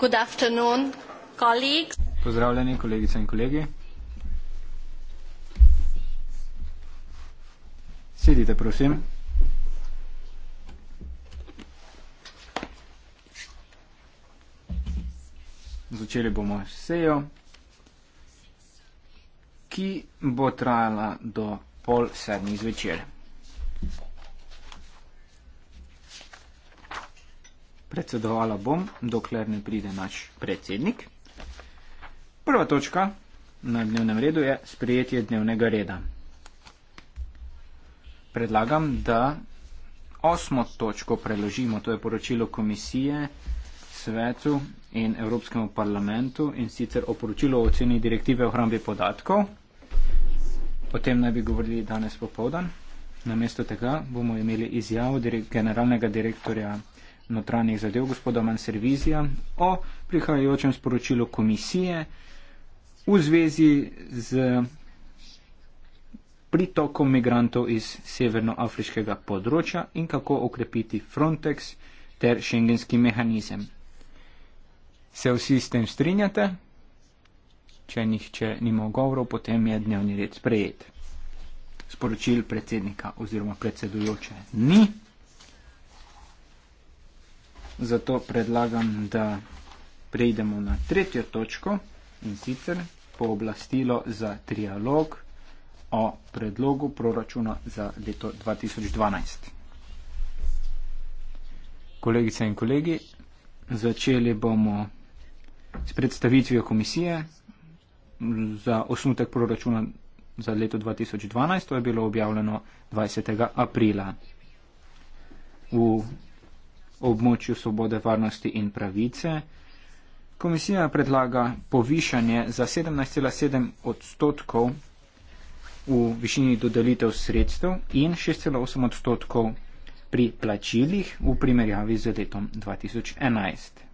Good afternoon, colleagues. Pozdravljeni, kolegice in kolegi. Sedite, prosim. Začeli bomo sejo, ki bo trajala do pol sedmih zvečer. Predsedovala bom, dokler ne pride naš predsednik. Prva točka na dnevnem redu je sprejetje dnevnega reda. Predlagam, da osmo točko preložimo, to je poročilo komisije, svetu in Evropskemu parlamentu in sicer o poročilu o oceni direktive o hrambi podatkov. O tem naj bi govorili danes popovdan. Namesto tega bomo imeli izjavo direk generalnega direktorja notranjih zadev gospoda Manservizija o prihajajočem sporočilu komisije v zvezi z pritokom migrantov iz severnoafriškega področja in kako okrepiti Frontex ter šengenski mehanizem. Se vsi s tem strinjate? Če nihče nima govorov, potem je dnevni red sprejet. Sporočil predsednika oziroma predsedujoče ni. Zato predlagam, da prejdemo na tretjo točko in sicer pooblastilo za trialog o predlogu proračuna za leto 2012. Kolegice in kolegi, začeli bomo s predstavitvijo komisije za osnutek proračuna za leto 2012. To je bilo objavljeno 20. aprila. V območju svobode, varnosti in pravice. Komisija predlaga povišanje za 17,7 odstotkov v višini dodelitev sredstev in 6,8 odstotkov pri plačilih v primerjavi z letom 2011.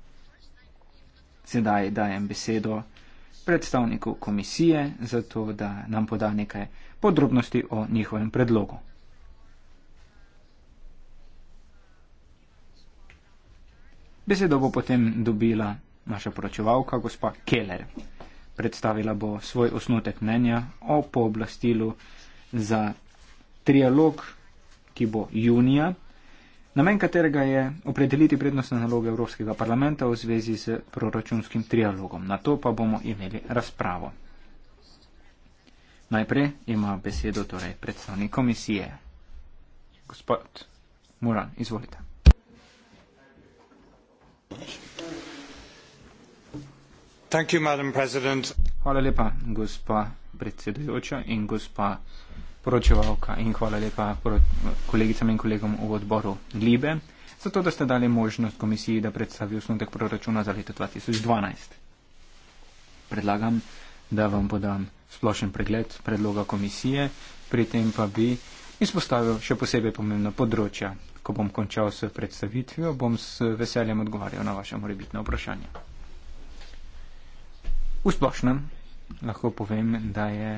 Sedaj dajem besedo predstavniku komisije, zato da nam poda nekaj podrobnosti o njihovem predlogu. Besedo bo potem dobila naša poročevalka, gospa Keller. Predstavila bo svoj osnutek mnenja o pooblastilu za trialog, ki bo junija, namen katerega je opredeliti prednostne naloge Evropskega parlamenta v zvezi z proračunskim trialogom. Na to pa bomo imeli razpravo. Najprej ima besedo torej predstavnik komisije. Gospod Muran, izvolite. Hvala lepa, gospa predsedujoča in gospa poročevalka in hvala lepa kolegicam in kolegom v odboru Libe, zato da ste dali možnost komisiji, da predstavi osnutek proračuna za leto 2012. Predlagam, da vam podam splošen pregled predloga komisije, pri tem pa bi izpostavil še posebej pomembna področja. Ko bom končal s predstavitvijo, bom s veseljem odgovarjal na vaše morebitne vprašanje. V splošnem lahko povem, da je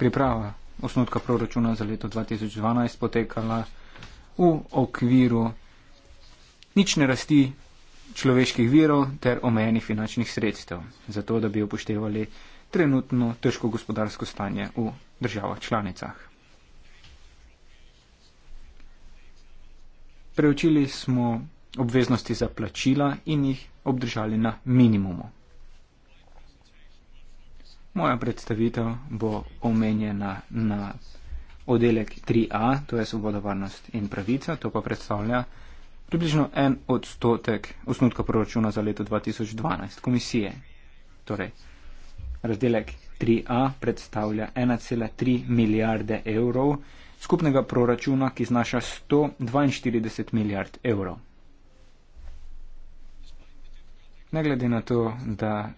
priprava osnutka proračuna za leto 2012 potekala v okviru nične rasti človeških virov ter omejenih finančnih sredstev, zato da bi upoštevali trenutno težko gospodarsko stanje v državah članicah. preučili smo obveznosti za plačila in jih obdržali na minimumu. Moja predstavitev bo omenjena na oddelek 3a, to je svoboda, varnost in pravica, to pa predstavlja približno en odstotek osnutka proračuna za leto 2012 komisije. Torej, razdelek 3a predstavlja 1,3 milijarde evrov, skupnega proračuna, ki znaša 142 milijard evrov. Ne glede na to, da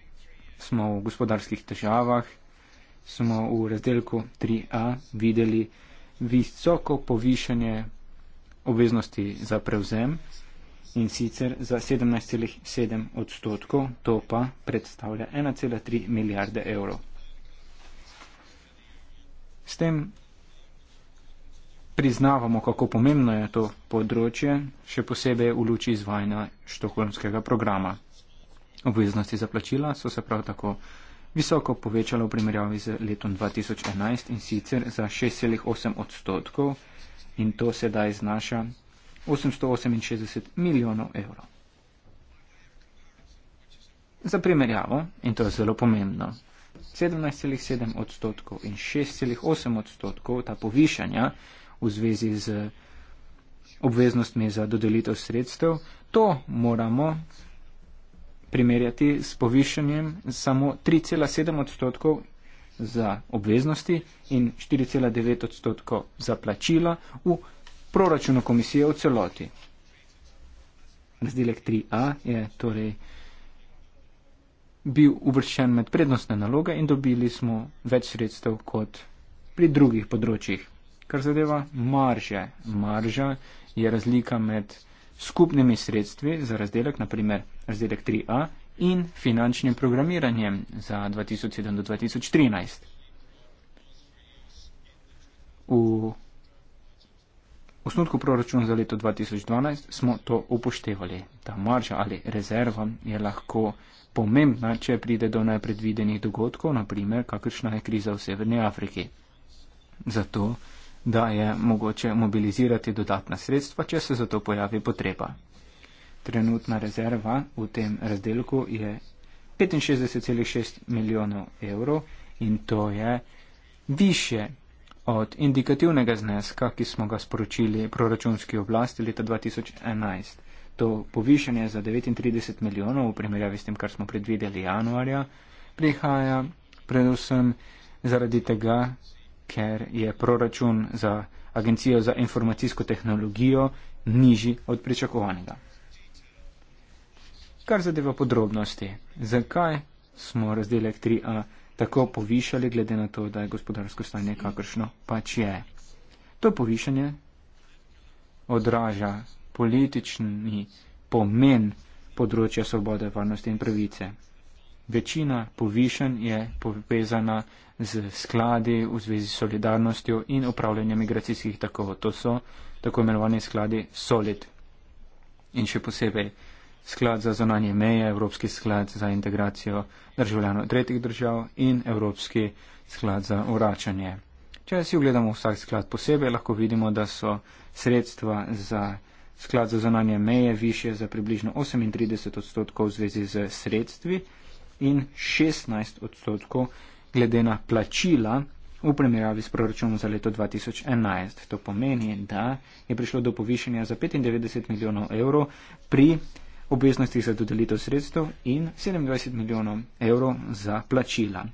smo v gospodarskih težavah, smo v razdelku 3a videli visoko povišanje obveznosti za prevzem in sicer za 17,7 odstotkov, to pa predstavlja 1,3 milijarde evrov. S tem priznavamo, kako pomembno je to področje, še posebej v luči izvajanja štokholmskega programa. Obveznosti za plačila so se prav tako visoko povečale v primerjavi z letom 2011 in sicer za 6,8 odstotkov in to sedaj znaša 868 milijonov evrov. Za primerjavo, in to je zelo pomembno, 17,7 odstotkov in 6,8 odstotkov ta povišanja v zvezi z obveznostmi za dodelitev sredstev. To moramo primerjati s povišanjem samo 3,7 odstotkov za obveznosti in 4,9 odstotkov za plačila v proračunu komisije v celoti. Razdelek 3a je torej bil uvrščen med prednostne naloge in dobili smo več sredstev kot pri drugih področjih kar zadeva marže. Marža je razlika med skupnimi sredstvi za razdelek, naprimer razdelek 3a in finančnim programiranjem za 2007 do 2013. V osnutku proračuna za leto 2012 smo to upoštevali. Ta marža ali rezerva je lahko pomembna, če pride do najpredvidenih dogodkov, naprimer kakršna je kriza v Severni Afriki. Zato da je mogoče mobilizirati dodatna sredstva, če se za to pojavi potreba. Trenutna rezerva v tem razdelku je 65,6 milijonov evrov in to je više od indikativnega zneska, ki smo ga sporočili proračunski oblasti leta 2011. To povišanje za 39 milijonov v primerjavi s tem, kar smo predvideli januarja, prihaja predvsem zaradi tega, ker je proračun za Agencijo za informacijsko tehnologijo nižji od pričakovanega. Kar zadeva podrobnosti, zakaj smo razdelek 3a tako povišali, glede na to, da je gospodarsko stanje kakršno pač je. To povišanje odraža politični pomen področja svobode, varnosti in pravice. Večina povišanj je povezana z skladi v zvezi s solidarnostjo in upravljanjem migracijskih takov. To so tako imenovani skladi SOLID in še posebej sklad za zonanje meje, Evropski sklad za integracijo državljanov tretjih držav in Evropski sklad za uračanje. Če si ogledamo vsak sklad posebej, lahko vidimo, da so sredstva za sklad za zonanje meje više za približno 38 odstotkov v zvezi z sredstvi, in 16 odstotkov glede na plačila v primerjavi s proračunom za leto 2011. To pomeni, da je prišlo do povišenja za 95 milijonov evrov pri obveznostih za dodelitev sredstev in 27 milijonov evrov za plačila.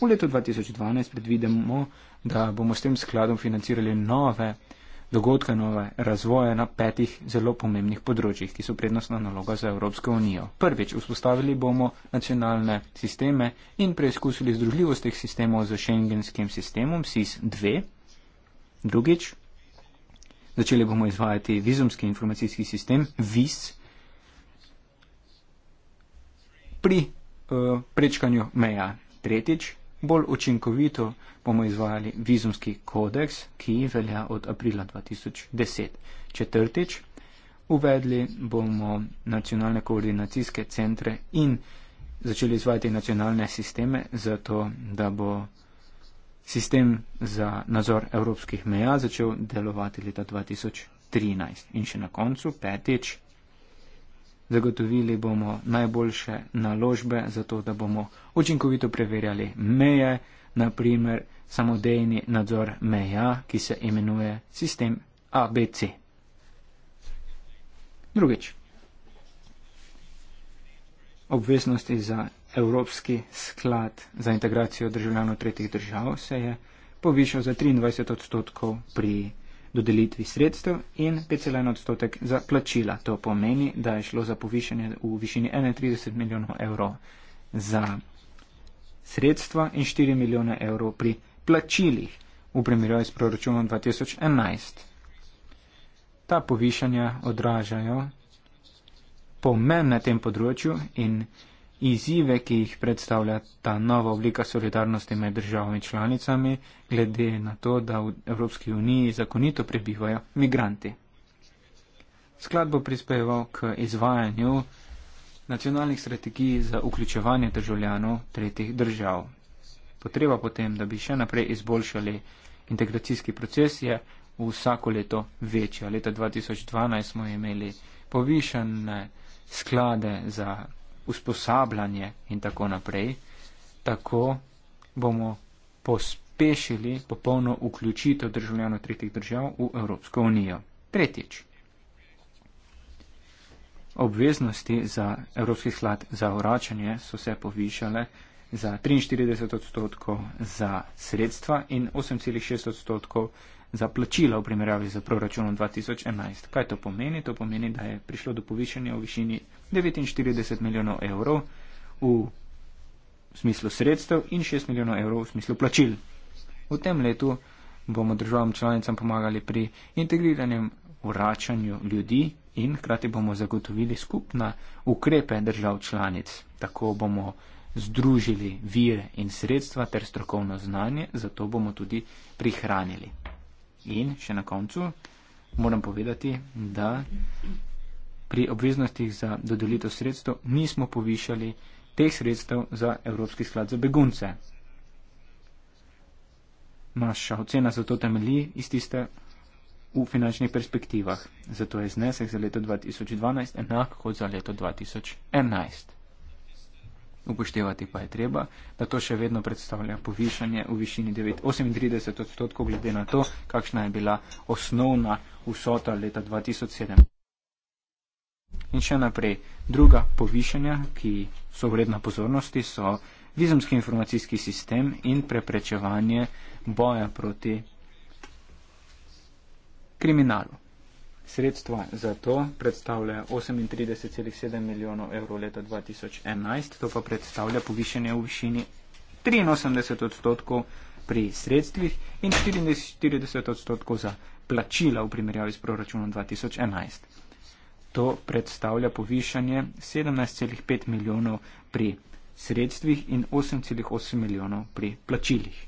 V letu 2012 predvidemo, da bomo s tem skladom financirali nove dogodka nove razvoje na petih zelo pomembnih področjih, ki so prednostna naloga za Evropsko unijo. Prvič, vzpostavili bomo nacionalne sisteme in preizkusili združljivost teh sistemov z šengenskim sistemom SIS-2. Drugič, začeli bomo izvajati vizumski informacijski sistem VIS pri uh, prečkanju meja. Tretjič, bolj učinkovito bomo izvajali vizumski kodeks, ki velja od aprila 2010. Četrtič, uvedli bomo nacionalne koordinacijske centre in začeli izvajati nacionalne sisteme, zato da bo sistem za nazor evropskih meja začel delovati leta 2013. In še na koncu, petič, Zagotovili bomo najboljše naložbe, zato da bomo učinkovito preverjali meje, naprimer samodejni nadzor meja, ki se imenuje sistem ABC. Drugič. Obveznosti za Evropski sklad za integracijo državljanov tretjih držav se je povišal za 23 odstotkov pri dodelitvi sredstev in 5,1 odstotek za plačila. To pomeni, da je šlo za povišanje v višini 31 milijonov evrov za sredstva in 4 milijone evrov pri plačilih v primerjavi s proračunom 2011. Ta povišanja odražajo pomen na tem področju in izzive, ki jih predstavlja ta nova oblika solidarnosti med državami članicami, glede na to, da v Evropski uniji zakonito prebivajo migranti. Sklad bo prispeval k izvajanju nacionalnih strategij za vključevanje državljanov tretjih držav. Potreba potem, da bi še naprej izboljšali integracijski proces, je vsako leto večja. Leta 2012 smo imeli povišene sklade za usposabljanje in tako naprej, tako bomo pospešili popolno vključitev državljanov tretjih držav v Evropsko unijo. Tretjič. Obveznosti za Evropski sklad za vračanje so se povišale za 43 odstotkov za sredstva in 8,6 odstotkov za za plačila v primerjavi z proračunom 2011. Kaj to pomeni? To pomeni, da je prišlo do povišanja v višini 49 milijonov evrov v smislu sredstev in 6 milijonov evrov v smislu plačil. V tem letu bomo državam članicam pomagali pri integriranjem vračanju ljudi in hkrati bomo zagotovili skupna ukrepe držav članic. Tako bomo združili vire in sredstva ter strokovno znanje, zato bomo tudi prihranili. In še na koncu moram povedati, da pri obveznostih za dodelitev sredstev nismo povišali teh sredstev za Evropski sklad za begunce. Naša ocena za to temelji iz tiste v finančnih perspektivah. Zato je znesek za leto 2012 enak kot za leto 2011 upoštevati pa je treba, da to še vedno predstavlja povišanje v višini 38 odstotkov glede na to, kakšna je bila osnovna vsota leta 2007. In še naprej, druga povišanja, ki so vredna pozornosti, so vizumski informacijski sistem in preprečevanje boja proti kriminalu. Sredstva za to predstavljajo 38,7 milijonov evrov leta 2011, to pa predstavlja povišenje v višini 83 odstotkov pri sredstvih in 44 odstotkov za plačila v primerjavi s proračunom 2011. To predstavlja povišanje 17,5 milijonov pri sredstvih in 8,8 milijonov pri plačilih.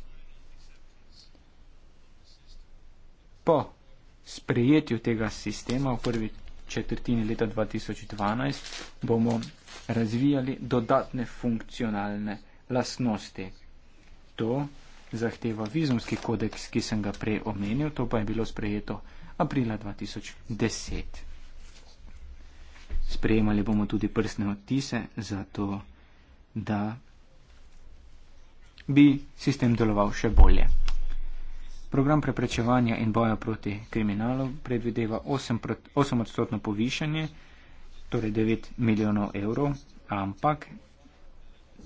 Po sprejetju tega sistema v prvi četrtini leta 2012 bomo razvijali dodatne funkcionalne lasnosti. To zahteva vizumski kodeks, ki sem ga prej omenil, to pa je bilo sprejeto aprila 2010. Sprejemali bomo tudi prstne odtise za to, da bi sistem deloval še bolje. Program preprečevanja in boja proti kriminalu predvideva 8 odstotno povišanje, torej 9 milijonov evrov, ampak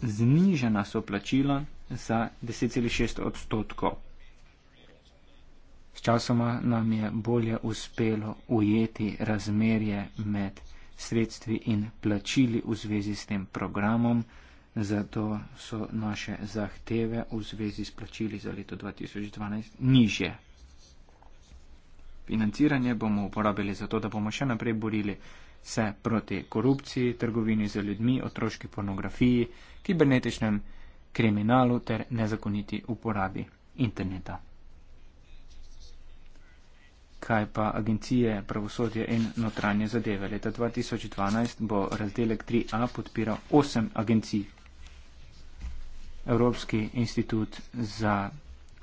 znižena so plačila za 10,6 odstotkov. Sčasoma nam je bolje uspelo ujeti razmerje med sredstvi in plačili v zvezi s tem programom. Zato so naše zahteve v zvezi s plačili za leto 2012 niže. Financiranje bomo uporabili za to, da bomo še naprej borili se proti korupciji, trgovini z ljudmi, otroški pornografiji, kibernetičnem kriminalu ter nezakoniti uporabi interneta. Kaj pa agencije, pravosodje in notranje zadeve? Leta 2012 bo razdelek 3A podpiral 8 agencij, Evropski institut za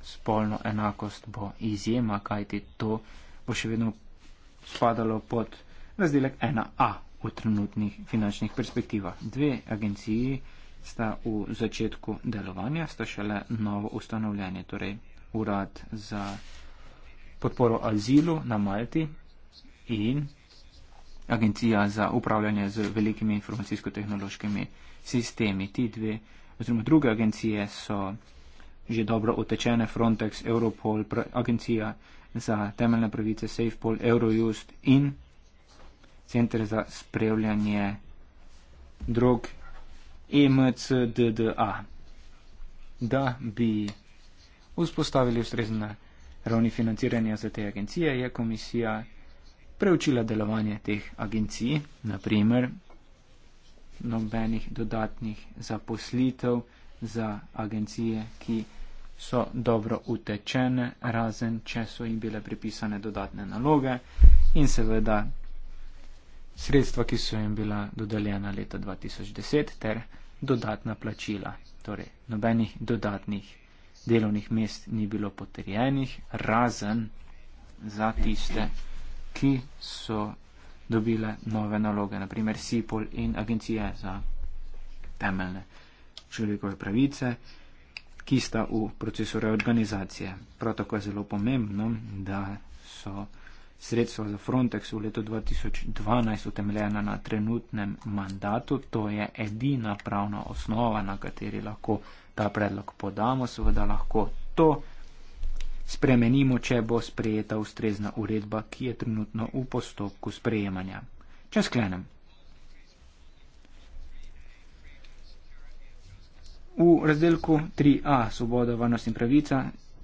spolno enakost bo izjema, kajti to bo še vedno spadalo pod razdelek 1A v trenutnih finančnih perspektivah. Dve agenciji sta v začetku delovanja, sta šele novo ustanovljanje, torej urad za podporo azilu na Malti in agencija za upravljanje z velikimi informacijsko-tehnološkimi sistemi. Ti dve agencije oziroma druge agencije so že dobro utečene, Frontex, Europol, pra, Agencija za temeljne pravice, SafePol, Eurojust in Center za spremljanje drog EMCDDA, da bi vzpostavili ustrezne ravni financiranja za te agencije, je komisija preučila delovanje teh agencij, naprimer nobenih dodatnih zaposlitev za agencije, ki so dobro utečene, razen če so jim bile pripisane dodatne naloge in seveda sredstva, ki so jim bila dodeljena leta 2010 ter dodatna plačila. Torej, nobenih dodatnih delovnih mest ni bilo potrjenih, razen za tiste, ki so dobile nove naloge, naprimer SIPOL in Agencije za temeljne človekove pravice, ki sta v procesu reorganizacije. Prav tako je zelo pomembno, da so sredstva za Frontex v letu 2012 utemeljena na trenutnem mandatu. To je edina pravna osnova, na kateri lahko ta predlog podamo. Seveda lahko to spremenimo, če bo sprejeta ustrezna uredba, ki je trenutno v postopku sprejemanja. Če sklenem. V razdelku 3a Svoboda, varnost in pravica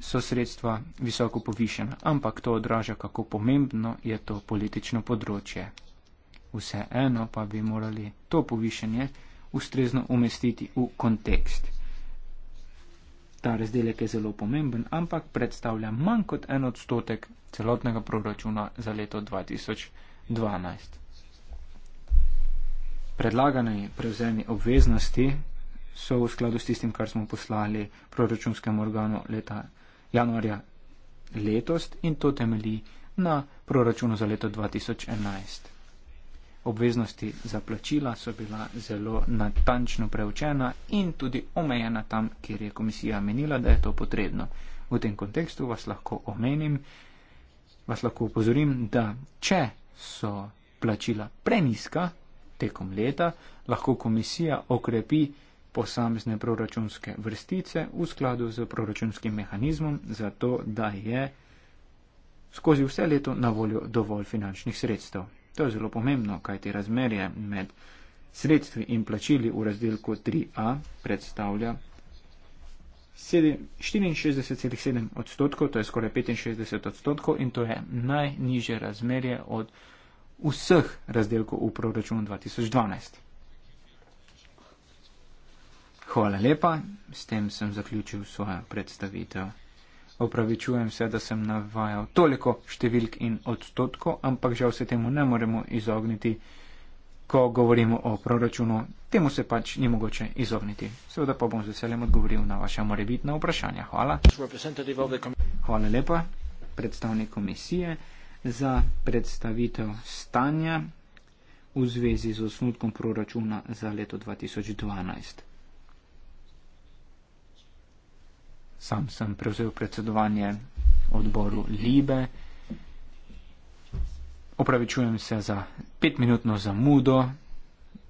so sredstva visoko povišena, ampak to odraža, kako pomembno je to politično področje. Vseeno pa bi morali to povišanje ustrezno umestiti v kontekst. Ta razdelek je zelo pomemben, ampak predstavlja manj kot en odstotek celotnega proračuna za leto 2012. Predlagane prevzemi obveznosti so v skladu s tistim, kar smo poslali proračunskemu organu leta januarja letos in to temelji na proračunu za leto 2011 obveznosti za plačila so bila zelo natančno preučena in tudi omejena tam, kjer je komisija menila, da je to potrebno. V tem kontekstu vas lahko omenim, vas lahko upozorim, da če so plačila preniska tekom leta, lahko komisija okrepi posamezne proračunske vrstice v skladu z proračunskim mehanizmom, zato da je skozi vse leto na voljo dovolj finančnih sredstev. To je zelo pomembno, kajti razmerje med sredstvi in plačili v razdelku 3a predstavlja 64,7 odstotkov, to je skoraj 65 odstotkov in to je najniže razmerje od vseh razdelkov v proračunu 2012. Hvala lepa, s tem sem zaključil svojo predstavitev. Opravičujem se, da sem navajal toliko številk in odstotkov, ampak žal se temu ne moremo izogniti, ko govorimo o proračunu. Temu se pač ni mogoče izogniti. Seveda pa bom z veseljem odgovoril na vaša morebitna vprašanja. Hvala. Hvala lepa predstavnik komisije za predstavitev stanja v zvezi z osnutkom proračuna za leto 2012. sam sem prevzel predsedovanje odboru Libe. Opravičujem se za petminutno zamudo.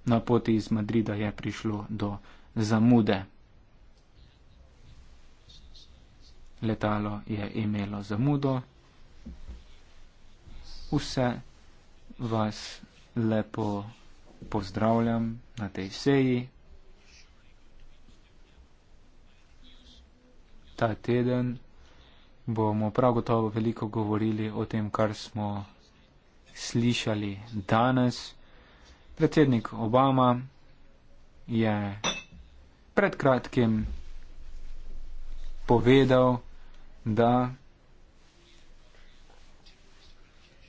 Na poti iz Madrida je prišlo do zamude. Letalo je imelo zamudo. Vse vas lepo pozdravljam na tej seji. ta teden bomo prav gotovo veliko govorili o tem, kar smo slišali danes. Predsednik Obama je pred kratkim povedal, da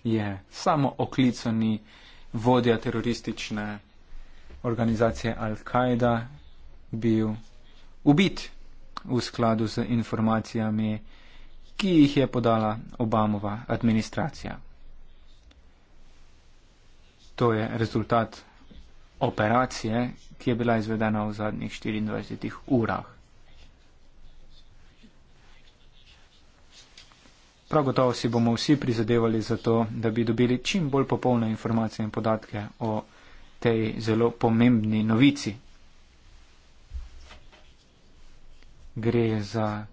je samo oklicani vodja teroristične organizacije Al-Kaida bil ubit v skladu z informacijami, ki jih je podala Obamova administracija. To je rezultat operacije, ki je bila izvedena v zadnjih 24 urah. Prav gotovo si bomo vsi prizadevali za to, da bi dobili čim bolj popolne informacije in podatke o tej zelo pomembni novici. gre za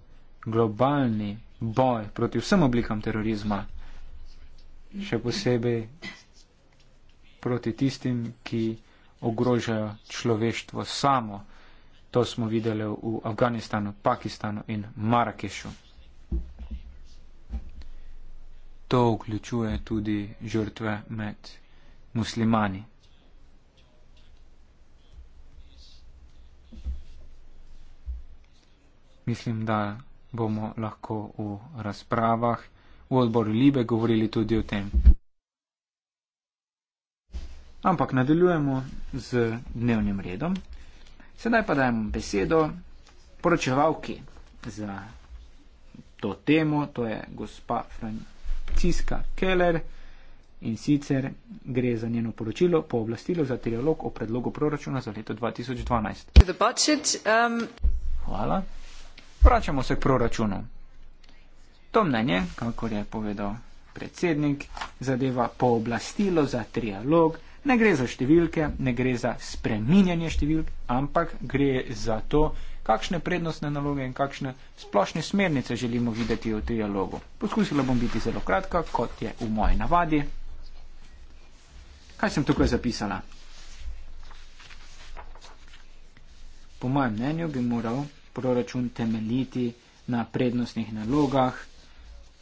globalni boj proti vsem oblikam terorizma, še posebej proti tistim, ki ogrožajo človeštvo samo. To smo videli v Afganistanu, Pakistanu in Marakešu. To vključuje tudi žrtve med muslimani. mislim, da bomo lahko v razpravah v odboru Libe govorili tudi o tem. Ampak nadaljujemo z dnevnim redom. Sedaj pa dajem besedo poročevalki za to temo, to je gospa Franciska Keller in sicer gre za njeno poročilo po oblastilu za trialog o predlogu proračuna za leto 2012. Um, Hvala. Vračamo se k proračunu. To mnenje, kakor je povedal predsednik, zadeva pooblastilo za trialog, ne gre za številke, ne gre za spreminjanje številk, ampak gre za to, kakšne prednostne naloge in kakšne splošne smernice želimo videti v trialogu. Poskusila bom biti zelo kratka, kot je v moji navadi. Kaj sem tukaj zapisala? Po mojem mnenju bi moral proračun temeljiti na prednostnih nalogah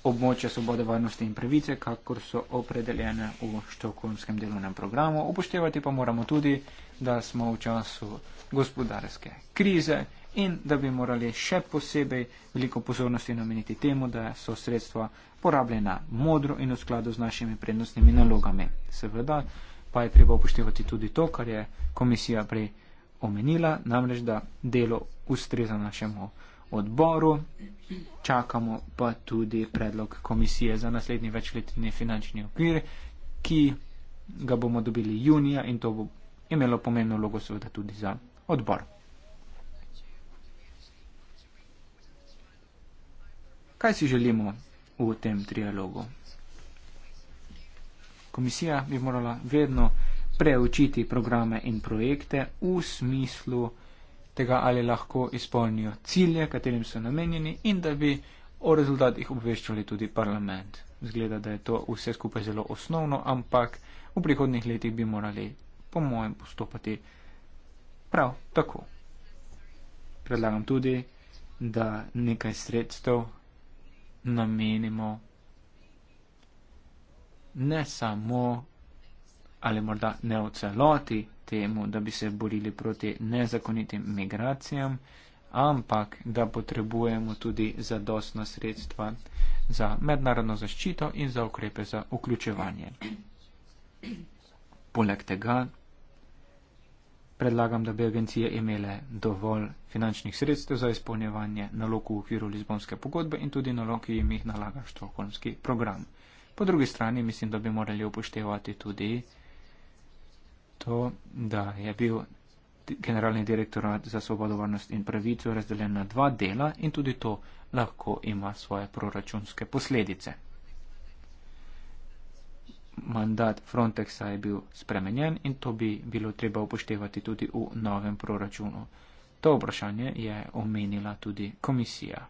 območja svobode, varnosti in pravice, kakor so opredeljene v štokholmskem delovnem programu. Upoštevati pa moramo tudi, da smo v času gospodarske krize in da bi morali še posebej veliko pozornosti nameniti temu, da so sredstva porabljena modro in v skladu z našimi prednostnimi nalogami. Seveda pa je treba upoštevati tudi to, kar je komisija prej omenila, namreč da delo ustreza našemu odboru, čakamo pa tudi predlog komisije za naslednji večletni finančni okvir, ki ga bomo dobili junija in to bo imelo pomembno vlogo seveda tudi za odbor. Kaj si želimo v tem trialogu? Komisija bi morala vedno preučiti programe in projekte v smislu tega, ali lahko izpolnijo cilje, katerim so namenjeni in da bi o rezultatih obveščali tudi parlament. Zgleda, da je to vse skupaj zelo osnovno, ampak v prihodnih letih bi morali, po mojem, postopati prav tako. Predlagam tudi, da nekaj sredstev namenimo ne samo ali morda ne v celoti temu, da bi se borili proti nezakonitim migracijam, ampak da potrebujemo tudi zadostna sredstva za mednarodno zaščito in za ukrepe za vključevanje. Poleg tega predlagam, da bi agencije imele dovolj finančnih sredstev za izpolnjevanje nalog v okviru Lizbonske pogodbe in tudi nalog, ki jim jih nalaga štokholmski program. Po drugi strani mislim, da bi morali upoštevati tudi to, da je bil generalni direktor za svobodo, varnost in pravico razdeljen na dva dela in tudi to lahko ima svoje proračunske posledice. Mandat Frontexa je bil spremenjen in to bi bilo treba upoštevati tudi v novem proračunu. To vprašanje je omenila tudi komisija.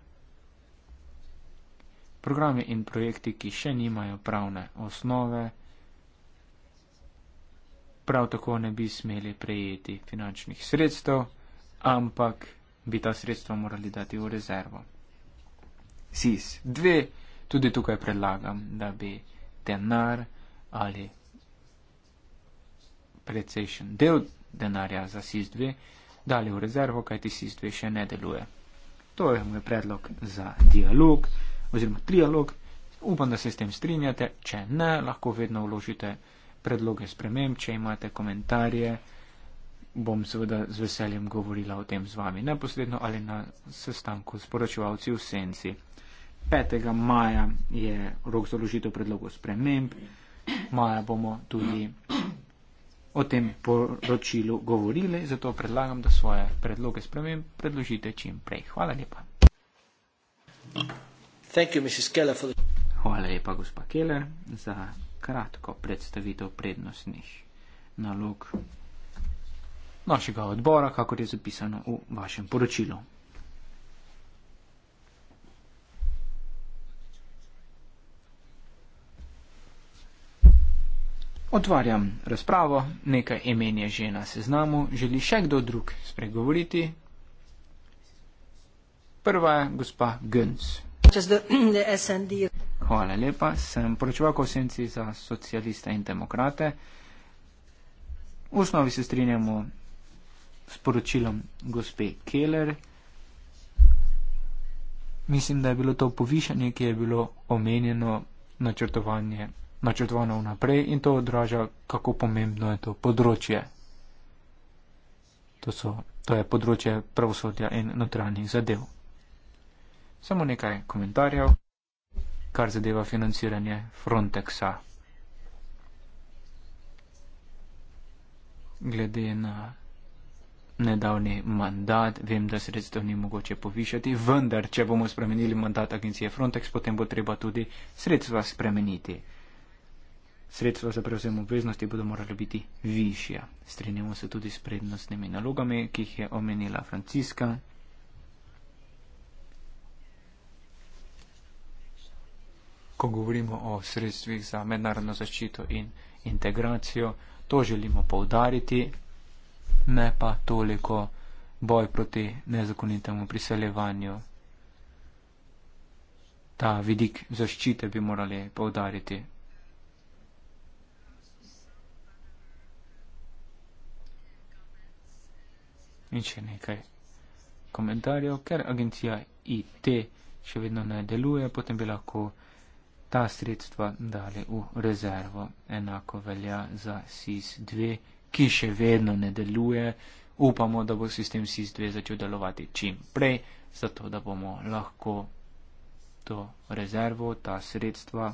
Programi in projekti, ki še nimajo pravne osnove, prav tako ne bi smeli prejeti finančnih sredstev, ampak bi ta sredstva morali dati v rezervo. SIS 2, tudi tukaj predlagam, da bi denar ali precejšen del denarja za SIS 2 dali v rezervo, kajti SIS 2 še ne deluje. To je moj predlog za dialog oziroma trialog. Upam, da se s tem strinjate. Če ne, lahko vedno vložite predloge sprememb, če imate komentarje, bom seveda z veseljem govorila o tem z vami, neposredno ali na sestanku s poročevalci v Senci. 5. maja je rok za ložitev predlogov sprememb, maja bomo tudi o tem poročilu govorili, zato predlagam, da svoje predloge sprememb predložite čim prej. Hvala lepa. Hvala lepa, gospa Keller, za kratko predstavitev prednostnih nalog našega odbora, kakor je zapisano v vašem poročilu. Otvarjam razpravo, nekaj imen je že na seznamu, želi še kdo drug spregovoriti? Prva je gospa Gönc. Hvala lepa. Sem poročeval kosenci za socialiste in demokrate. V osnovi se strinjamo s poročilom gospe Keller. Mislim, da je bilo to povišanje, ki je bilo omenjeno načrtovanje, načrtovano vnaprej in to odraža, kako pomembno je to področje. To, so, to je področje pravosodja in notranjih zadev. Samo nekaj komentarjev kar zadeva financiranje Frontexa. Glede na nedavni mandat, vem, da sredstev ni mogoče povišati, vendar, če bomo spremenili mandat agencije Frontex, potem bo treba tudi sredstva spremeniti. Sredstva za prevzem obveznosti bodo morali biti višja. Strinjamo se tudi s prednostnimi nalogami, ki jih je omenila Franciska, ko govorimo o sredstvih za mednarodno zaščito in integracijo, to želimo povdariti, ne pa toliko boj proti nezakonitemu priseljevanju. Ta vidik zaščite bi morali povdariti. In še nekaj komentarjev, ker agencija IT še vedno ne deluje, potem bi lahko ta sredstva dali v rezervo. Enako velja za SIS-2, ki še vedno ne deluje. Upamo, da bo sistem SIS-2 začel delovati čim prej, zato da bomo lahko to rezervo, ta sredstva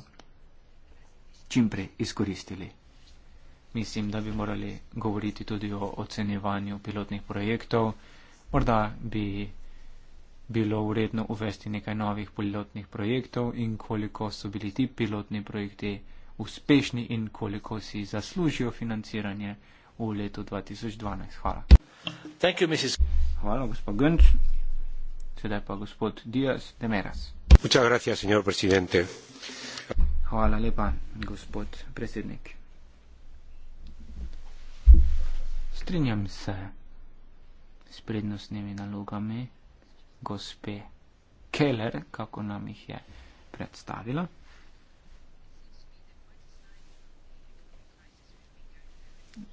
čim prej izkoristili. Mislim, da bi morali govoriti tudi o ocenjevanju pilotnih projektov. Morda bi bilo vredno uvesti nekaj novih pilotnih projektov in koliko so bili ti pilotni projekti uspešni in koliko si zaslužijo financiranje v letu 2012. Hvala. Thank you, Mrs. Hvala, gospod Gönč. Sedaj pa gospod Dias de Meras. Muchas gracias, señor presidente. Hvala lepa, gospod predsednik. Strinjam se s prednostnimi nalogami gospe Keller, kako nam jih je predstavila.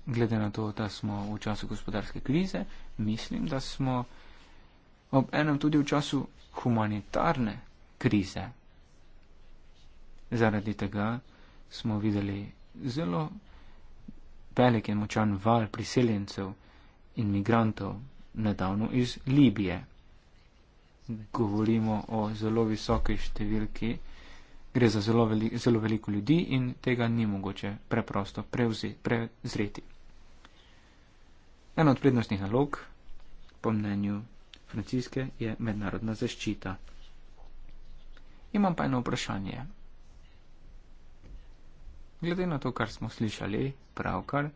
Glede na to, da smo v času gospodarske krize, mislim, da smo ob enem tudi v času humanitarne krize. Zaradi tega smo videli zelo velik in močan val priseljencev in migrantov nedavno iz Libije govorimo o zelo visoki številki, gre za zelo, veli, zelo veliko ljudi in tega ni mogoče preprosto prevzeti, prezreti. Ena od prednostnih nalog, po mnenju Franciske, je mednarodna zaščita. Imam pa eno vprašanje. Glede na to, kar smo slišali pravkar,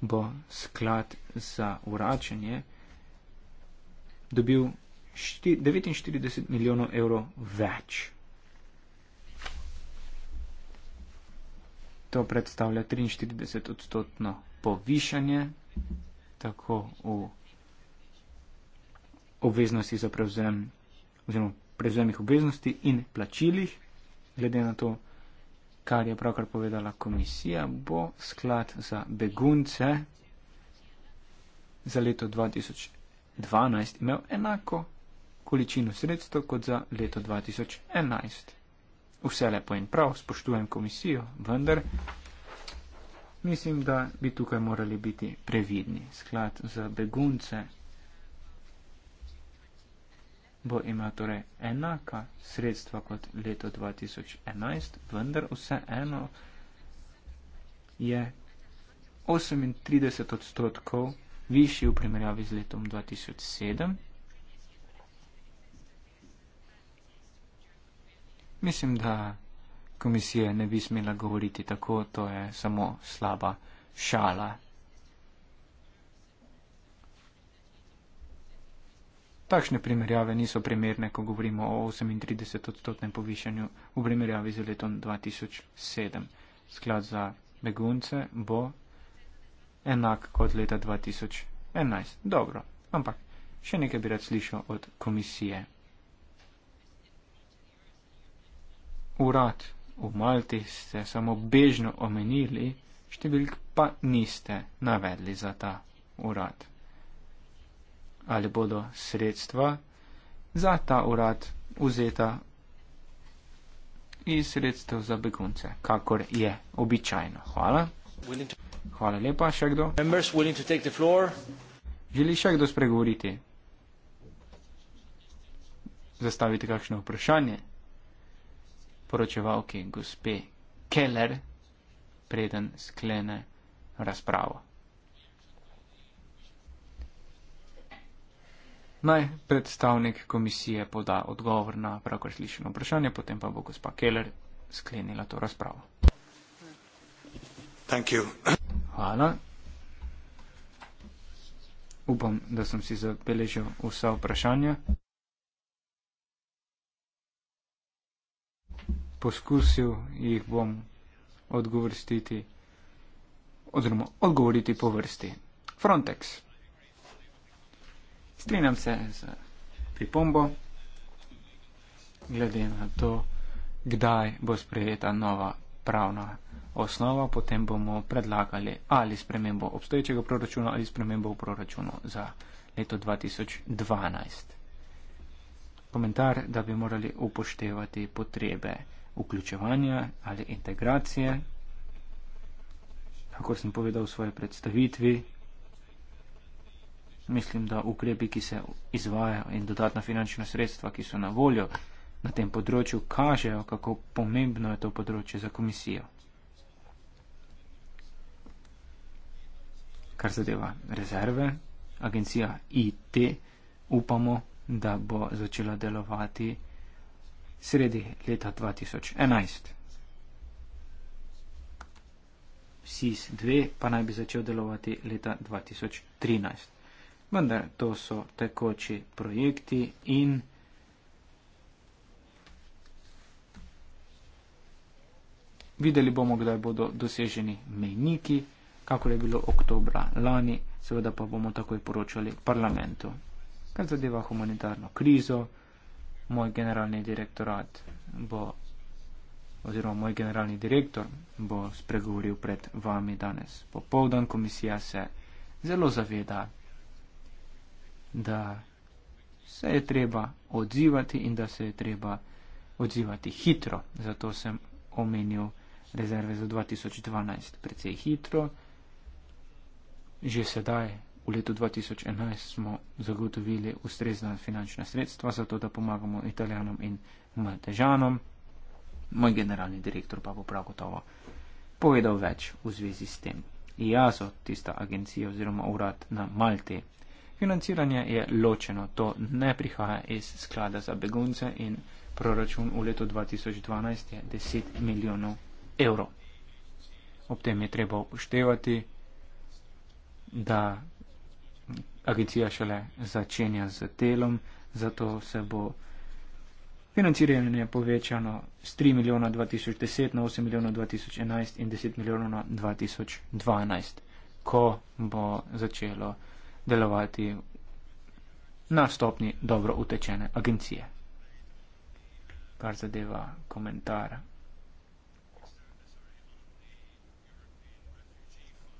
bo sklad za uračenje dobil 49 milijonov evrov več. To predstavlja 43 odstotno povišanje, tako v obveznosti za prevzem oziroma prevzemih obveznosti in plačilih. Glede na to, kar je pravkar povedala komisija, bo sklad za begunce za leto 2012 imel enako količino sredstev kot za leto 2011. Vse lepo in prav, spoštujem komisijo, vendar mislim, da bi tukaj morali biti previdni. Sklad za begunce bo imel torej enaka sredstva kot leto 2011, vendar vseeno je 38 odstotkov višji v primerjavi z letom 2007. Mislim, da komisija ne bi smela govoriti tako, to je samo slaba šala. Takšne primerjave niso primerne, ko govorimo o 38-odstotnem povišanju v primerjavi z letom 2007. Sklad za begunce bo enak kot leta 2011. Dobro, ampak še nekaj bi rad slišal od komisije. urad v Malti ste samo bežno omenili, številk pa niste navedli za ta urad. Ali bodo sredstva za ta urad vzeta iz sredstev za begunce, kakor je običajno. Hvala. Hvala lepa, še kdo. Members, Želi še kdo spregovoriti? Zastavite kakšno vprašanje? poročevalki gospe Keller, preden sklene razpravo. Naj predstavnik komisije poda odgovor na pravkar slišeno vprašanje, potem pa bo gospa Keller sklenila to razpravo. Thank you. Hvala. Upam, da sem si zabeležil vsa vprašanja. poskusil jih bom odgovoriti, oziroma odgovoriti po vrsti. Frontex. Strinjam se z pripombo glede na to, kdaj bo sprejeta nova pravna osnova, potem bomo predlagali ali spremembo obstoječega proračuna ali spremembo v proračunu za leto 2012. Komentar, da bi morali upoštevati potrebe vključevanja ali integracije. Kako sem povedal v svoji predstavitvi, mislim, da ukrepi, ki se izvajajo in dodatna finančna sredstva, ki so na voljo na tem področju, kažejo, kako pomembno je to področje za komisijo. Kar zadeva rezerve, agencija IT, upamo, da bo začela delovati sredi leta 2011. SIS-2 pa naj bi začel delovati leta 2013. Vendar to so tekoči projekti in videli bomo, kdaj bodo doseženi mejniki, kako je bilo oktobra lani, seveda pa bomo takoj poročali parlamentu. Kar zadeva humanitarno krizo, moj generalni direktorat bo, oziroma moj generalni direktor bo spregovoril pred vami danes. Popovdan komisija se zelo zaveda, da se je treba odzivati in da se je treba odzivati hitro. Zato sem omenil rezerve za 2012 precej hitro. Že sedaj V letu 2011 smo zagotovili ustrezna finančna sredstva za to, da pomagamo italijanom in maltežanom. Moj generalni direktor pa bo prav gotovo povedal več v zvezi s tem. IASO, tista agencija oziroma urad na Malti. Financiranje je ločeno, to ne prihaja iz sklada za begunce in proračun v letu 2012 je 10 milijonov evrov. Ob tem je treba upoštevati, da agencija šele začenja z delom, zato se bo financiranje povečano z 3 milijona 2010 na 8 milijona 2011 in 10 milijona 2012, ko bo začelo delovati na stopni dobro utečene agencije. Kar zadeva komentar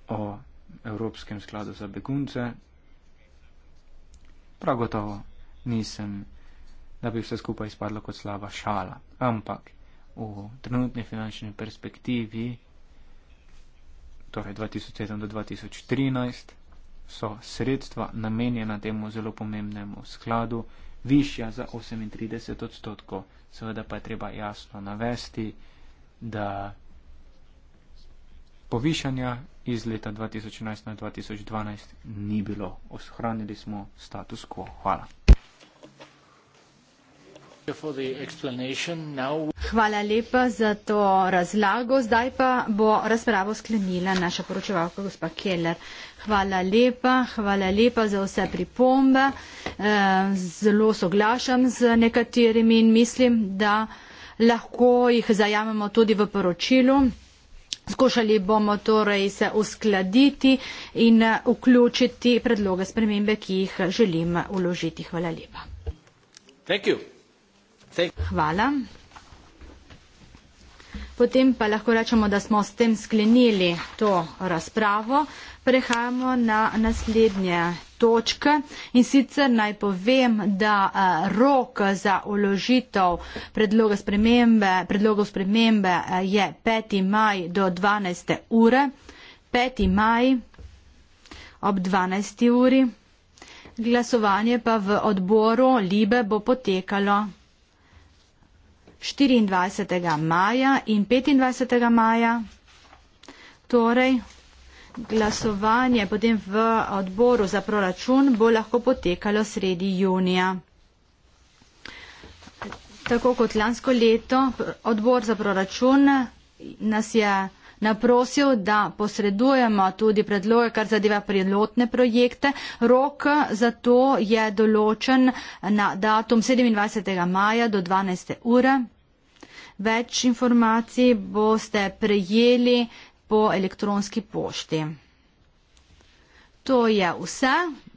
o Evropskem skladu za begunce, Prav gotovo nisem, da bi vse skupaj izpadlo kot slaba šala, ampak v trenutni finančni perspektivi, torej 2007 do 2013, so sredstva namenjena temu zelo pomembnemu skladu višja za 38 odstotkov. Seveda pa je treba jasno navesti, da povišanja iz leta 2011 na 2012 ni bilo. Ohranili smo status quo. Hvala. Hvala lepa za to razlago. Zdaj pa bo razpravo sklenila naša poročevalka gospa Keller. Hvala lepa, hvala lepa za vse pripombe. Eh, zelo soglašam z nekaterimi in mislim, da lahko jih zajamemo tudi v poročilu. Skušali bomo torej se uskladiti in eh, vključiti predloge spremembe, ki jih želim uložiti. Hvala lepa. Thank you. Thank you. Hvala. Potem pa lahko rečemo, da smo s tem sklenili to razpravo. Prehajamo na naslednje točke in sicer naj povem, da eh, rok za uložitev predloga spremembe, predlogov spremembe eh, je 5. maj do 12. ure. 5. maj ob 12. uri. Glasovanje pa v odboru Libe bo potekalo 24. maja in 25. maja. Torej, glasovanje potem v odboru za proračun bo lahko potekalo sredi junija. Tako kot lansko leto, odbor za proračun nas je naprosil, da posredujemo tudi predloge, kar zadeva prilotne projekte. Rok za to je določen na datum 27. maja do 12. ure. Več informacij boste prejeli po elektronski pošti. To je vse,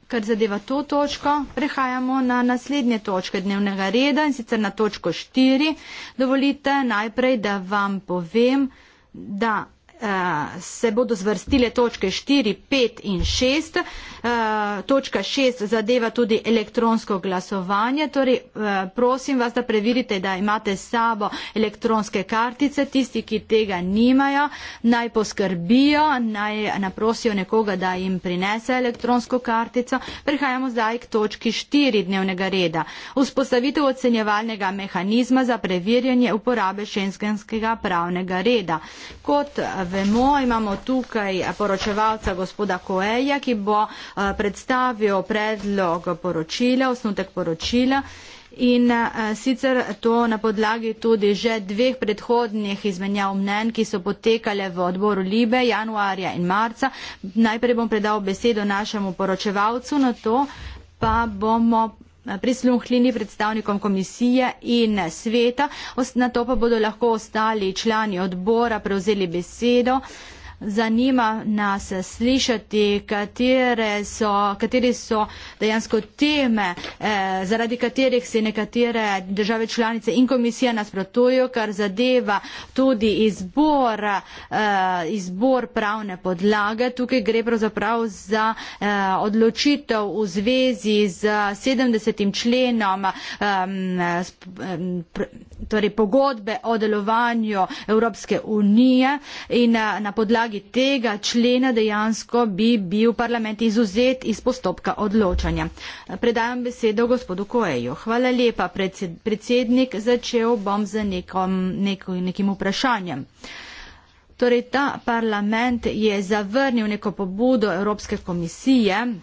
kar zadeva to točko. Prehajamo na naslednje točke dnevnega reda in sicer na točko 4. Dovolite najprej, da vam povem, da Eh, se bodo zvrstile točke 4, 5 in 6. Eh, točka 6 zadeva tudi elektronsko glasovanje, torej eh, prosim vas, da preverite, da imate sabo elektronske kartice. Tisti, ki tega nimajo, naj poskrbijo, naj naprosijo nekoga, da jim prinese elektronsko kartico. Prehajamo zdaj k točki 4 dnevnega reda. Vzpostavitev ocenjevalnega mehanizma za preverjanje uporabe šenskenskega pravnega reda. Kot vemo, imamo tukaj poročevalca gospoda Koeja, ki bo eh, predstavil predlog poročila, osnutek poročila. In eh, sicer to na podlagi tudi že dveh predhodnih izmenjav mnen, ki so potekale v odboru Libe januarja in marca. Najprej bom predal besedo našemu poročevalcu, na to pa bomo Eh, prisluhnili predstavnikom komisije in sveta, na to pa bodo lahko ostali člani odbora prevzeli besedo zanima nas slišati, so, kateri so dejansko teme, eh, zaradi katerih se nekatere države članice in komisija nasprotujo, kar zadeva tudi izbor, eh, izbor pravne podlage. Tukaj gre pravzaprav za eh, odločitev v zvezi z 70. členom eh, torej pogodbe o delovanju Evropske unije in eh, na podlagi podlagi tega člena dejansko bi bil parlament izuzet iz postopka odločanja. Predajam besedo gospodu Koeju. Hvala lepa, predsednik. Začel bom z nekom, nekom, nekim vprašanjem. Torej, ta parlament je zavrnil neko pobudo Evropske komisije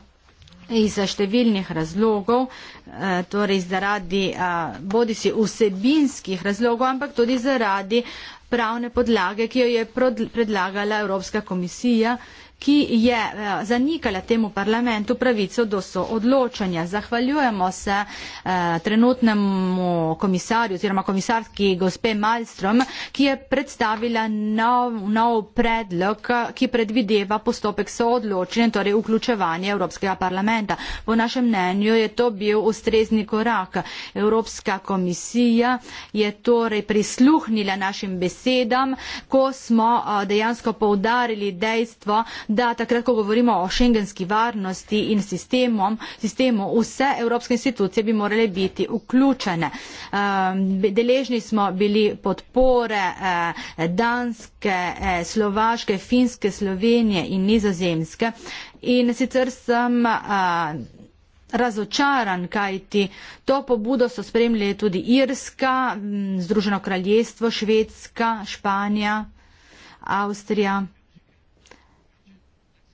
iz eh, številnih razlogov, eh, torej zaradi eh, bodi si vsebinskih razlogov, ampak tudi zaradi pravne podlage, ki jo je predlagala Evropska komisija ki je eh, zanikala temu parlamentu pravico do soodločanja. Zahvaljujemo se eh, trenutnemu komisarju oziroma komisarski gospe Malstrom, ki je predstavila nov, nov predlog, ki predvideva postopek soodločenja, torej vključevanje Evropskega parlamenta. Po našem mnenju je to bil ustrezni korak. Evropska komisija je torej prisluhnila našim besedam, ko smo eh, dejansko poudarili dejstvo, da takrat, ko govorimo o šengenski varnosti in sistemom, sistemu, vse evropske institucije bi morale biti vključene. Ehm, deležni smo bili podpore eh, Danske, eh, Slovaške, Finske, Slovenije in Nizozemske in sicer sem eh, razočaran, kajti to pobudo so spremljali tudi Irska, mm, Združeno kraljestvo, Švedska, Španija, Avstrija.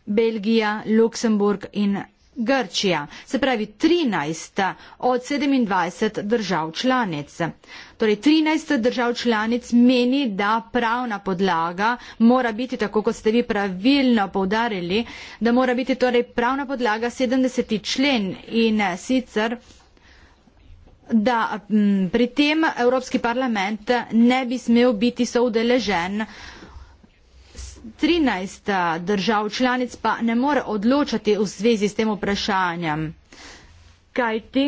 Belgija, Luksemburg in Grčija, se pravi 13 od 27 držav članic. Torej 13 držav članic meni, da pravna podlaga mora biti, tako kot ste vi pravilno povdarili, da mora biti torej pravna podlaga 70. člen in sicer da mm, pri tem Evropski parlament ne bi smel biti soudeležen uh, 13 eh, držav članic pa ne more odločati v zvezi s tem vprašanjem. Kajti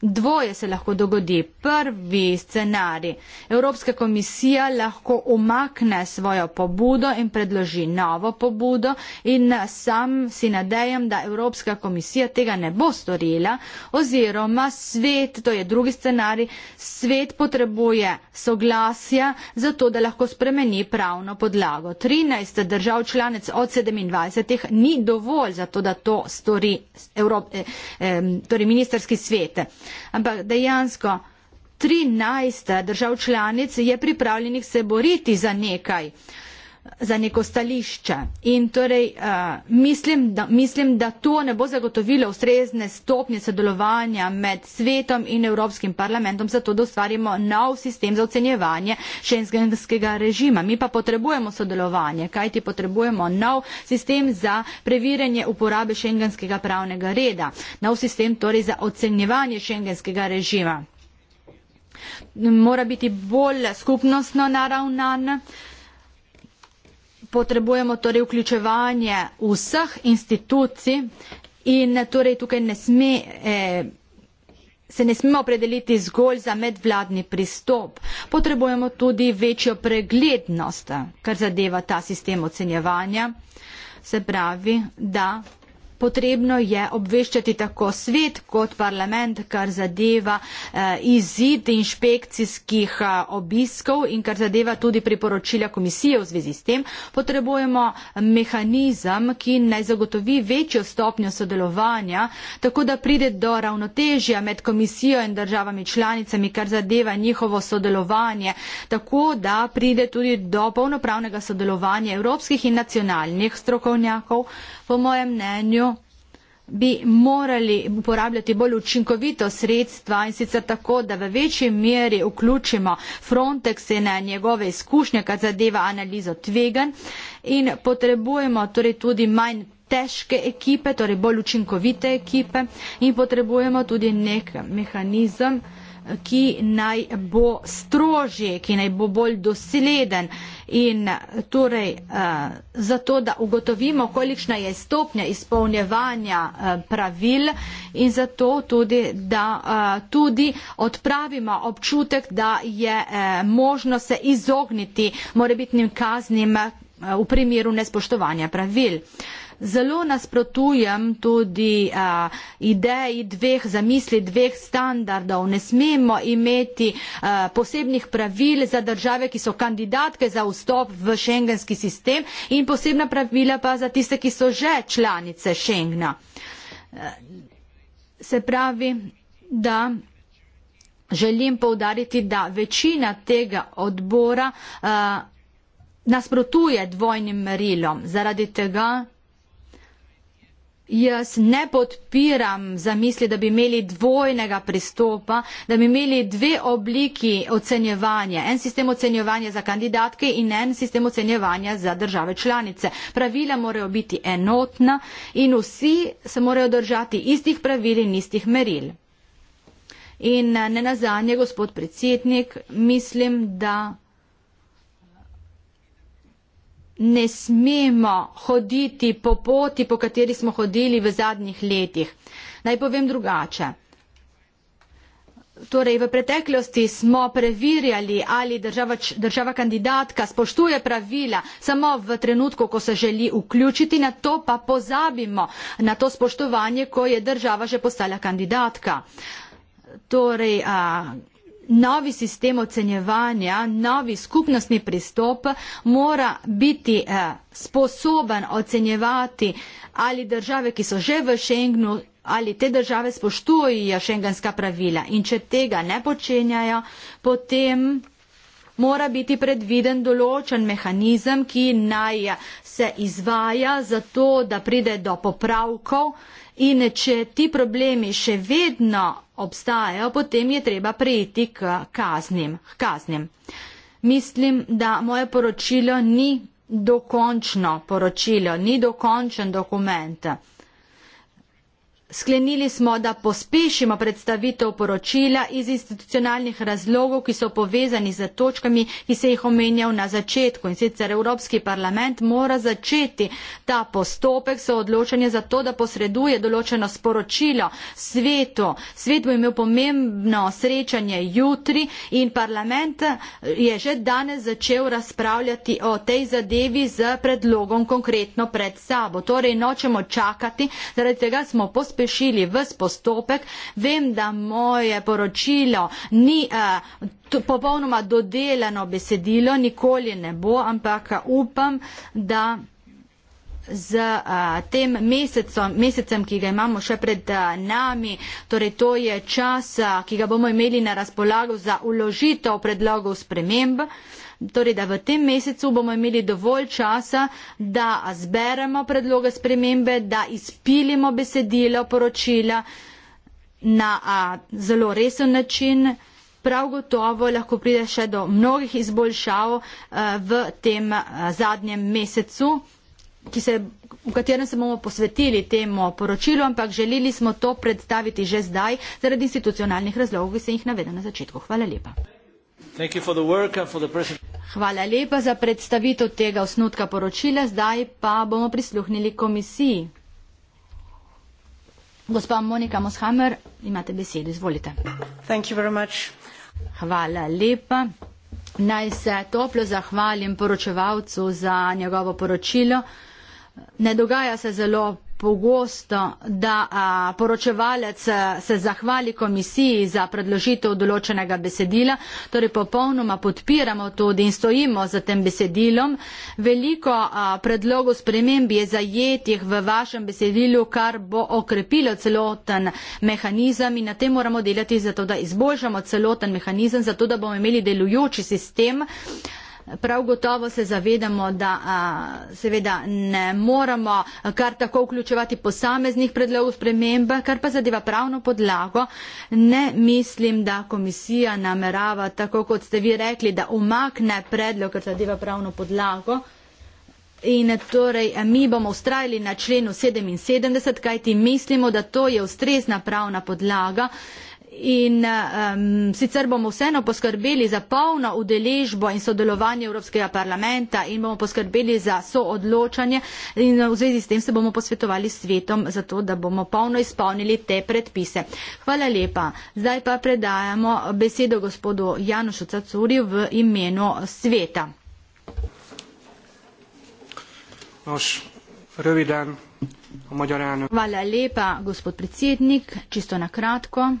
Dvoje se lahko dogodi. Prvi scenarij. Evropska komisija lahko umakne svojo pobudo in predloži novo pobudo in sam si nadejam, da Evropska komisija tega ne bo storila oziroma svet, to je drugi scenarij, svet potrebuje soglasja za to, da lahko spremeni pravno podlago. 13 držav članec od 27 ni dovolj za to, da to stori Evrop, eh, eh, torej ministerski svet ampak dejansko 13 držav članic je pripravljenih se boriti za nekaj za neko stališče. In torej uh, mislim, da, mislim, da to ne bo zagotovilo ustrezne stopnje sodelovanja med svetom in Evropskim parlamentom, zato da ustvarimo nov sistem za ocenjevanje šengenskega režima. Mi pa potrebujemo sodelovanje, kajti potrebujemo nov sistem za preverjanje uporabe šengenskega pravnega reda, nov sistem torej za ocenjevanje šengenskega režima. Mora biti bolj skupnostno naravnan. Uh, potrebujemo torej vključevanje vseh institucij in torej tukaj ne sme. Eh, Se ne smemo opredeliti zgolj za medvladni pristop. Potrebujemo tudi večjo preglednost, kar zadeva ta sistem ocenjevanja. Se pravi, da potrebno je obveščati tako svet kot parlament, kar zadeva eh, izid inšpekcijskih eh, obiskov in kar zadeva tudi priporočila komisije v zvezi s tem. Potrebujemo mehanizem, ki naj zagotovi večjo stopnjo sodelovanja, tako da pride do ravnotežja med komisijo in državami članicami, kar zadeva njihovo sodelovanje, tako da pride tudi do polnopravnega sodelovanja evropskih in nacionalnih strokovnjakov, po mojem mnenju bi morali uporabljati bolj učinkovito sredstva in sicer tako, da v večji meri vključimo Frontex in eh, njegove izkušnje, kad zadeva analizo tvegan in potrebujemo torej tudi manj težke ekipe, torej bolj učinkovite ekipe in potrebujemo tudi nek mehanizem, ki naj bo strožji, ki naj bo bolj dosleden in torej uh, zato, da ugotovimo, kolikšna je stopnja izpolnjevanja uh, pravil in zato tudi, da uh, tudi odpravimo občutek, da je uh, možno se izogniti morebitnim kaznim uh, v primeru nespoštovanja pravil. Uh, zelo nasprotujem tudi a, ideji dveh zamisli, dveh standardov. Ne smemo imeti a, posebnih pravil za države, ki so kandidatke za vstop v šengenski sistem in posebna pravila pa za tiste, ki so že članice šengna. Se pravi, da. Želim povdariti, da večina tega odbora uh, nasprotuje dvojnim merilom. Zaradi tega Jaz ne podpiram zamisli, da bi imeli dvojnega pristopa, da bi imeli dve obliki ocenjevanja. En sistem ocenjevanja za kandidatke in en sistem ocenjevanja za države članice. Pravila morajo biti enotna in vsi se morajo držati istih pravil in istih meril. In eh, ne nazadnje, gospod predsednik, mislim, da ne smemo hoditi po poti, po kateri smo hodili v zadnjih letih. Naj povem drugače. Torej, v preteklosti smo preverjali, ali država, država kandidatka spoštuje pravila samo v trenutku, ko se želi vključiti, na to pa pozabimo na to spoštovanje, ko je država že postala kandidatka. Torej, a, novi sistem ocenjevanja, novi skupnostni pristop mora biti eh, sposoben ocenjevati ali države, ki so že v Schengnu, ali te države spoštujejo šengenska pravila. In če tega ne počenjajo, potem mora biti predviden določen mehanizem, ki naj se izvaja za to, da pride do popravkov in če ti problemi še vedno obstajajo, potem je treba prejiti k kaznim. K kaznim. Mislim, da moje poročilo ni dokončno poročilo, ni dokončen dokument. Sklenili smo, da pospešimo predstavitev poročila iz institucionalnih razlogov, ki so povezani z točkami, ki se jih omenjal na začetku. In sicer Evropski parlament mora začeti ta postopek, so odločanje za to, da posreduje določeno sporočilo svetu. Svet bo imel pomembno srečanje jutri in parlament je že danes začel razpravljati o tej zadevi z predlogom konkretno pred sabo. Torej, nočemo čakati, zaradi tega smo pospešili pospešili vse postopek. Vem, da moje poročilo ni uh, popolnoma dodelano besedilo, nikoli ne bo, ampak eh, upam, da z a, eh, tem mesecom, mesecem, ki ga imamo še pred a, nami, torej to je čas, a, ki ga bomo imeli na razpolago za uložitev predlogov sprememb. A, torej da v tem mesecu bomo imeli dovolj časa, da zberemo predloge spremembe, da izpilimo besedilo poročila na a, zelo resen način. Prav gotovo lahko pride še do mnogih izboljšav a, v tem a, zadnjem mesecu. Se, v katerem se bomo posvetili temu poročilu, ampak želeli smo to predstaviti že zdaj zaradi institucionalnih razlogov, ki sem jih navedel na začetku. Hvala lepa. Hvala lepa za predstavitev tega osnutka poročila. Zdaj pa bomo prisluhnili komisiji. Gospa Monika Moshammer, imate besedo, izvolite. Hvala lepa. Naj se toplo zahvalim poročevalcu za njegovo poročilo. Ne dogaja se zelo pogosto, da a, poročevalec a, se zahvali komisiji za predložitev določenega besedila, torej popolnoma podpiramo tudi in stojimo za tem besedilom. Veliko a, predlogov sprememb je zajetih v vašem besedilu, kar bo okrepilo celoten mehanizem in na tem moramo delati, zato da izboljšamo celoten mehanizem, zato da bomo imeli delujoči sistem. Prav gotovo se zavedamo, da a, seveda ne moramo kar tako vključevati posameznih predlogov spremembe, kar pa zadeva pravno podlago. Ne mislim, da komisija namerava, tako kot ste vi rekli, da umakne predlog, kar zadeva pravno podlago. In torej mi bomo ustrajali na členu 77, kajti mislimo, da to je ustrezna pravna podlaga. In um, sicer bomo vseeno poskrbeli za polno udeležbo in sodelovanje Evropskega parlamenta in bomo poskrbeli za soodločanje in v zvezi s tem se bomo posvetovali svetom, zato da bomo polno izpolnili te predpise. Hvala lepa. Zdaj pa predajamo besedo gospodu Janušu Cacuri v imenu sveta. Noš, Hvala lepa, gospod predsednik. Čisto na kratko.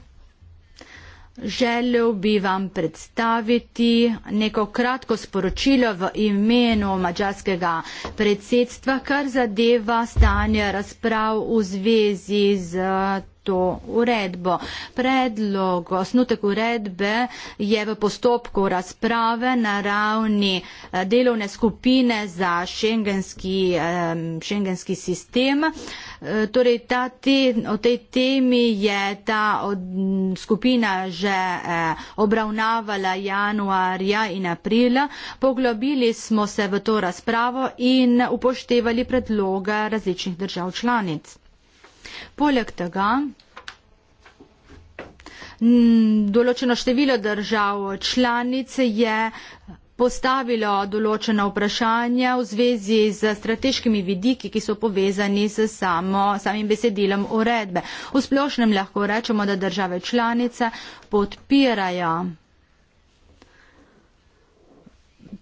Želel bi vam predstaviti neko kratko sporočilo v imenu mađarskega predsedstva, kar zadeva stanje razprav v zvezi z to uredbo. Predlog, osnutek uredbe je v postopku razprave na ravni eh, delovne skupine za šengenski, šengenski sistem. Eh, torej, ta te, o tej temi je ta od, skupina že eh, obravnavala januarja in aprila. Poglobili smo se v to razpravo in upoštevali predloga različnih držav članic. Poleg tega določeno število držav članic je postavilo določena vprašanja v zvezi z strateškimi vidiki, ki so povezani s samo, samim besedilom uredbe. V splošnem lahko rečemo, da države članice podpirajo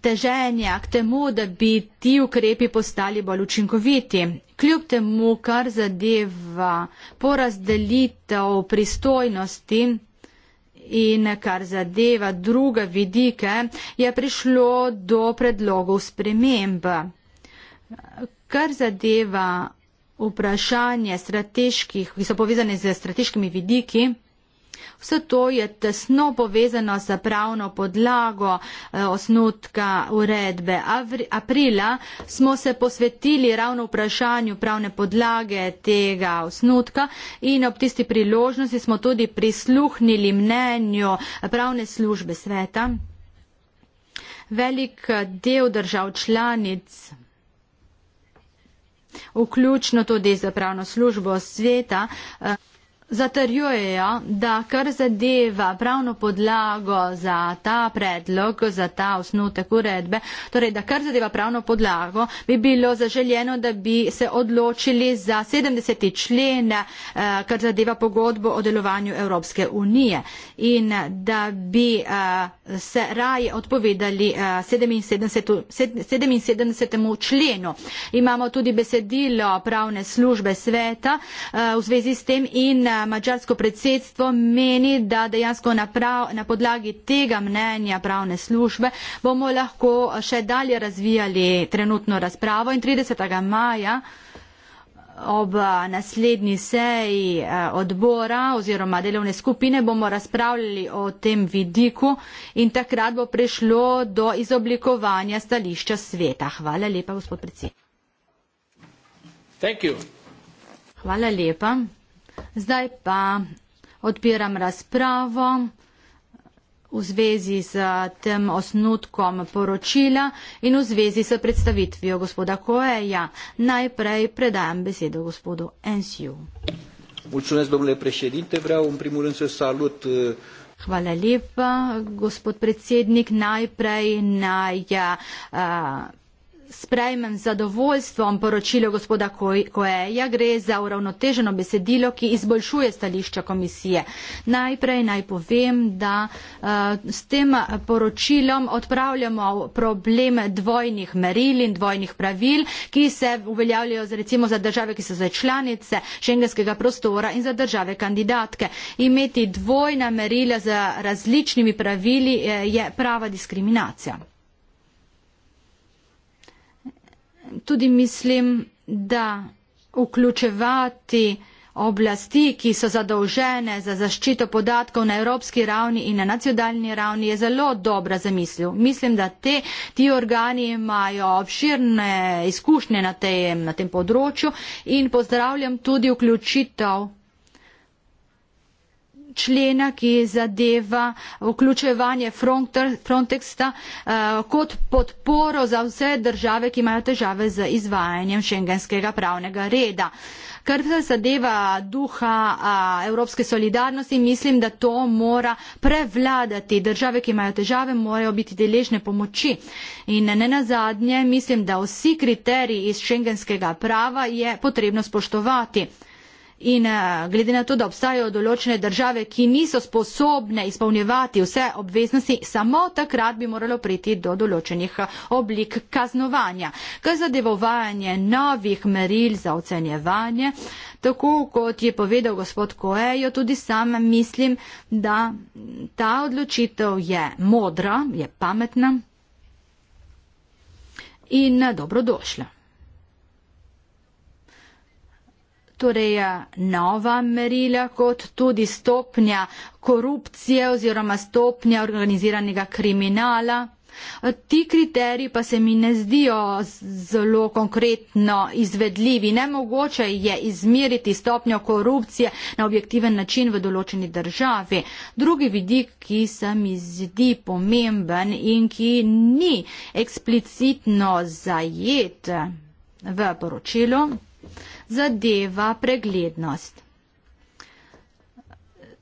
teženja k temu, da bi ti ukrepi postali bolj učinkoviti kljub temu, kar zadeva porazdelitev pristojnosti in kar zadeva druge vidike, je prišlo do predlogov sprememb. Kar zadeva vprašanje strateških, ki so povezane z strateškimi vidiki, Vse to je tesno povezano s pravno podlago eh, osnutka uredbe. Aprila smo se posvetili ravno vprašanju pravne podlage tega osnutka in ob tisti priložnosti smo tudi prisluhnili mnenju pravne službe sveta. Velik eh, del držav članic vključno tudi za pravno službo sveta, eh, Zatrjujejo, da kar zadeva pravno podlago za ta predlog, za ta osnutek uredbe, torej da kar zadeva pravno podlago, bi bilo zaželjeno, da bi se odločili za 70. člen, eh, kar zadeva pogodbo o delovanju Evropske unije in da bi eh, se raje odpovedali 77, eh, 77. členu. Imamo tudi besedilo pravne službe sveta v zvezi s tem in mačarsko predsedstvo meni, da dejansko na, prav, na podlagi tega mnenja pravne službe bomo lahko še dalje razvijali trenutno razpravo in 30. maja ob eh, naslednji seji eh, odbora oziroma delovne skupine bomo razpravljali o tem vidiku in takrat bo prišlo do izoblikovanja stališča sveta. Hvala lepa, gospod predsednik. Thank you. Hvala lepa. Zdaj pa odpiram razpravo v zvezi z tem osnutkom poročila in v zvezi s predstavitvijo gospoda Koeja. Najprej predajam besedo gospodu Ensiju. Mulțumesc, domnule președinte. Vreau în primul rând să salut. Uh, Hvala lepa, gospod predsednik. Najprej naj uh, sprejmem z zadovoljstvom poročilo gospoda Koeja, gre za uravnoteženo besedilo, ki izboljšuje stališča komisije. Najprej naj povem, da eh, s tem eh, poročilom odpravljamo probleme dvojnih meril in dvojnih pravil, ki se uveljavljajo za recimo za države, ki so zdaj članice šengenskega prostora in za države kandidatke. Imeti dvojna merila z različnimi pravili eh, je prava diskriminacija. Tudi mislim, da vključevati oblasti, ki so zadolžene za zaščito podatkov na evropski ravni in na nacionalni ravni, je zelo dobra zamisel. Mislim, da te, ti organi imajo obširne izkušnje na tem, na tem področju in pozdravljam tudi vključitev člena, ki zadeva vključevanje Frontexa eh, kot podporo za vse države, ki imajo težave z izvajanjem šengenskega pravnega reda. Kar se zadeva duha a, eh, evropske solidarnosti, mislim, da to mora prevladati. Države, ki imajo težave, morajo biti deležne pomoči. In ne na zadnje, mislim, da vsi kriteriji iz šengenskega prava je potrebno spoštovati. In eh, glede na to, da obstajajo določene države, ki niso sposobne izpolnjevati vse obveznosti, samo takrat bi moralo priti do določenih eh, oblik kaznovanja. Kaj zadevovanje novih meril za ocenjevanje, tako kot je povedal gospod Koejo, tudi sam mislim, da ta odločitev je modra, je pametna in eh, dobrodošla. torej eh, nova merila kot tudi stopnja korupcije oziroma stopnja organiziranega kriminala. Eh, ti kriteriji pa se mi ne zdijo zelo konkretno izvedljivi. Nemogoče je izmeriti stopnjo korupcije na objektiven način v določeni državi. Drugi vidik, ki se mi zdi pomemben in ki ni eksplicitno zajet v poročilu, zadeva preglednost.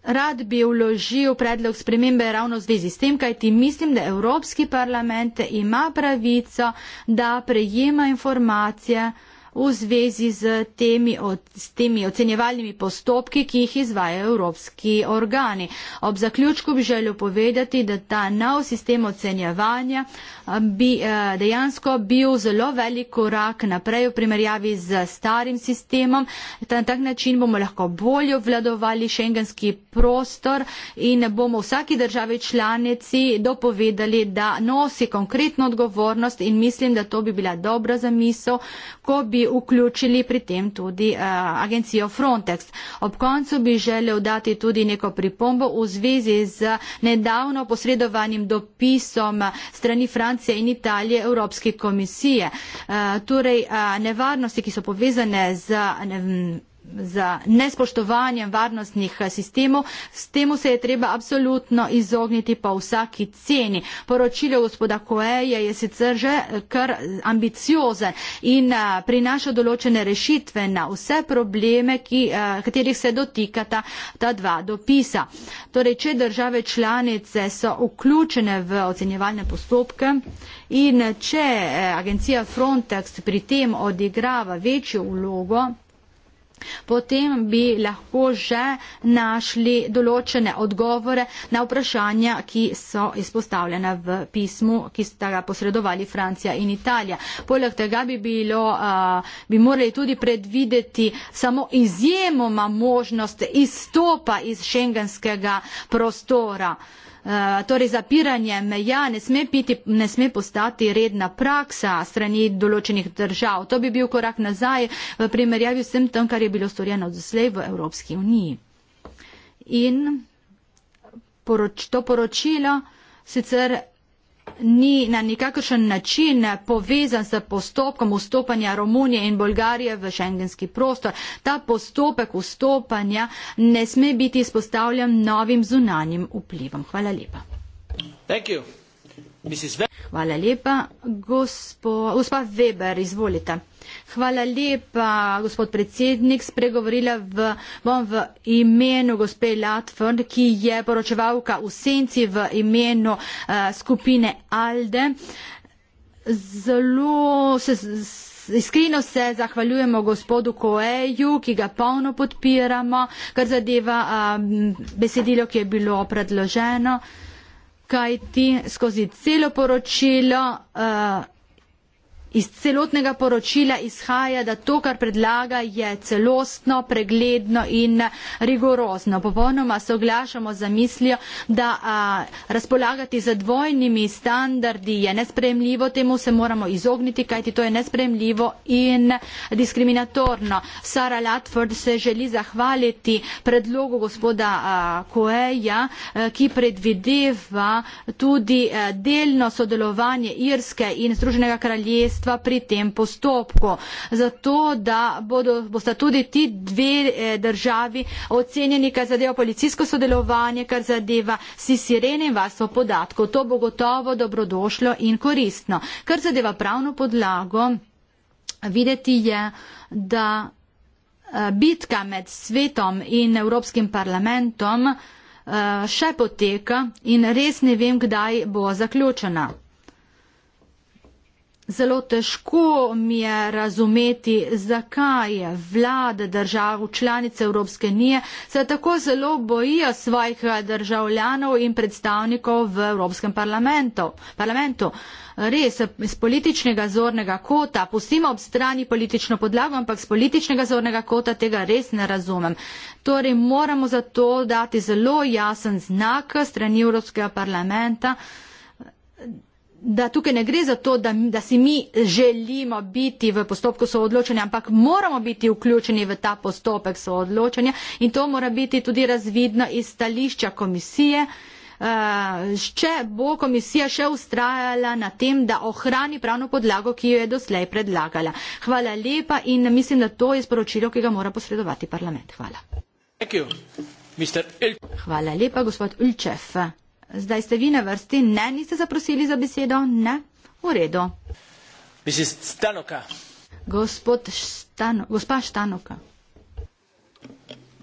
Rad bi vložil predlog spremembe ravno v zvezi s tem, kajti mislim, da Evropski parlament ima pravico, da prejema informacije v zvezi z temi, s temi ocenjevalnimi postopki, ki jih izvajo evropski organi. Ob zaključku bi želel povedati, da ta nov sistem ocenjevanja bi e, dejansko bil zelo velik korak naprej v primerjavi z starim sistemom. Na tak način bomo lahko bolje obvladovali šengenski prostor in bomo vsaki državi članici dopovedali, da nosi konkretno odgovornost in mislim, da to bi bila dobra zamisel, ko bi vključili pri tem tudi e, agencijo Frontex. Ob koncu bi želel dati tudi neko pripombo v zvezi z nedavno posredovanim dopisom strani Francije, Francije in Italije Evropske komisije. Eh, torej, eh, nevarnosti, ki so povezane z. Ne, za nespoštovanjem varnostnih eh, sistemov. S temu se je treba absolutno izogniti po vsaki ceni. Poročilo gospoda Koeje je sicer že eh, kar eh, ambiciozen in prinaša določene rešitve na vse probleme, ki, katerih se dotikata ta dva dopisa. Torej, če države članice so vključene v ocenjevalne postopke in če agencija Frontex pri tem odigrava večjo vlogo, potem bi lahko že našli določene odgovore na vprašanja, ki so izpostavljena v pismu, ki sta ga posredovali Francija in Italija. Poleg tega bi, bilo, uh, bi morali tudi predvideti samo izjemoma možnost izstopa iz šengenskega prostora. Uh, Eh, torej zapiranje meja ne sme, piti, ne sme postati redna praksa strani določenih držav. To bi bil korak nazaj v primerjavi vsem tem, kar je bilo storjeno doslej v Evropski uniji. In poroč, to poročilo sicer ni na nikakršen način povezan s postopkom vstopanja Romunije in Bolgarije v šengenski prostor. Ta postopek vstopanja ne sme biti izpostavljen novim zunanjim vplivom. Hvala lepa. Thank you. Hvala lepa, gospo, gospa Weber, izvolite. Hvala lepa, gospod predsednik. Spregovorila v, bom v imenu gospe Latvrn, ki je poročevalka v senci v imenu uh, skupine Alde. Zelo se, Iskreno se zahvaljujemo gospodu Koeju, ki ga polno podpiramo, kar zadeva um, besedilo, ki je bilo predloženo. Uh, kajti skozi celo poročilo uh, Iz celotnega poročila izhaja, da to, kar predlaga, je celostno, pregledno in rigorozno. Popolnoma soglašamo za mislijo, da a, razpolagati z dvojnimi standardi je nespremljivo, temu se moramo izogniti, kajti to je nespremljivo in diskriminatorno. Sara Latford se želi zahvaliti predlogu gospoda Koeja, ki predvideva tudi delno sodelovanje Irske in Združenega kraljestva sredstva pri tem postopku. Zato, da bodo, bosta tudi ti dve eh, državi ocenjeni, kar zadeva policijsko sodelovanje, kar zadeva sisirene in varstvo podatkov. To bo gotovo dobrodošlo in koristno. Kar zadeva pravno podlago, videti je, da eh, bitka med svetom in Evropskim parlamentom eh, še poteka in res ne vem, kdaj bo zaključena. Zelo težko mi je razumeti, zakaj je vlade držav članic Evropske unije se tako zelo bojijo svojih državljanov in predstavnikov v Evropskem parlamentu. parlamentu. Res, iz političnega zornega kota, pustimo ob strani politično podlago, ampak z političnega zornega kota tega res ne razumem. Torej, moramo zato dati zelo jasen znak strani Evropskega parlamenta, da tukaj ne gre za to, da, da si mi želimo biti v postopku soodločanja, ampak moramo biti vključeni v ta postopek soodločanja in to mora biti tudi razvidno iz stališča komisije. Uh, če bo komisija še ustrajala na tem, da ohrani pravno podlago, ki jo je doslej predlagala. Hvala lepa in mislim, da to je sporočilo, ki ga mora posredovati parlament. Hvala. Hvala lepa, gospod Ulčev. Zdaj ste vi na vrsti, ne, niste zaprosili za besedo, ne, v redu. Mrs. Stanoka. Gospod Stano, gospa Stanoka.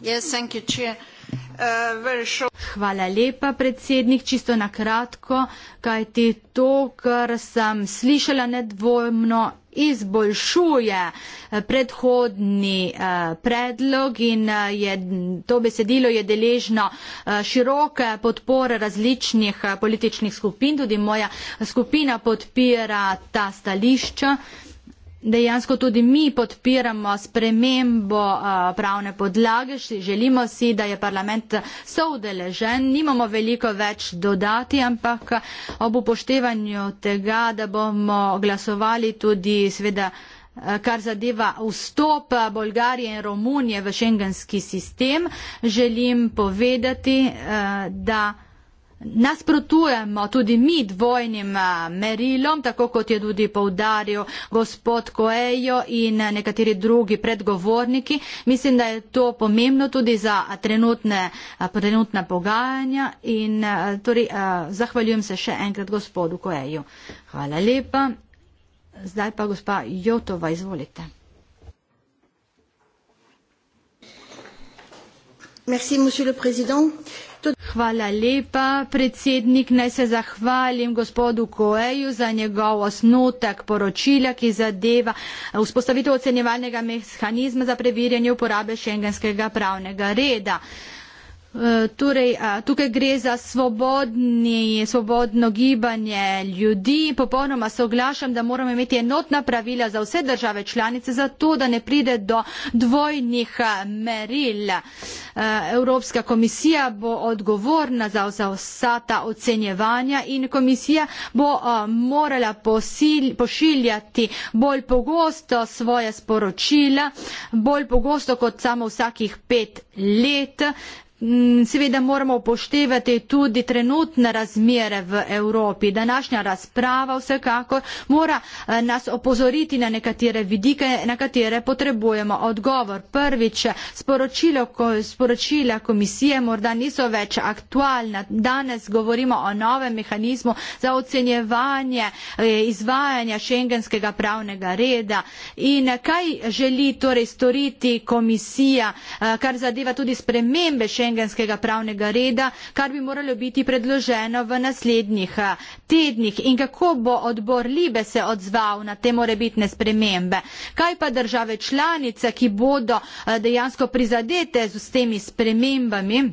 Yes, thank you, chair. Uh, Hvala lepa, predsednik. Čisto na kratko, kaj ti to, kar sem slišala nedvojno, izboljšuje eh, predhodni eh, predlog in eh, je, to besedilo je deležno široke podpore različnih političnih skupin. Tudi moja skupina podpira ta stališča. Dejansko tudi mi podpiramo spremembo pravne podlage, želimo si, da je parlament soudeležen, nimamo veliko več dodati, ampak ob upoštevanju tega, da bomo glasovali tudi sveda kar zadeva vstop Bolgarije in Romunije v šengenski sistem, želim povedati, da nasprotujemo tudi mi dvojnim merilom, tako kot je tudi povdaril gospod Koejo in nekateri drugi predgovorniki. Mislim, da je to pomembno tudi za trenutne, trenutna pogajanja in torej, zahvaljujem se še enkrat gospodu Koejo. Hvala lepa. Zdaj pa gospa Jotova, izvolite. Merci, monsieur le président. Tudi hvala lepa, predsednik, naj se zahvalim gospodu Koeju za njegov osnutek poročila, ki zadeva vzpostavitev ocenjevalnega mehanizma za preverjanje uporabe šengenskega pravnega reda. Eh, torej, tukaj gre za svobodni, svobodno gibanje ljudi. Popolnoma soglašam, da moramo imeti enotna pravila za vse države članice, zato da ne pride do dvojnih meril. Eh, Evropska komisija bo odgovorna za, za vsa ta ocenjevanja in komisija bo morala posil, pošiljati bolj pogosto svoje sporočila, bolj pogosto kot samo vsakih pet let. Mm, seveda moramo upoštevati tudi trenutne razmere v Evropi. Današnja razprava vsekako mora eh, nas opozoriti na nekatere vidike, na katere potrebujemo odgovor. Prvič, sporočilo, sporočila komisije morda niso več aktualna. Danes govorimo o novem mehanizmu za ocenjevanje eh, izvajanja šengenskega pravnega reda. In kaj želi torej storiti komisija, eh, kar zadeva tudi spremembe šengenskega pravnega reda? šengenskega pravnega reda, kar bi moralo biti predloženo v naslednjih eh, tednih in kako bo odbor Libe se odzval na te morebitne spremembe. Kaj pa države članice, ki bodo eh, dejansko prizadete z temi spremembami?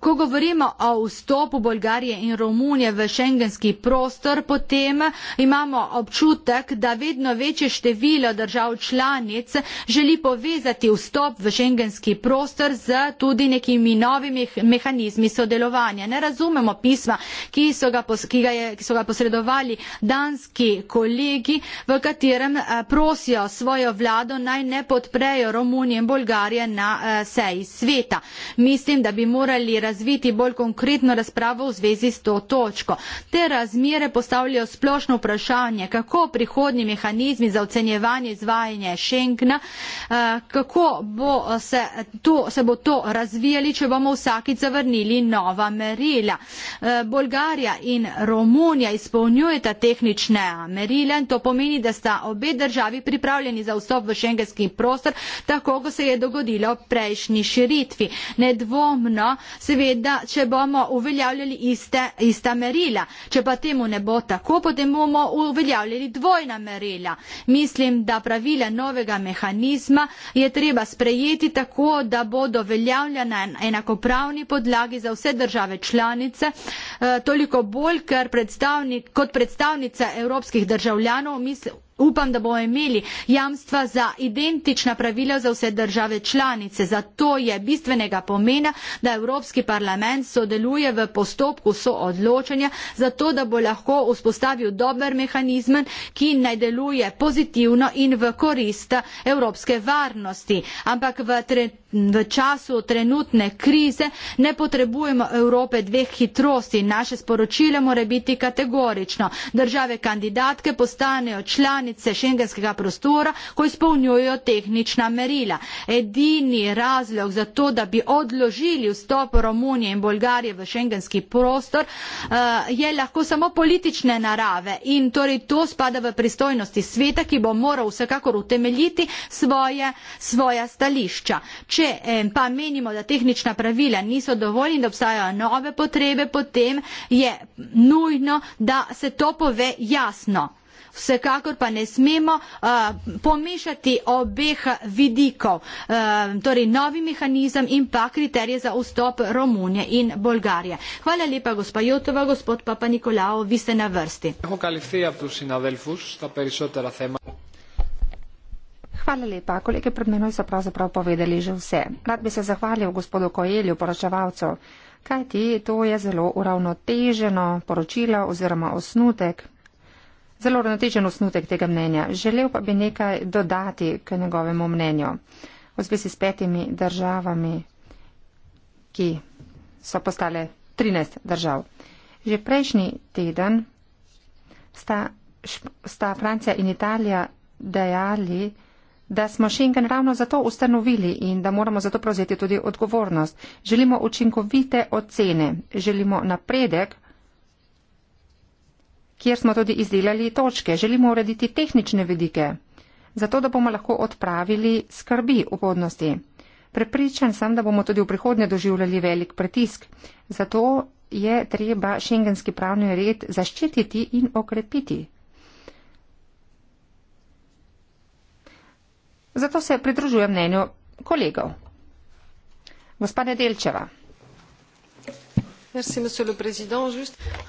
Ko govorimo o vstopu Bolgarije in Romunije v šengenski prostor, potem imamo občutek, da vedno večje število držav članic želi povezati vstop v šengenski prostor z tudi nekimi novimi mehanizmi sodelovanja. Ne razumemo pisma, ki so ga, pos, ki ga, je, ki so ga posredovali danski kolegi, v katerem eh, prosijo svojo vlado naj ne podprejo Romunije in Bolgarije na eh, seji sveta. Mislim, da bi morali morali razviti bolj konkretno razpravo v zvezi s to točko. Te razmere postavljajo splošno vprašanje, kako prihodni mehanizmi za ocenjevanje izvajanja Schengna, eh, kako bo eh, se, to, se bo to razvijali, če bomo vsakič zavrnili nova merila. Eh, Bolgarija in Romunija izpolnjujeta tehnične merile in to pomeni, da sta obe državi pripravljeni za vstop v šengenski prostor, tako kot se je dogodilo prejšnji širitvi. Nedvomno seveda, če bomo uveljavljali iste, ista merila. Če pa temu ne bo tako, potem bomo uveljavljali dvojna merila. Mislim, da pravila novega mehanizma je treba sprejeti tako, da bodo veljavljena enakopravni podlagi za vse države članice, eh, toliko bolj, ker predstavnik, kot predstavnica evropskih državljanov mislim, Upam, da bomo imeli jamstva za identična pravila za vse države članice. Zato je bistvenega pomena, da Evropski parlament sodeluje v postopku soodločanja, zato da bo lahko vzpostavil dober mehanizem, ki naj deluje pozitivno in v korist Evropske varnosti. Ampak v v času trenutne krize ne potrebujemo Evrope dveh hitrosti. Naše sporočile mora biti kategorično. Države kandidatke postanejo članice šengenskega prostora, ko izpolnjujo tehnična merila. Edini razlog za to, da bi odložili vstop Romunije in Bolgarije v šengenski prostor, eh, je lahko samo politične narave in torej to spada v pristojnosti sveta, ki bo moral vsekakor utemeljiti svoje, svoja stališča če pa menimo, da tehnična pravila niso dovolj in da obstajajo nove potrebe, potem je nujno, da se to pove jasno. Vsekakor pa ne smemo uh, pomešati obeh vidikov, uh, torej novi mehanizem in pa kriterije za vstop Romunije in Bolgarije. Hvala lepa, gospa Jotova, gospod Papa Nikolao, vi ste na vrsti. Hvala lepa. Kolege pred menoj so pravzaprav povedali že vse. Rad bi se zahvalil gospodu Koelju, poročevalcu. Kaj ti, to je zelo uravnoteženo poročilo oziroma osnutek. Zelo uravnotežen osnutek tega mnenja. Želel pa bi nekaj dodati k njegovemu mnenju. V zvezi s petimi državami, ki so postale 13 držav. Že prejšnji teden sta, šp, sta Francija in Italija dejali, da smo Schengen ravno zato ustanovili in da moramo zato prevzeti tudi odgovornost. Želimo učinkovite ocene, želimo napredek, kjer smo tudi izdelali točke, želimo urediti tehnične vidike, zato da bomo lahko odpravili skrbi ugodnosti. Prepričan sem, da bomo tudi v prihodnje doživljali velik pritisk. Zato je treba šengenski pravni red zaščititi in okrepiti. zato se pridružujem mnenju kolegov. Gospa Nedelčeva,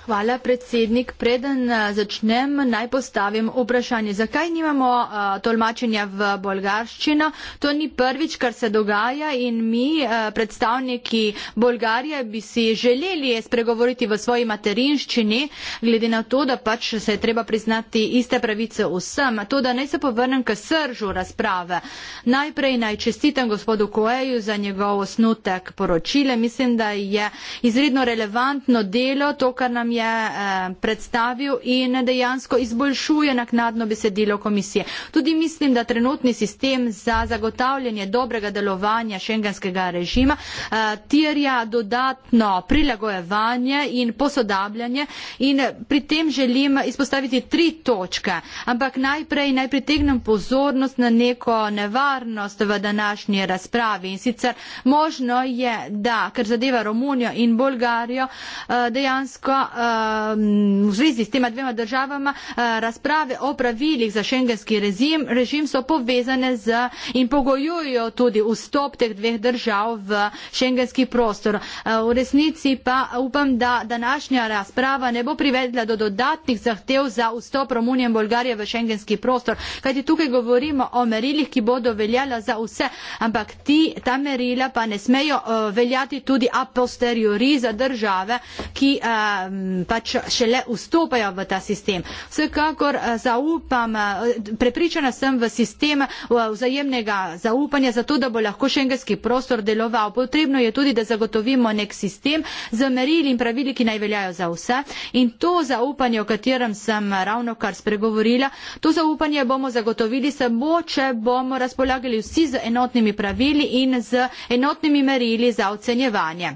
Hvala, predsednik. Preden eh, začnem, naj postavim vprašanje. Zakaj nimamo uh, tolmačenja v bolgarščino? To ni prvič, kar se dogaja in mi, uh, predstavniki Bolgarije, bi si želeli spregovoriti v svoji materinščini, glede na to, da pač se je treba priznati iste pravice vsem. To, da naj se povrnem k sržu razprave. Najprej naj čestitam gospodu Koeju za njegov osnutek poročile. Mislim, da je izredno relevantno delo, to, kar nam je eh, predstavil in dejansko izboljšuje naknadno besedilo komisije. Tudi mislim, da trenutni sistem za zagotavljanje dobrega delovanja šengenskega režima eh, tirja dodatno prilagojevanje in posodabljanje in pri tem želim izpostaviti tri točke. Ampak najprej naj pritegnem pozornost na neko nevarnost v današnji razpravi in sicer možno je, da, ker zadeva Romunijo in Bolgarijo, Rosario eh, dejansko eh, v zvezi s tema dvema državama eh, razprave o pravilih za šengenski režim, režim so povezane z in pogojujo tudi vstop teh dveh držav v šengenski prostor. V resnici pa upam, da današnja razprava ne bo privedla do dodatnih zahtev za vstop Romunije in Bolgarije v šengenski prostor, kajti tukaj govorimo o merilih, ki bodo veljala za vse, ampak ti, ta merila pa ne smejo veljati tudi a posteriori za držav države, ki ehm, pač šele vstopajo v ta sistem. Vsekakor eh, zaupam, eh, prepričana sem v sistem eh, vzajemnega zaupanja, zato da bo lahko šengenski prostor deloval. Potrebno je tudi, da zagotovimo nek sistem z merili in pravili, ki naj veljajo za vse. In to zaupanje, o katerem sem ravno kar spregovorila, to zaupanje bomo zagotovili samo, če bomo razpolagali vsi z enotnimi pravili in z enotnimi merili za ocenjevanje.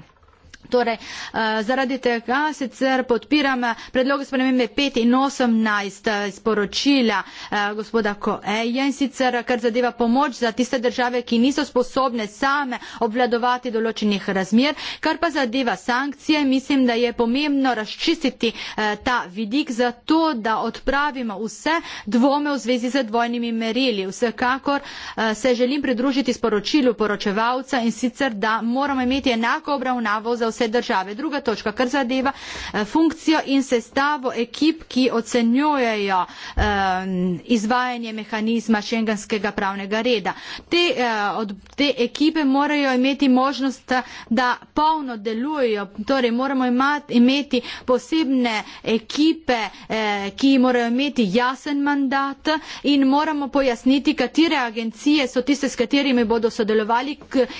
Torej, eh, zaradi tega sicer podpiram eh, predlog spremembe 5 in 18 sporočila eh, gospoda Koeja in sicer kar zadeva pomoč za tiste države, ki niso sposobne same obvladovati določenih razmer, kar pa zadeva sankcije. Mislim, da je pomembno razčistiti ta vidik za to, da odpravimo vse dvome v zvezi z dvojnimi merili. Vsekakor se želim pridružiti sporočilu poročevalca in sicer, da moramo imeti enako obravnavo za vse vse države. Druga točka, kar zadeva eh, funkcijo in sestavo ekip, ki ocenjujejo eh, izvajanje mehanizma šengenskega pravnega reda. Te, eh, od, te ekipe morajo imeti možnost, da polno delujejo, torej moramo imeti posebne ekipe, ki morajo imeti jasen mandat in moramo pojasniti, katere agencije so tiste, s katerimi bodo sodelovali,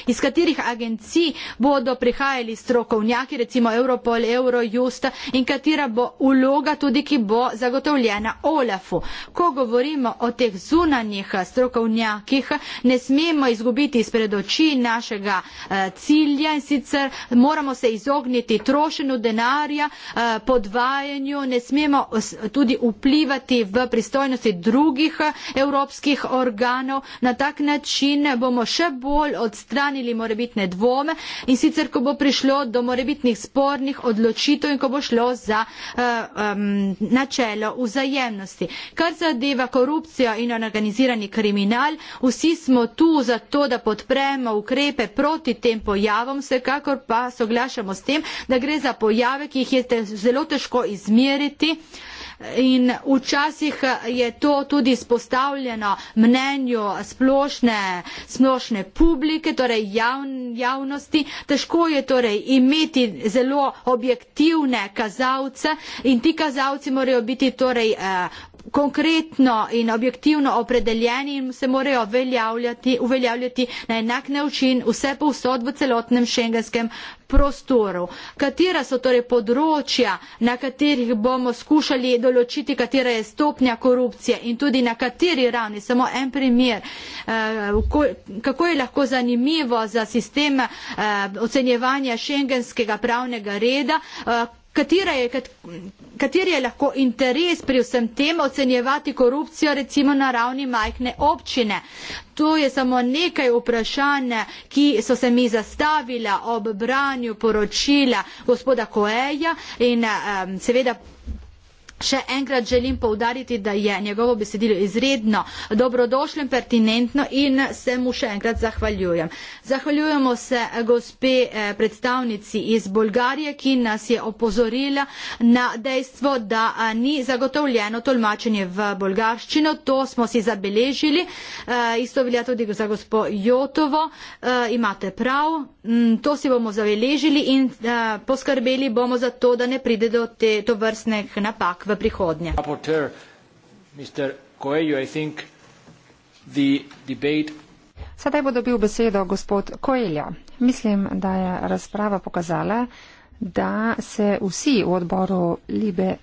iz katerih agencij bodo prihajali strokovnjaki strokovnjaki, recimo Europol, Eurojust, in katera bo vloga tudi, ki bo zagotovljena OLAF-u. Ko govorimo o teh zunanjih eh, strokovnjakih, ne smemo izgubiti izpred oči našega eh, cilja in sicer moramo se izogniti trošenju denarja, eh, podvajanju, ne smemo tudi vplivati v pristojnosti drugih evropskih organov. Na tak način bomo še bolj odstranili morebitne dvome in sicer, ko bo prišlo do morebitnih spornih odločitev in ko bo šlo za uh, um, načelo vzajemnosti. Kar zadeva korupcijo in organizirani kriminal, vsi smo tu zato, da podpremo ukrepe proti tem pojavom, vsekakor pa soglašamo s tem, da gre za pojave, ki jih je te zelo težko izmeriti. Uh, in včasih je to tudi spostavljeno mnenju splošne, splošne publike, torej javn, javnosti. Težko je torej imeti zelo objektivne kazalce in ti kazalci morajo biti torej eh, konkretno in objektivno opredeljeni in se morajo uveljavljati, uveljavljati na enak način vse povsod v celotnem šengenskem prostoru. Katera so torej področja, na katerih bomo skušali določiti, katera je stopnja korupcije in tudi na kateri ravni, samo en primer, eh, kako je lahko zanimivo za sistem eh, ocenjevanja šengenskega pravnega reda, eh, kater je lahko interes pri vsem tem ocenjevati korupcijo recimo na ravni majhne občine. To je samo nekaj vprašanj, ki so se mi zastavila ob branju poročila gospoda Koeja in um, seveda Še enkrat želim povdariti, da je njegovo besedilo izredno dobrodošljem, pertinentno in se mu še enkrat zahvaljujem. Zahvaljujemo se eh, gospe eh, predstavnici iz Bolgarije, ki nas je opozorila na dejstvo, da eh, ni zagotovljeno tolmačenje v bolgarščino. To smo si zabeležili. Isto velja tudi za gospo Jotovo. Imate prav. Mm, to si bomo zabeležili in poskrbeli bomo za to, da ne pride do te, to vrstnih napak v prihodnje. Sedaj bo dobil besedo gospod Koeljo. Mislim, da je razprava pokazala, da se vsi v odboru Libe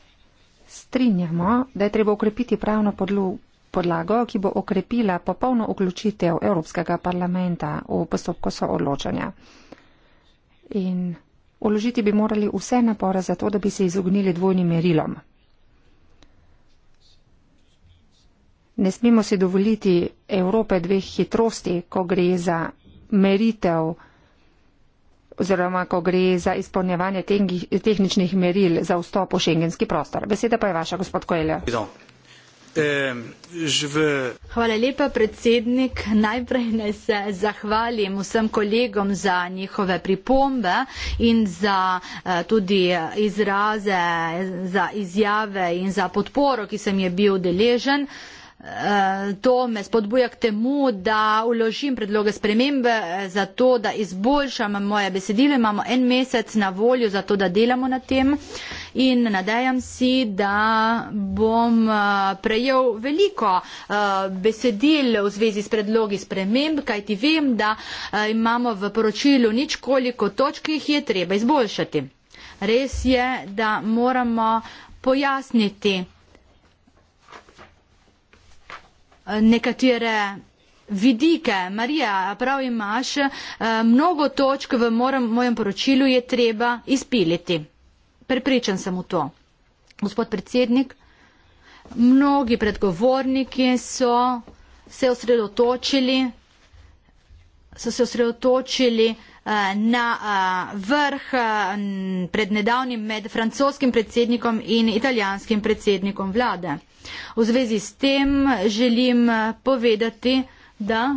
strinjamo, da je treba ukrepiti pravno podlago, ki bo okrepila popolno vključitev Evropskega parlamenta v postopko soodločanja. In uložiti bi morali vse napore za to, da bi se izognili dvojnim merilom. ne smemo si dovoliti Evrope dveh hitrosti, ko gre za meritev oziroma ko gre za izpolnjevanje tehničnih meril za vstop v šengenski prostor. Beseda pa je vaša, gospod Koelja. Hvala lepa, predsednik. Najprej naj se zahvalim vsem kolegom za njihove pripombe in za eh, tudi izraze, za izjave in za podporo, ki sem je bil deležen. Eh, to me spodbuja k temu, da uložim predloge spremembe eh, za to, da izboljšam moje besedile. Imamo en mesec na voljo za to, da delamo na tem in nadejam si, da bom eh, prejel veliko besedil v zvezi s predlogi sprememb, kajti vem, da imamo v poročilu nič koliko točk, ki jih je treba izboljšati. Res je, da moramo pojasniti nekatere vidike. Marija, prav imaš, eh, mnogo točk v morem, mojem poročilu je treba izpiliti. Prepričan sem v to. Gospod predsednik, mnogi predgovorniki so se osredotočili, so se osredotočili eh, na eh, vrh pred nedavnim med francoskim predsednikom in italijanskim predsednikom vlade. V zvezi s tem želim povedati, da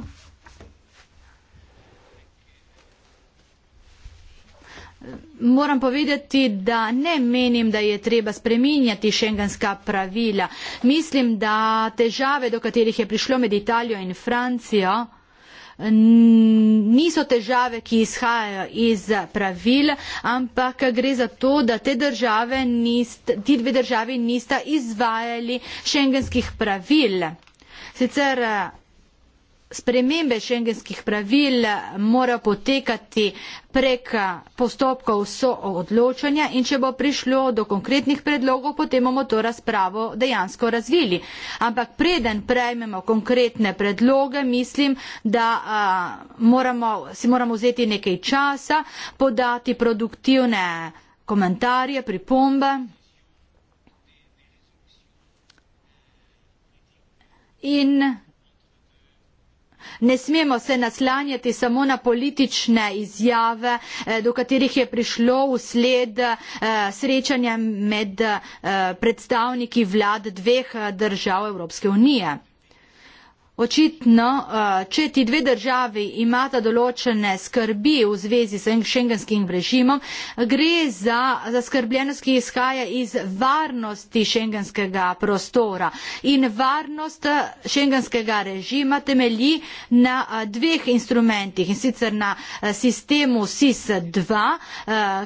Moram povedati, da ne menim, da je treba spreminjati šengenska pravila. Mislim, da težave, do katerih je prišlo med Italijo in Francijo, niso težave, ki izhajajo iz pravil, ampak gre za to, da te države nist, ti dve državi nista izvajali šengenskih pravil. Sicer spremembe šengenskih pravil mora potekati prek postopkov soodločanja in če bo prišlo do konkretnih predlogov, potem bomo to razpravo dejansko razvili. Ampak preden prejmemo konkretne predloge, mislim, da a, moramo, si moramo vzeti nekaj časa, podati produktivne komentarje, pripombe. In Ne smemo se naslanjati samo na politične izjave, eh, do katerih je prišlo usled eh, srečanja med eh, predstavniki vlad dveh držav Evropske unije. Očitno, eh, če ti dve državi imata določene skrbi v zvezi s šengenskim režimom, gre za zaskrbljenost, ki izhaja iz varnosti šengenskega prostora. In varnost eh, šengenskega režima temelji na eh, dveh instrumentih in sicer na sistemu SIS-2,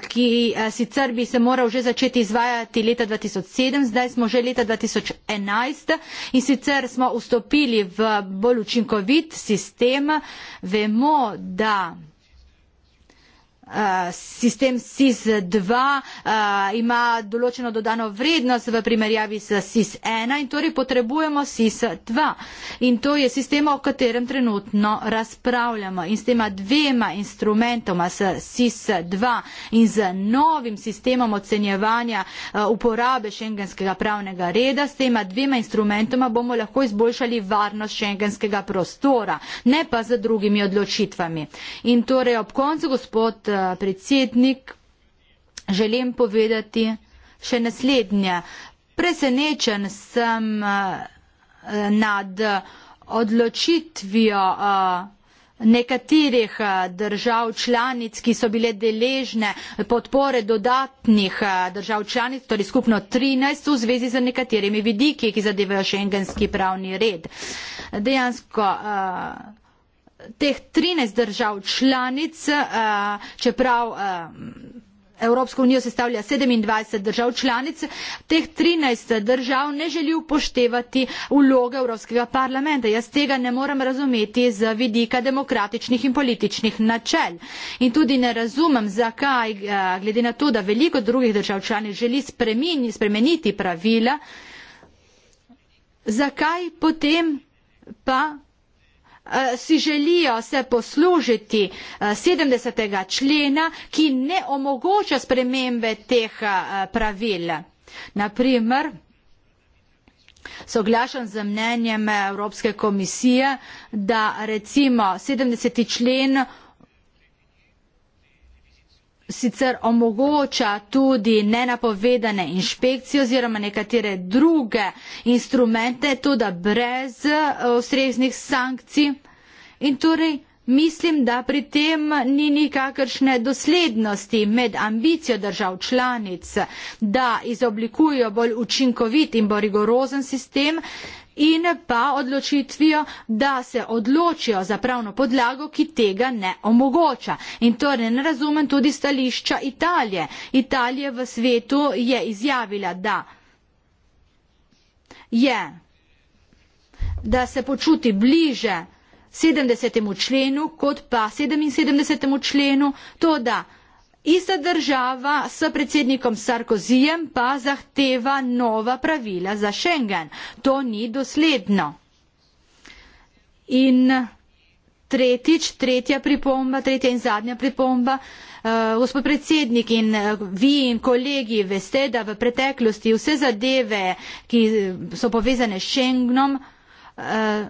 ki sicer bi se moral že začeti izvajati leta 2007, zdaj smo že leta 2011 in sicer smo vstopili v bolj učinkovit sistem. Vemo, da Eh, sistem SIS-2 eh, ima določeno dodano vrednost v primerjavi s SIS-1 in torej potrebujemo SIS-2. In to je sistem, o katerem trenutno razpravljamo. In s tema dvema instrumentoma, s SIS-2 in z novim sistemom ocenjevanja eh, uporabe šengenskega pravnega reda, s tema dvema instrumentoma bomo lahko izboljšali varnost šengenskega prostora, ne pa z drugimi odločitvami. In torej ob koncu gospod predsednik, želim povedati še naslednje. Presenečen sem eh, nad odločitvijo eh, nekaterih eh, držav članic, ki so bile deležne podpore dodatnih držav članic, torej skupno 13 v zvezi z nekaterimi vidiki, ki zadevajo šengenski pravni red. Dejansko uh, teh 13 držav članic, eh, čeprav eh, Evropsko unijo sestavlja 27 držav članic, teh 13 držav ne želi upoštevati vloge Evropskega parlamenta. Jaz tega ne moram razumeti z vidika demokratičnih in političnih načel. In tudi ne razumem, zakaj, eh, glede na to, da veliko drugih držav članic želi spremeniti pravila, zakaj potem pa Eh, si želijo se poslužiti 70. Eh, člena, ki ne omogoča spremembe teh eh, pravil. Naprimer, soglašam z mnenjem Evropske komisije, da recimo 70. člen sicer omogoča tudi nenapovedane inšpekcije oziroma nekatere druge instrumente, tudi brez eh, ustreznih sankcij. In torej mislim, da pri tem ni nikakršne doslednosti med ambicijo držav članic, da izoblikujo bolj učinkovit in bolj rigorozen sistem, in pa odločitvijo, da se odločijo za pravno podlago, ki tega ne omogoča. In torej ne razumem tudi stališča Italije. Italija v svetu je izjavila, da je, da se počuti bliže 70. členu kot pa 77. členu, to da Ista država s predsednikom Sarkozijem pa zahteva nova pravila za Schengen. To ni dosledno. In tretjič, tretja pripomba, tretja in zadnja pripomba. Uh, gospod predsednik in uh, vi in kolegi veste, da v preteklosti vse zadeve, ki eh, so povezane s Schengenom, uh,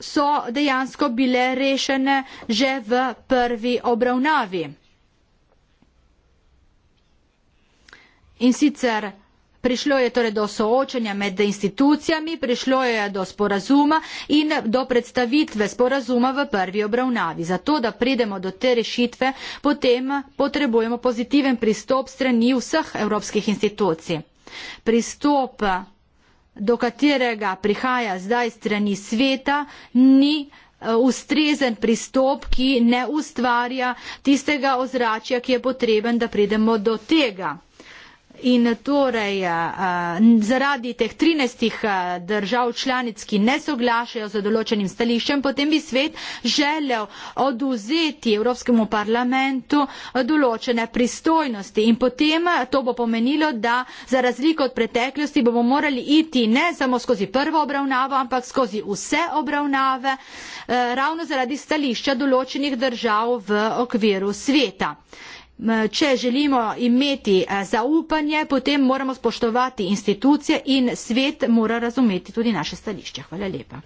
so dejansko bile rešene že v prvi obravnavi. In sicer prišlo je torej do soočenja med institucijami, prišlo je do sporazuma in do predstavitve sporazuma v prvi obravnavi. Zato, da pridemo do te rešitve, potem potrebujemo pozitiven pristop strani vseh evropskih institucij. Pristop, do katerega prihaja zdaj strani sveta, ni eh, ustrezen pristop, ki ne ustvarja tistega ozračja, ki je potreben, da pridemo do tega. In torej zaradi teh 13 držav članic, ki ne soglašajo z določenim stališčem, potem bi svet želel oduzeti Evropskemu parlamentu določene pristojnosti. In potem to bo pomenilo, da za razliko od preteklosti bomo morali iti ne samo skozi prvo obravnavo, ampak skozi vse obravnave, e, ravno zaradi stališča določenih držav v okviru sveta. Če želimo imeti eh, zaupanje, potem moramo spoštovati institucije in svet mora razumeti tudi naše stališče. Hvala lepa.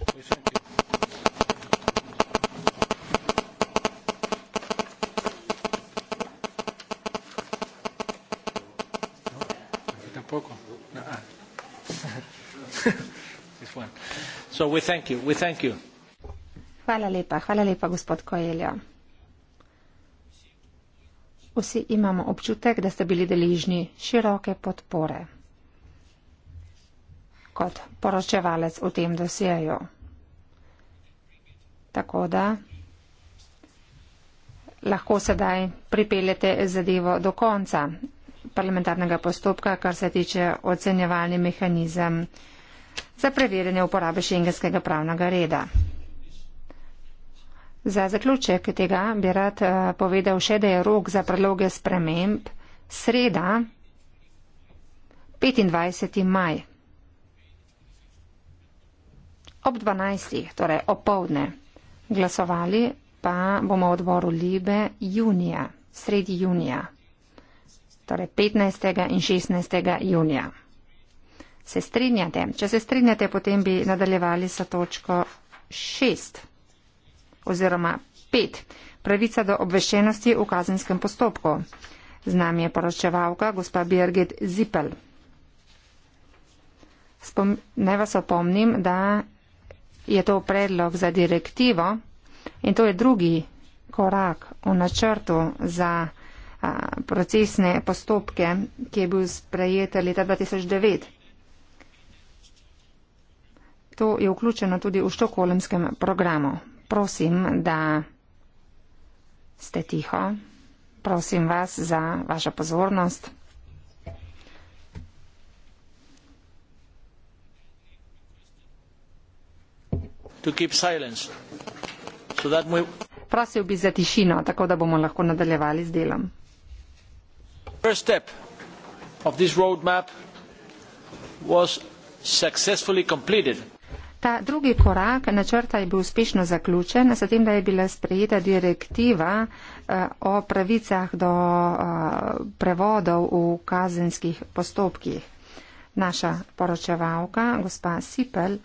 Hvala lepa, hvala lepa, gospod Koeljo. Vsi imamo občutek, da ste bili deležni široke podpore kot poročevalec v tem dosjeju. Tako da lahko sedaj pripeljete zadevo do konca parlamentarnega postopka, kar se tiče ocenjevalni mehanizem za preverjanje uporabe šengenskega pravnega reda. Za zaključek tega bi rad eh, povedal še, da je rok za predloge sprememb sreda 25. maj ob 12. torej opovdne. Glasovali pa bomo v odboru Libe junija, sredi junija, torej 15. in 16. junija. Se strinjate? Če se strinjate, potem bi nadaljevali sa točko 6 oziroma pet. Pravica do obveščenosti v kazenskem postopku. Z nami je poročevalka gospa Birgit Zipel. Spom ne vas opomnim, da je to predlog za direktivo in to je drugi korak v načrtu za a, procesne postopke, ki je bil sprejet leta 2009. To je vključeno tudi v štokolemskem programu prosim, da ste tiho. Prosim vas za vašo pozornost. So we... Prosil bi za tišino, tako da bomo lahko nadaljevali z delom. Prvi korak tega roadmapa je bil uspešno končan. Ta drugi korak načrta je bil uspešno zaključen, s tem, da je bila sprejeta direktiva eh, o pravicah do eh, prevodov v kazenskih postopkih. Naša poročevalka, gospa Sipel,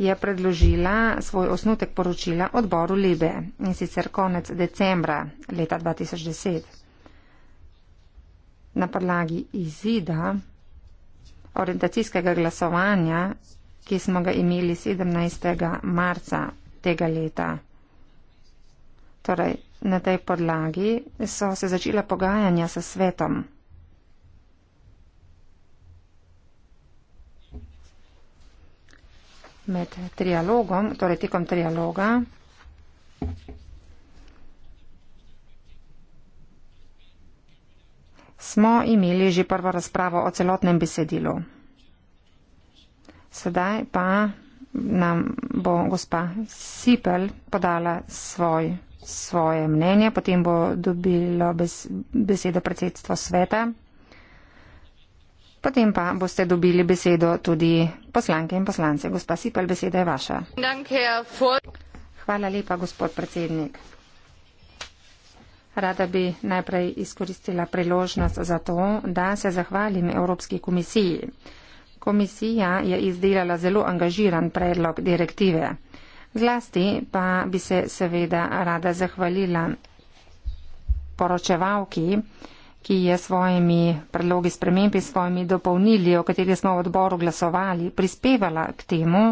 je predložila svoj osnutek poročila odboru Libe in sicer konec decembra leta 2010. Na podlagi izida orientacijskega glasovanja, ki smo ga imeli 17. marca tega leta. Torej, na tej podlagi so se začela pogajanja s svetom. Med trialogom, torej tekom trialoga, smo imeli že prvo razpravo o celotnem besedilu. Sedaj pa nam bo gospa Sipel podala svoj, svoje mnenje, potem bo dobilo bes, besedo predsedstvo sveta, potem pa boste dobili besedo tudi poslanke in poslance. Gospa Sipel, beseda je vaša. Hvala lepa, gospod predsednik. Rada bi najprej izkoristila priložnost za to, da se zahvalim Evropski komisiji. Komisija je izdelala zelo angažiran predlog direktive. Zlasti pa bi se seveda rada zahvalila poročevalki, ki je svojimi predlogi spremembi, svojimi dopolnili, o katerih smo v odboru glasovali, prispevala k temu,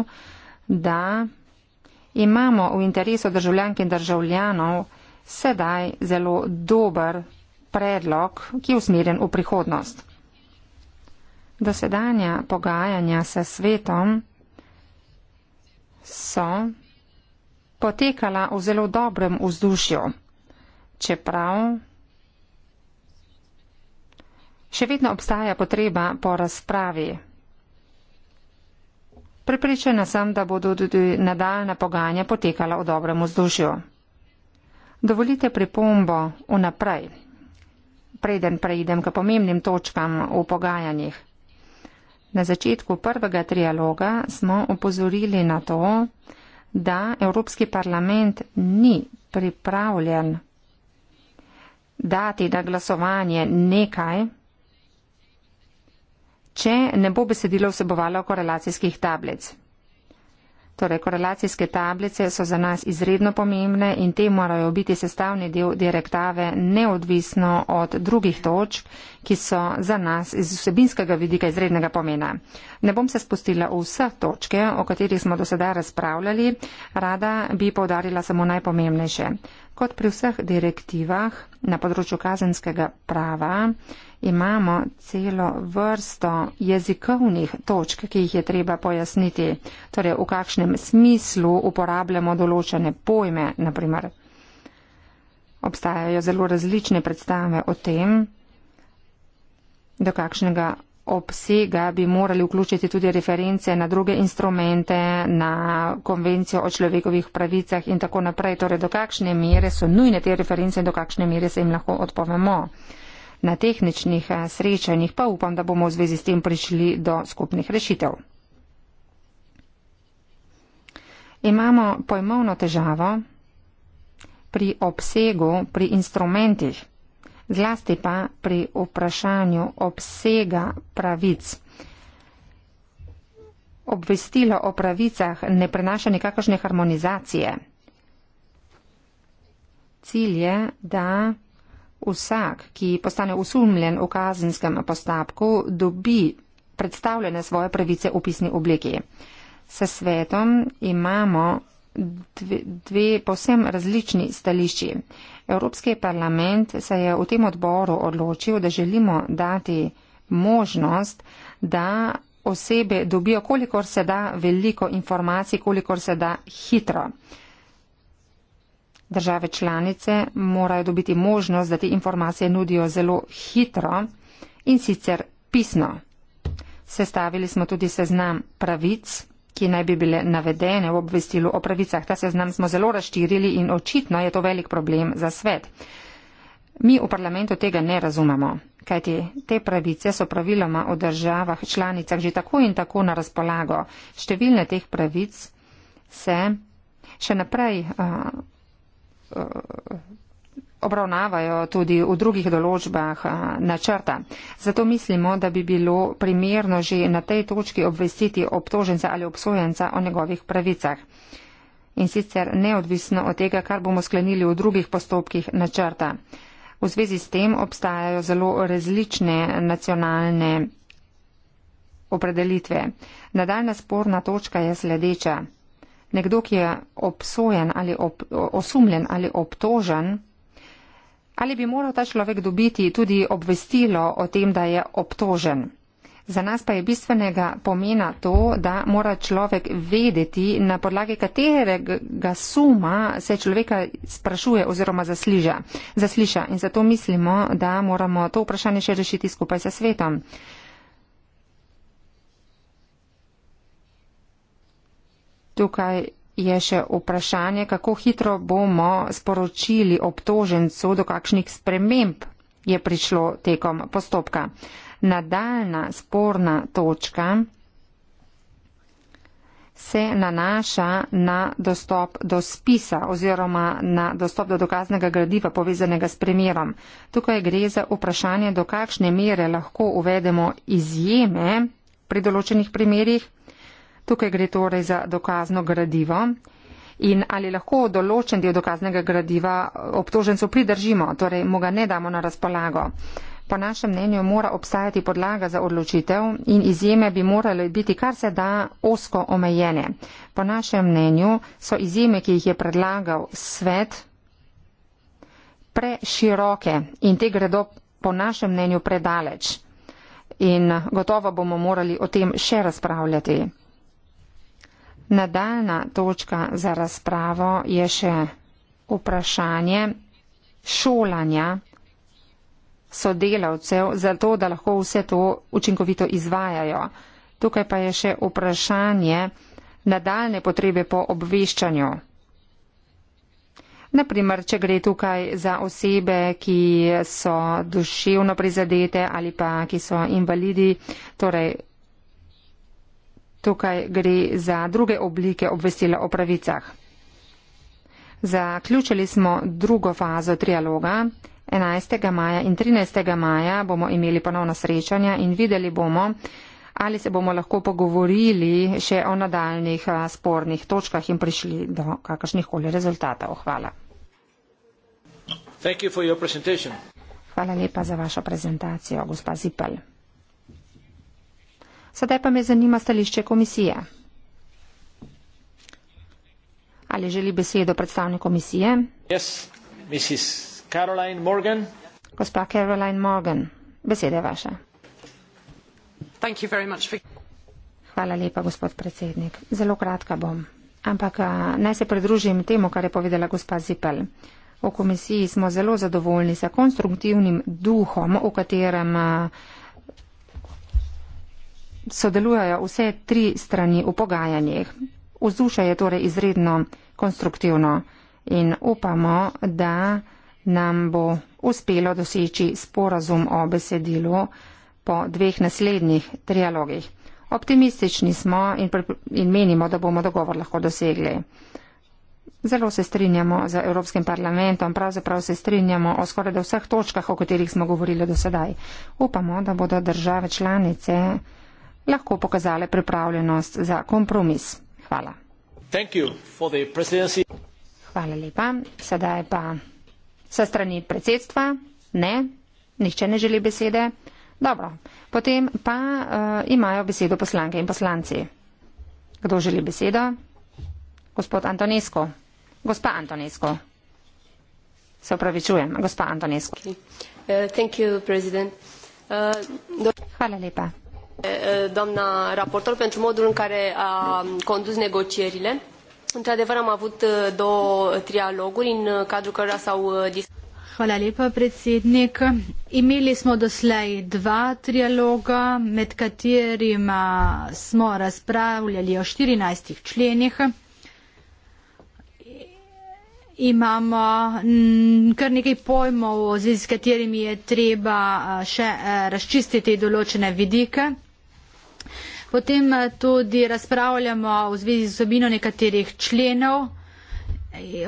da imamo v interesu državljank in državljanov sedaj zelo dober predlog, ki je usmerjen v prihodnost. Dosedanja pogajanja s svetom so potekala v zelo dobrem vzdušju, čeprav še vedno obstaja potreba po razpravi. Pripričana sem, da bodo tudi nadaljna pogajanja potekala v dobrem vzdušju. Dovolite pripombo vnaprej, preden preidem k pomembnim točkam v pogajanjih. Na začetku prvega trialoga smo opozorili na to, da Evropski parlament ni pripravljen dati na glasovanje nekaj, če ne bo besedilo vsebovalo korelacijskih tablic. Torej, korelacijske tablice so za nas izredno pomembne in te morajo biti sestavni del direktave neodvisno od drugih točk, ki so za nas iz vsebinskega vidika izrednega pomena. Ne bom se spustila v vse točke, o katerih smo do sedaj razpravljali, rada bi povdarila samo najpomembnejše. Kot pri vseh direktivah na področju kazenskega prava, imamo celo vrsto jezikovnih točk, ki jih je treba pojasniti, torej v kakšnem smislu uporabljamo določene pojme, naprimer. Obstajajo zelo različne predstave o tem, do kakšnega obsega bi morali vključiti tudi reference na druge instrumente, na konvencijo o človekovih pravicah in tako naprej. Torej, do kakšne mere so nujne te reference in do kakšne mere se jim lahko odpovemo na tehničnih eh, srečanjih, pa upam, da bomo v zvezi s tem prišli do skupnih rešitev. Imamo pojmovno težavo pri obsegu, pri instrumentih, zlasti pa pri vprašanju obsega pravic. Obvestilo o pravicah ne prenaša nikakršne harmonizacije. Cilj je, da Vsak, ki postane usumljen v kazenskem postopku, dobi predstavljene svoje pravice v pisni obliki. S svetom imamo dve, dve posem različni stališči. Evropski parlament se je v tem odboru odločil, da želimo dati možnost, da osebe dobijo kolikor se da veliko informacij, kolikor se da hitro. Države članice morajo dobiti možnost, da te informacije nudijo zelo hitro in sicer pisno. Sestavili smo tudi seznam pravic, ki naj bi bile navedene v obvestilu o pravicah. Ta seznam smo zelo razširili in očitno je to velik problem za svet. Mi v parlamentu tega ne razumemo, kajti te pravice so praviloma v državah članicah že tako in tako na razpolago. Številne teh pravic se še naprej. Uh, Eh, obravnavajo tudi v drugih določbah eh, načrta. Zato mislimo, da bi bilo primerno že na tej točki obvestiti obtoženca ali obsojenca o njegovih pravicah. In sicer neodvisno od tega, kar bomo sklenili v drugih postopkih načrta. V zvezi s tem obstajajo zelo različne nacionalne opredelitve. Nadaljna sporna točka je sledeča nekdo, ki je obsojen ali ob, osumljen ali obtožen, ali bi moral ta človek dobiti tudi obvestilo o tem, da je obtožen. Za nas pa je bistvenega pomena to, da mora človek vedeti, na podlagi katerega suma se človeka sprašuje oziroma zasliža. zasliša. In zato mislimo, da moramo to vprašanje še rešiti skupaj sa svetom. Tukaj je še vprašanje, kako hitro bomo sporočili obtožencu, do kakšnih sprememb je prišlo tekom postopka. Nadaljna sporna točka se nanaša na dostop do spisa oziroma na dostop do dokaznega gradiva povezanega s primerom. Tukaj gre za vprašanje, do kakšne mere lahko uvedemo izjeme pri določenih primerjih Tukaj gre torej za dokazno gradivo. In ali lahko določen del dokaznega gradiva eh, obtožencu pridržimo, torej mu ga ne damo na razpolago. Po našem mnenju mora obstajati podlaga za odločitev in izjeme bi morale biti kar se da osko omejene. Po našem mnenju so izjeme, ki jih je predlagal svet, preširoke in te gredo po našem mnenju predaleč. In gotovo bomo morali o tem še razpravljati. Nadaljna točka za razpravo je še vprašanje šolanja sodelavcev, zato da lahko vse to učinkovito izvajajo. Tukaj pa je še vprašanje nadaljne potrebe po obveščanju. Naprimer, če gre tukaj za osebe, ki so duševno prizadete ali pa ki so invalidi, torej Tukaj gre za druge oblike obvestila o pravicah. Zaključili smo drugo fazo trialoga. 11. maja in 13. maja bomo imeli ponovno srečanja in videli bomo, ali se bomo lahko pogovorili še o nadaljnih spornih točkah in prišli do kakršnih koli rezultatov. Hvala. Hvala lepa za vašo prezentacijo, gospa Zipel. Sedaj pa me zanima stališče komisije. Ali želi besedo predstavnik komisije? Yes, Mrs. Caroline Morgan. Gospa Caroline Morgan, beseda je vaša. Hvala lepa, gospod predsednik. Zelo kratka bom. Ampak naj se pridružim temu, kar je povedala gospa Zipel. V komisiji smo zelo zadovoljni sa konstruktivnim duhom, v katerem uh, sodelujejo vse tri strani v pogajanjih. Vzdušje je torej izredno konstruktivno in upamo, da nam bo uspelo doseči sporazum o besedilu po dveh naslednjih trialogih. Optimistični smo in, in menimo, da bomo dogovor lahko dosegli. Zelo se strinjamo z Evropskim parlamentom, pravzaprav se strinjamo o skoraj da vseh točkah, o katerih smo govorili do sedaj. Upamo, da bodo države članice lahko pokazale pripravljenost za kompromis. Hvala. Hvala lepa. Sedaj pa sa strani predsedstva. Ne, nihče ne želi besede. Dobro, potem pa uh, imajo besedo poslanke in poslanci. Kdo želi besedo? Gospod Antonesko. Gospa Antonesko. Se opravičujem, gospa Antonesko. Okay. Uh, uh, do... Hvala lepa. E, e, doamna raportor pentru modul în care a condus negocierile. Într-adevăr, am avut e, două trialoguri în cadrul cărora s-au discutat. Hvala lepa, predsednik. Imeli smo doslej dva trialoga, med katerima smo razpravljali o 14 členih. Imamo mm, kar nekaj pojmov, z katerimi je treba še razčistiti določene vidike. Potem eh, tudi razpravljamo v zvezi z osobino nekaterih členov.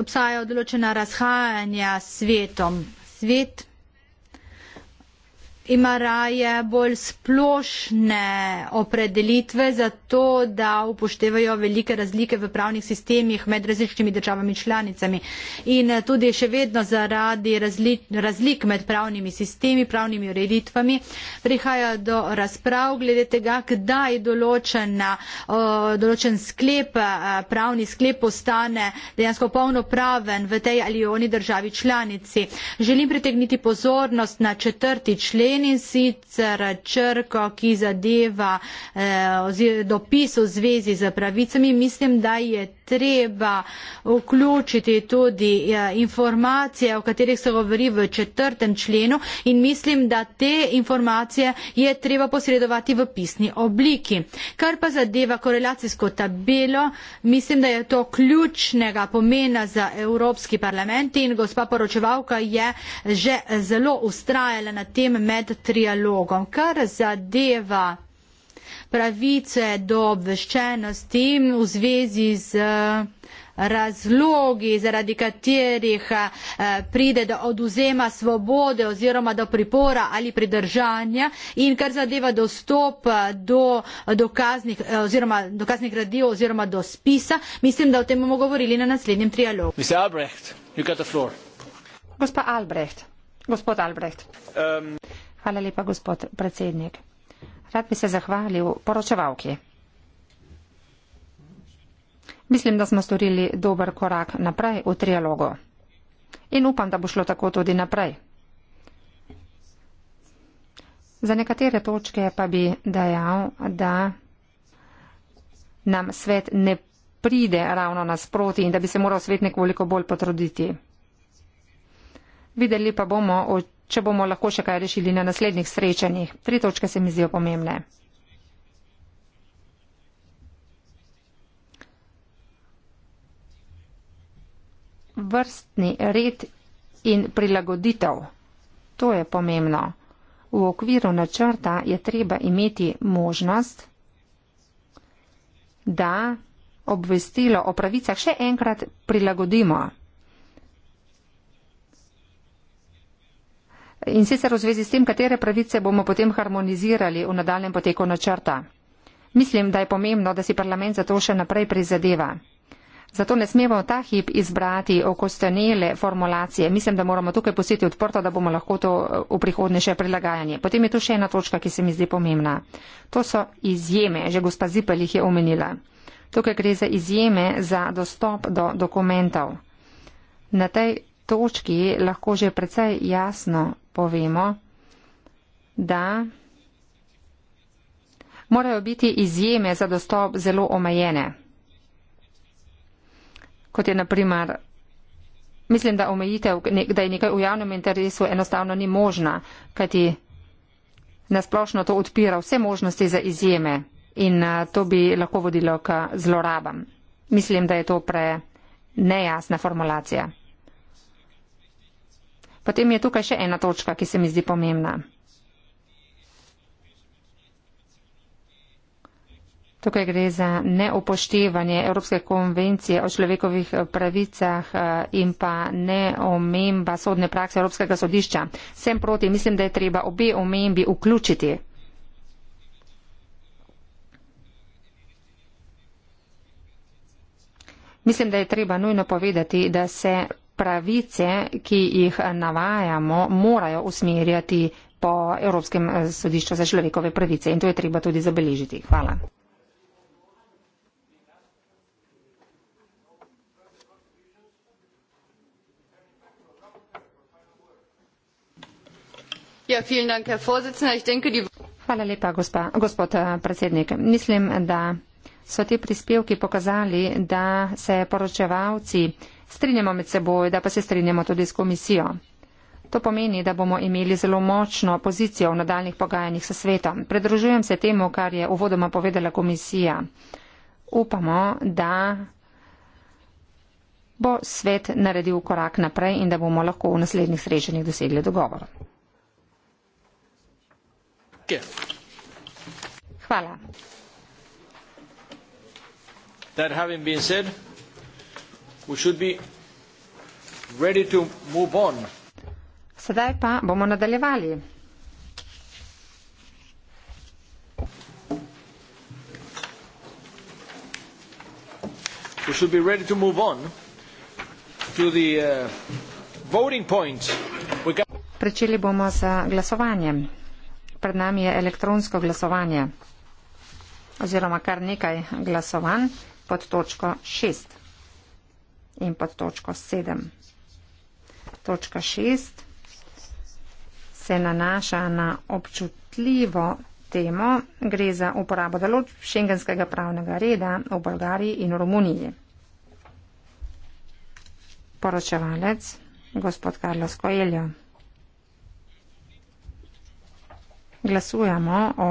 Obstajajo določena razhajanja s svetom. Svet ima raje bolj splošne opredelitve za to, da upoštevajo velike razlike v pravnih sistemih med različnimi državami članicami. In eh, tudi še vedno zaradi razlik med pravnimi sistemi, pravnimi ureditvami, prihaja do razprav glede tega, kdaj določena, določen sklep, eh, pravni sklep postane dejansko polnopraven v tej ali oni državi članici. Želim pritegniti pozornost na četrti člen, Sloveniji sicer črko, ki zadeva eh, dopis v zvezi z pravicami, mislim, da je treba vključiti tudi eh, informacije, o katerih se govori v četrtem členu in mislim, da te informacije je treba posredovati v pisni obliki. Kar pa zadeva korelacijsko tabelo, mislim, da je to ključnega pomena za Evropski parlament in gospa poročevalka je že zelo ustrajala na tem med med trialogom. Kar zadeva pravice do obveščenosti v zvezi z eh, razlogi, zaradi katerih eh, pride do oduzema svobode oziroma do pripora ali pridržanja in kar zadeva dostop eh, do dokaznih oziroma dokaznih gradiv oziroma do spisa, mislim, da o tem bomo govorili na naslednjem trialogu. Albrecht, gospod Albrecht, gospod Albrecht. Um. Hvala lepa, gospod predsednik. Rad bi se zahvalil poročevalki. Mislim, da smo storili dober korak naprej v trialogu. In upam, da bo šlo tako tudi naprej. Za nekatere točke pa bi dejal, da nam svet ne pride ravno nasproti in da bi se moral svet nekoliko bolj potruditi. Videli pa bomo, če bomo lahko še kaj rešili na naslednjih srečanjih. Tri točke se mi zdijo pomembne. Vrstni red in prilagoditev. To je pomembno. V okviru načrta je treba imeti možnost, da obvestilo o pravicah še enkrat prilagodimo. In sicer v zvezi s tem, katere pravice bomo potem harmonizirali v nadaljem poteku načrta. Mislim, da je pomembno, da si parlament za to še naprej prizadeva. Zato ne smemo ta hip izbrati okostenele formulacije. Mislim, da moramo tukaj pustiti odprto, da bomo lahko to eh, v prihodnje še prilagajanje. Potem je tu še ena točka, ki se mi zdi pomembna. To so izjeme, že gospa Zipel jih je omenila. Tukaj gre za izjeme za dostop do dokumentov. Na tej točki lahko že precej jasno povemo, da morajo biti izjeme za dostop zelo omejene. Kot je naprimer, mislim, da omejitev, da je nekaj v javnem interesu enostavno ni možna, kajti nasplošno to odpira vse možnosti za izjeme in to bi lahko vodilo k zlorabam. Mislim, da je to pre nejasna formulacija. Potem je tukaj še ena točka, ki se mi zdi pomembna. Tukaj gre za neupoštevanje Evropske konvencije o človekovih pravicah eh, in pa neomemba sodne prakse Evropskega sodišča. Sem proti, mislim, da je treba obe omembi vključiti. Mislim, da je treba nujno povedati, da se pravice, ki jih navajamo, morajo usmerjati po Evropskem eh, sodišču za človekove pravice in to je treba tudi zabeležiti. Hvala. Ja, dank, denke, die... Hvala lepa, gospa, gospod eh, predsednik. Mislim, da so ti prispevki pokazali, da se poročevalci strinjamo med seboj, da pa se strinjamo tudi s komisijo. To pomeni, da bomo imeli zelo močno pozicijo v nadaljnih pogajanjih s svetom. Predružujem se temu, kar je uvodoma povedala komisija. Upamo, da bo svet naredil korak naprej in da bomo lahko v naslednjih srečanjih dosegli dogovor. Hvala. That having been said, Sedaj pa bomo nadaljevali. Uh, Pričeli bomo z glasovanjem. Pred nami je elektronsko glasovanje oziroma kar nekaj glasovanj pod točko 6 in pa točko 7. Točka 6 se nanaša na občutljivo temo, gre za uporabo določb šengenskega pravnega reda v Bolgariji in Romuniji. Poročevalec, gospod Karlos Koeljo. Glasujemo o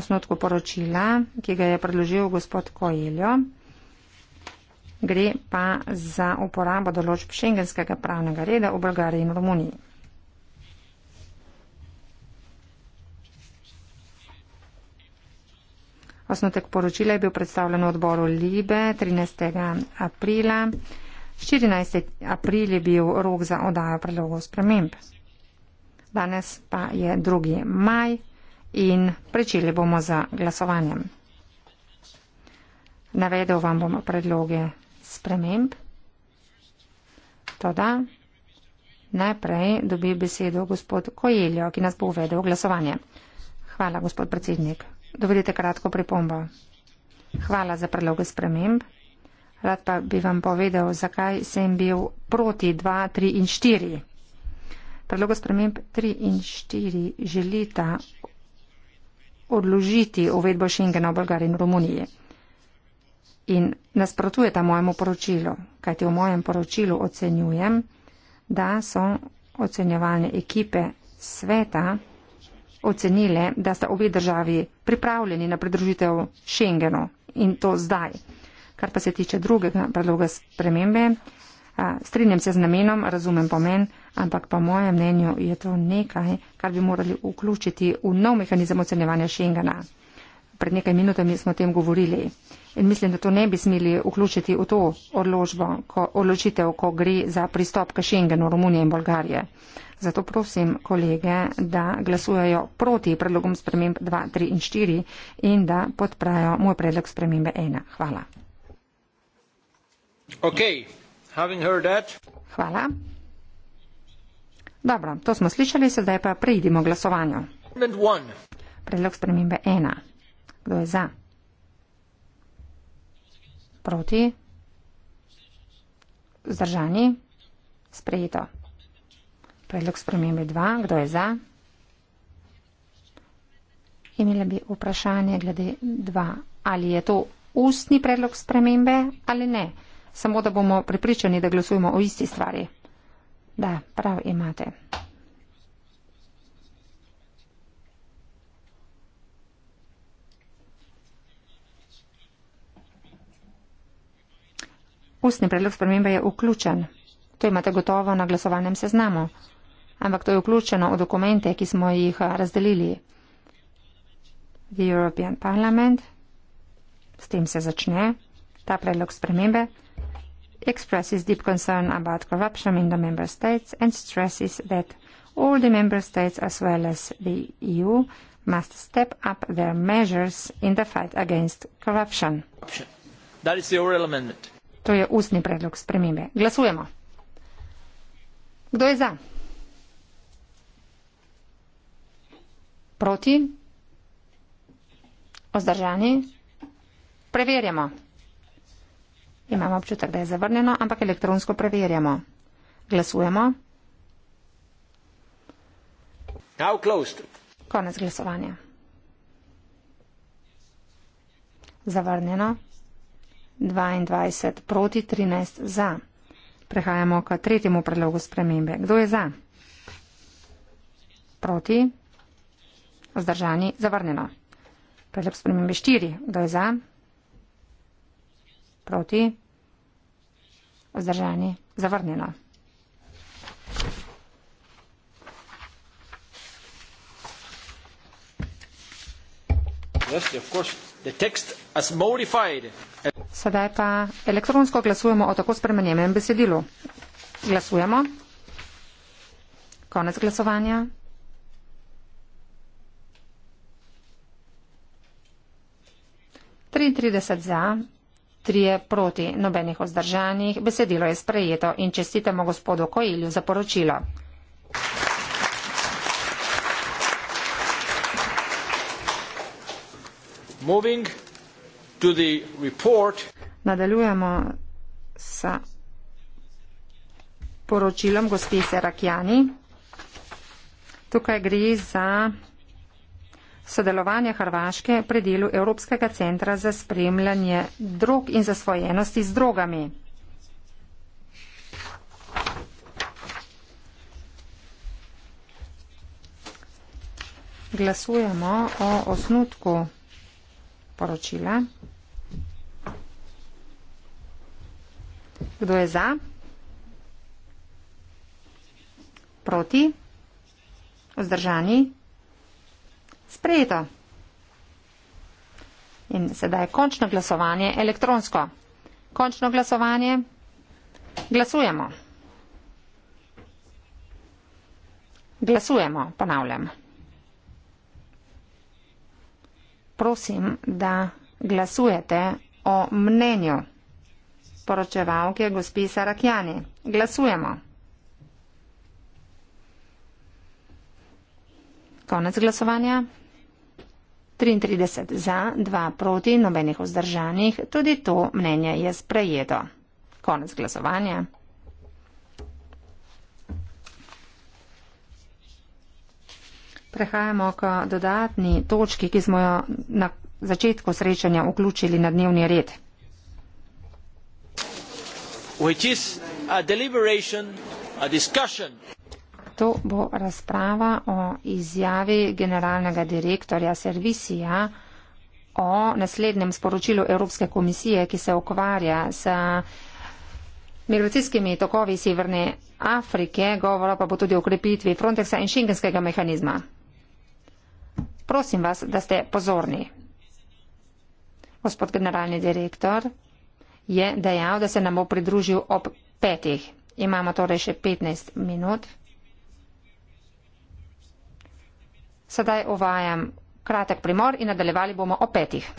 osnotku poročila, ki ga je predložil gospod Koeljo gre pa za uporabo določb šengenskega pravnega reda v Bolgariji in Romuniji. Osnotek poročila je bil predstavljen v odboru Libe 13. aprila. 14. april je bil rok za odajo predlogov sprememb. Danes pa je 2. maj in pričeli bomo z glasovanjem. Navedel vam bom predloge sprememb. Toda najprej dobi besedo gospod Kojeljo, ki nas bo uvedel v glasovanje. Hvala, gospod predsednik. Dovolite kratko pripombo. Hvala za predloge sprememb. Rad pa bi vam povedal, zakaj sem bil proti 2, 3 in 4. Predloga sprememb 3 in 4 želita odložiti uvedbo Schengena v Bolgariji in Romuniji in nasprotujeta mojemu poročilu, kajti v mojem poročilu ocenjujem, da so ocenjevalne ekipe sveta ocenile, da sta obe državi pripravljeni na pridružitev Schengenu in to zdaj. Kar pa se tiče drugega predloga spremembe, strinjam se z namenom, razumem pomen, ampak po mojem mnenju je to nekaj, kar bi morali vključiti v nov mehanizem ocenjevanja Schengena. Pred nekaj minutami smo o tem govorili. In mislim, da to ne bi smeli vključiti v to odložbo, ko, odločitev, ko gre za pristop k Schengenu Romunije in Bolgarije. Zato prosim kolege, da glasujejo proti predlogom sprememb 2, 3 in 4 in da podprajo moj predlog spremembe 1. Hvala. Okay. Hvala. Dobro, to smo slišali, sedaj pa prejdimo glasovanju. Predlog spremembe 1. Kdo je za? Proti. Zdržani. Sprejeto. Predlog spremembe 2. Kdo je za? Imela bi vprašanje glede 2. Ali je to ustni predlog spremembe ali ne? Samo da bomo pripričani, da glasujemo o isti stvari. Da, prav imate. Ustni predlog spremembe je vključen. To imate gotovo na glasovanem seznamu. Ampak to je vključeno v dokumente, ki smo jih razdelili. The European Parliament. S tem se začne ta predlog spremembe. Expresses deep concern about corruption in the member states and stresses that all the member states as well as the EU must step up their measures in the fight against corruption. That is the oral amendment. To je ustni predlog spremembe. Glasujemo. Kdo je za? Proti? Ozdržani? Preverjamo. Imamo občutek, da je zavrnjeno, ampak elektronsko preverjamo. Glasujemo. Konec glasovanja. Zavrnjeno. 22 proti 13 za. Prehajamo k tretjemu predlogu spremembe. Kdo je za? Proti? Zdržani? Zavrnjeno. Predlog spremembe 4. Kdo je za? Proti? Zdržani? Zavrnjeno. Yes, of course. Sedaj pa elektronsko glasujemo o tako spremenjenem besedilu. Glasujemo. Konec glasovanja. Trideset za, trije proti, nobenih vzdržanih, besedilo je sprejeto in čestitamo gospodu Koilju za poročilo. Moving to the report. Nadaljujemo s poročilom gospe Serakjani. Tukaj gre za sodelovanje Hrvaške pri delu Evropskega centra za spremljanje drog in zasvojenosti z drogami. Glasujemo o osnutku poročila. Kdo je za? Proti? Vzdržani? Sprejeto. In sedaj končno glasovanje elektronsko. Končno glasovanje. Glasujemo. Glasujemo, ponavljam. prosim, da glasujete o mnenju poročevalke gospi Sarakjani. Glasujemo. Konec glasovanja. 33 za, 2 proti, nobenih vzdržanih. Tudi to mnenje je sprejeto. Konec glasovanja. Prehajamo k dodatni točki, ki smo jo na začetku srečanja vključili na dnevni red. To bo razprava o izjavi generalnega direktorja servisija o naslednjem sporočilu Evropske komisije, ki se ukvarja s migracijskimi tokovi Severne Afrike, govora pa bo tudi o krepitvi Frontexa in šengenskega mehanizma prosim vas, da ste pozorni. Gospod generalni direktor je dejal, da se nam bo pridružil ob petih. Imamo torej še 15 minut. Sedaj uvajam kratek primor in nadaljevali bomo ob petih.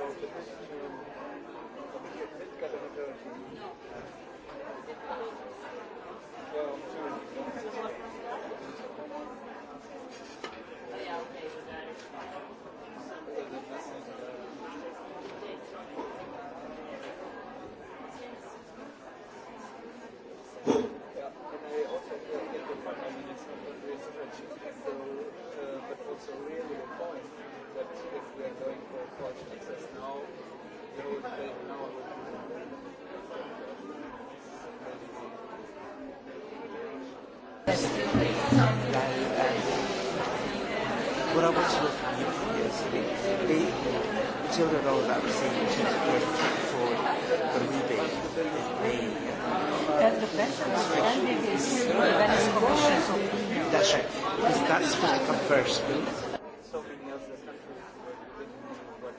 Thank no. you. are going for cloud access now. They will pay now. What I want to look at you is the Matilda role that we're seeing, which is going to keep forward believing in me. That the best understanding is the best conditions of That's right. Because that's what to come first, please. So many others that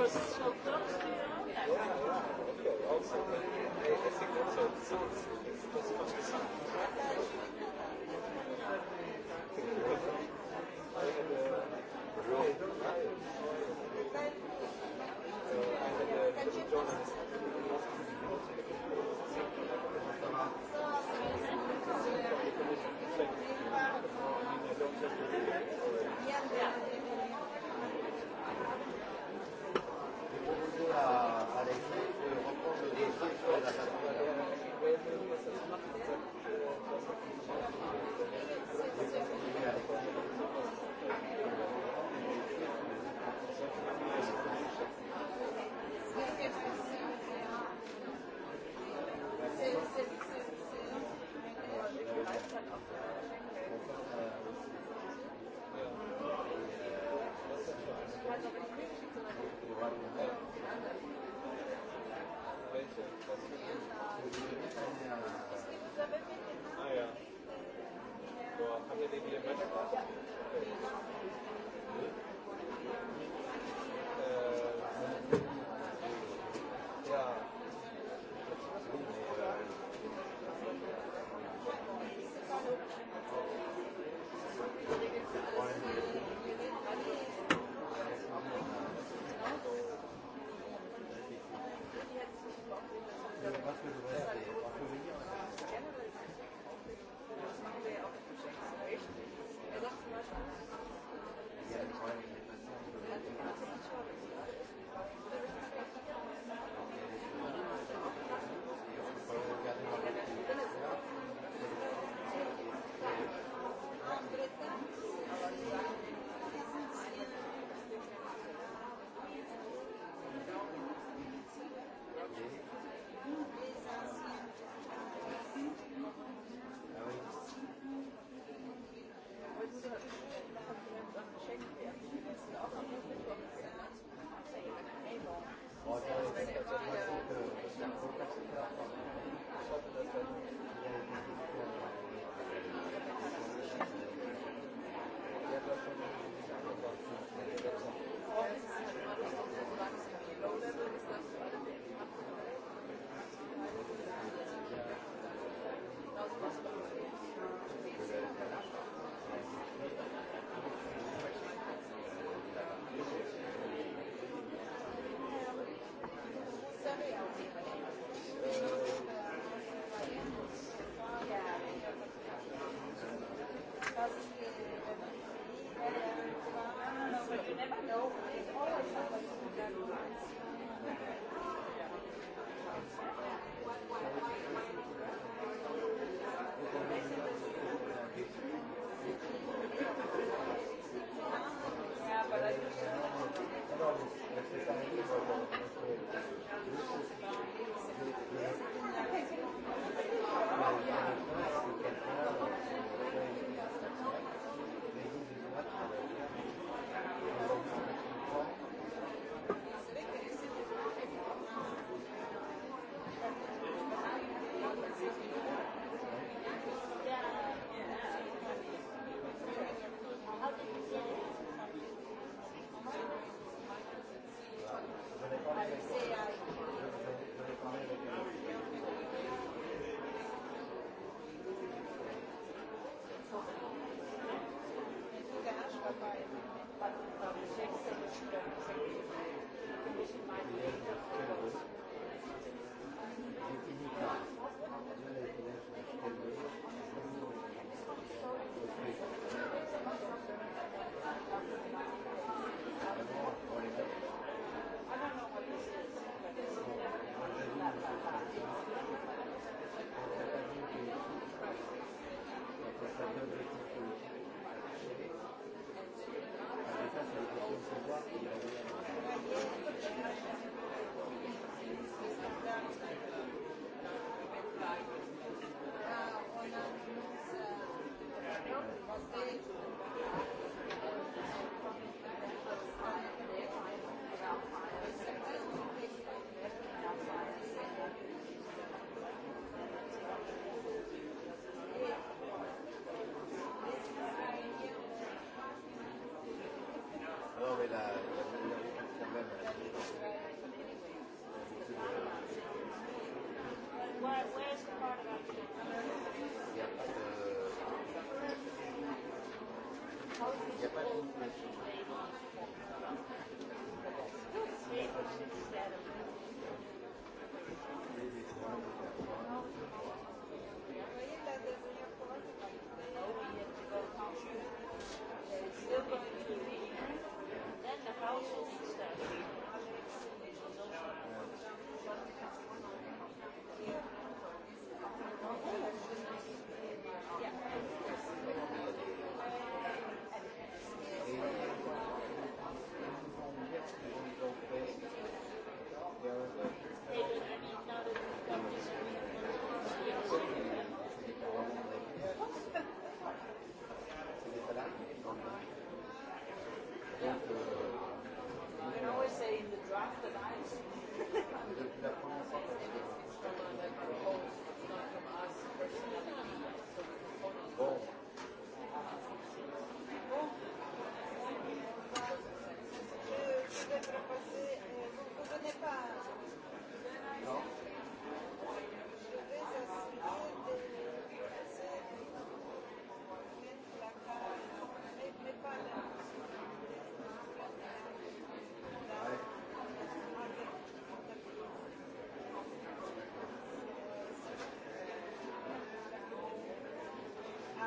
Thank you. dove la Thank you.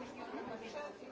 Thank you.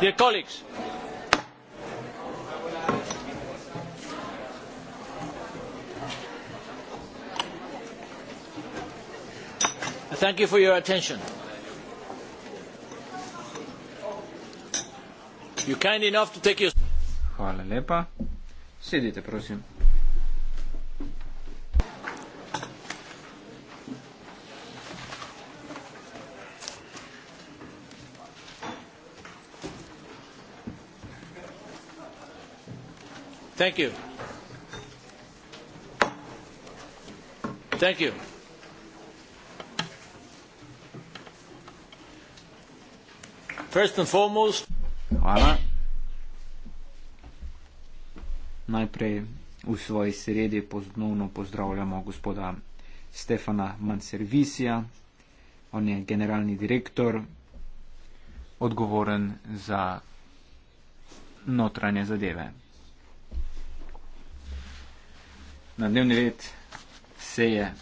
Dear colleagues, thank you for your attention. You kind enough to take your. Hvala lepa. Sedite, prosim. thank you thank you first and foremost hvala najprej v svoji sredi poznovno pozdravljamo gospoda Stefana Manservisija on je generalni direktor odgovoren za notranje zadeve Na dnevni red seje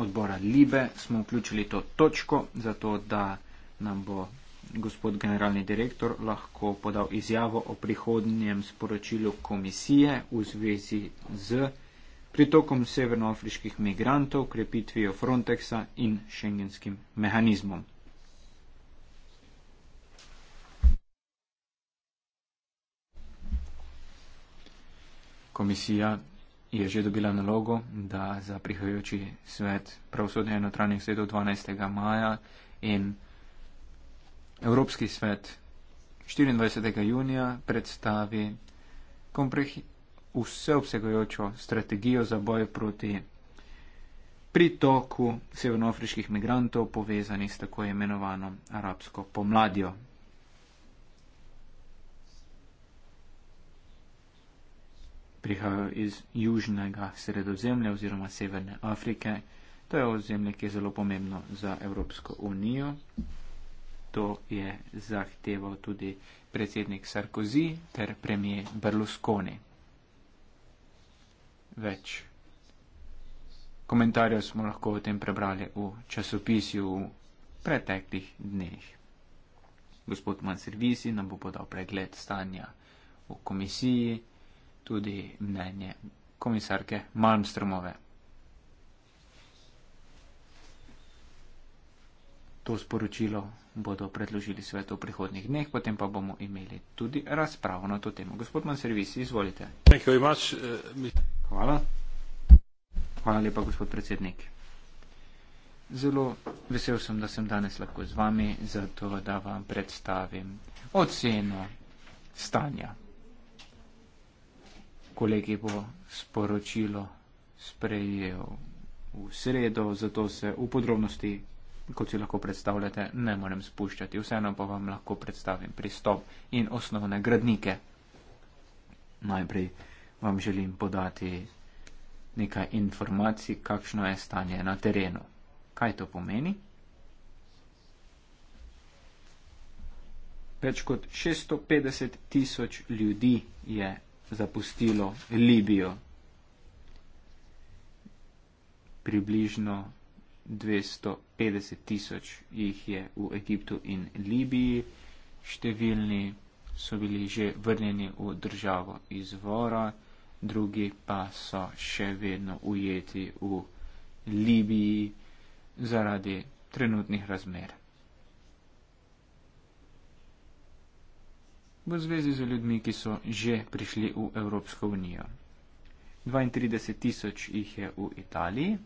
odbora Libe smo vključili to točko, zato da nam bo gospod generalni direktor lahko podal izjavo o prihodnjem sporočilu komisije v zvezi z pritokom severnoafriških migrantov, krepitvijo Frontexa in šengenskim mehanizmom. Komisija je že dobila nalogo, da za prihajajoči svet pravosodne notranjih svetov 12. maja in Evropski svet 24. junija predstavi vseobsegajočo strategijo za boj proti pritoku severnoafriških migrantov povezani s tako imenovano arabsko pomladjo. prihajajo iz južnega sredozemlja oziroma severne Afrike. To je ozemlje, ki je zelo pomembno za Evropsko unijo. To je zahteval tudi predsednik Sarkozy ter premije Berlusconi. Več komentarjev smo lahko o tem prebrali v časopisju v preteklih dneh. Gospod Manservisi nam bo podal pregled stanja v komisiji tudi mnenje komisarke Malmstromove. To sporočilo bodo predložili svet v prihodnih dneh, potem pa bomo imeli tudi razpravo na to temo. Gospod Manservis, izvolite. Uh, Hvala. Hvala lepa, gospod predsednik. Zelo vesel sem, da sem danes lahko z vami, zato da vam predstavim oceno stanja kolegi bo sporočilo sprejel v sredo, zato se v podrobnosti, kot si lahko predstavljate, ne morem spuščati. Vseeno pa vam lahko predstavim pristop in osnovne gradnike. Najprej vam želim podati nekaj informacij, kakšno je stanje na terenu. Kaj to pomeni? Več kot 650 tisoč ljudi je zapustilo Libijo. Približno 250 tisoč jih je v Egiptu in Libiji, številni so bili že vrnjeni v državo izvora, drugi pa so še vedno ujeti v Libiji zaradi trenutnih razmer. v zvezi z ljudmi, ki so že prišli v Evropsko unijo. 32 tisoč jih je v Italiji.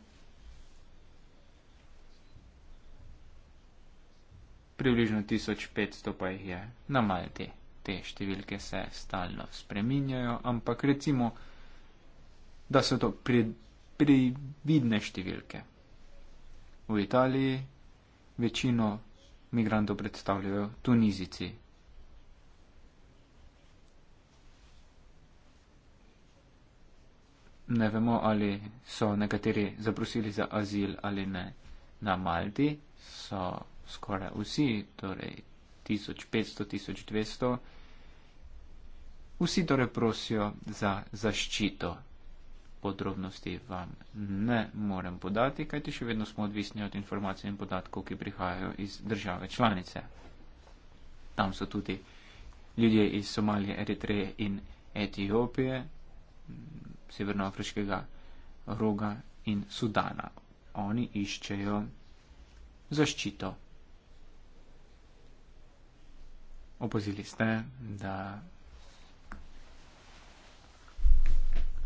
Približno 1500 pa jih je na Malti. Te številke se stalno spreminjajo, ampak recimo, da so to previdne pri številke. V Italiji večino migrantov predstavljajo Tunizici, ne vemo, ali so nekateri zaprosili za azil ali ne. Na Malti so skoraj vsi, torej 1500-1200, vsi torej prosijo za zaščito. Podrobnosti vam ne morem podati, kajti še vedno smo odvisni od informacij in podatkov, ki prihajajo iz države članice. Tam so tudi ljudje iz Somalije, Eritreje in Etiopije. Severnoafriškega roga in Sudana. Oni iščejo zaščito. Opozili ste, da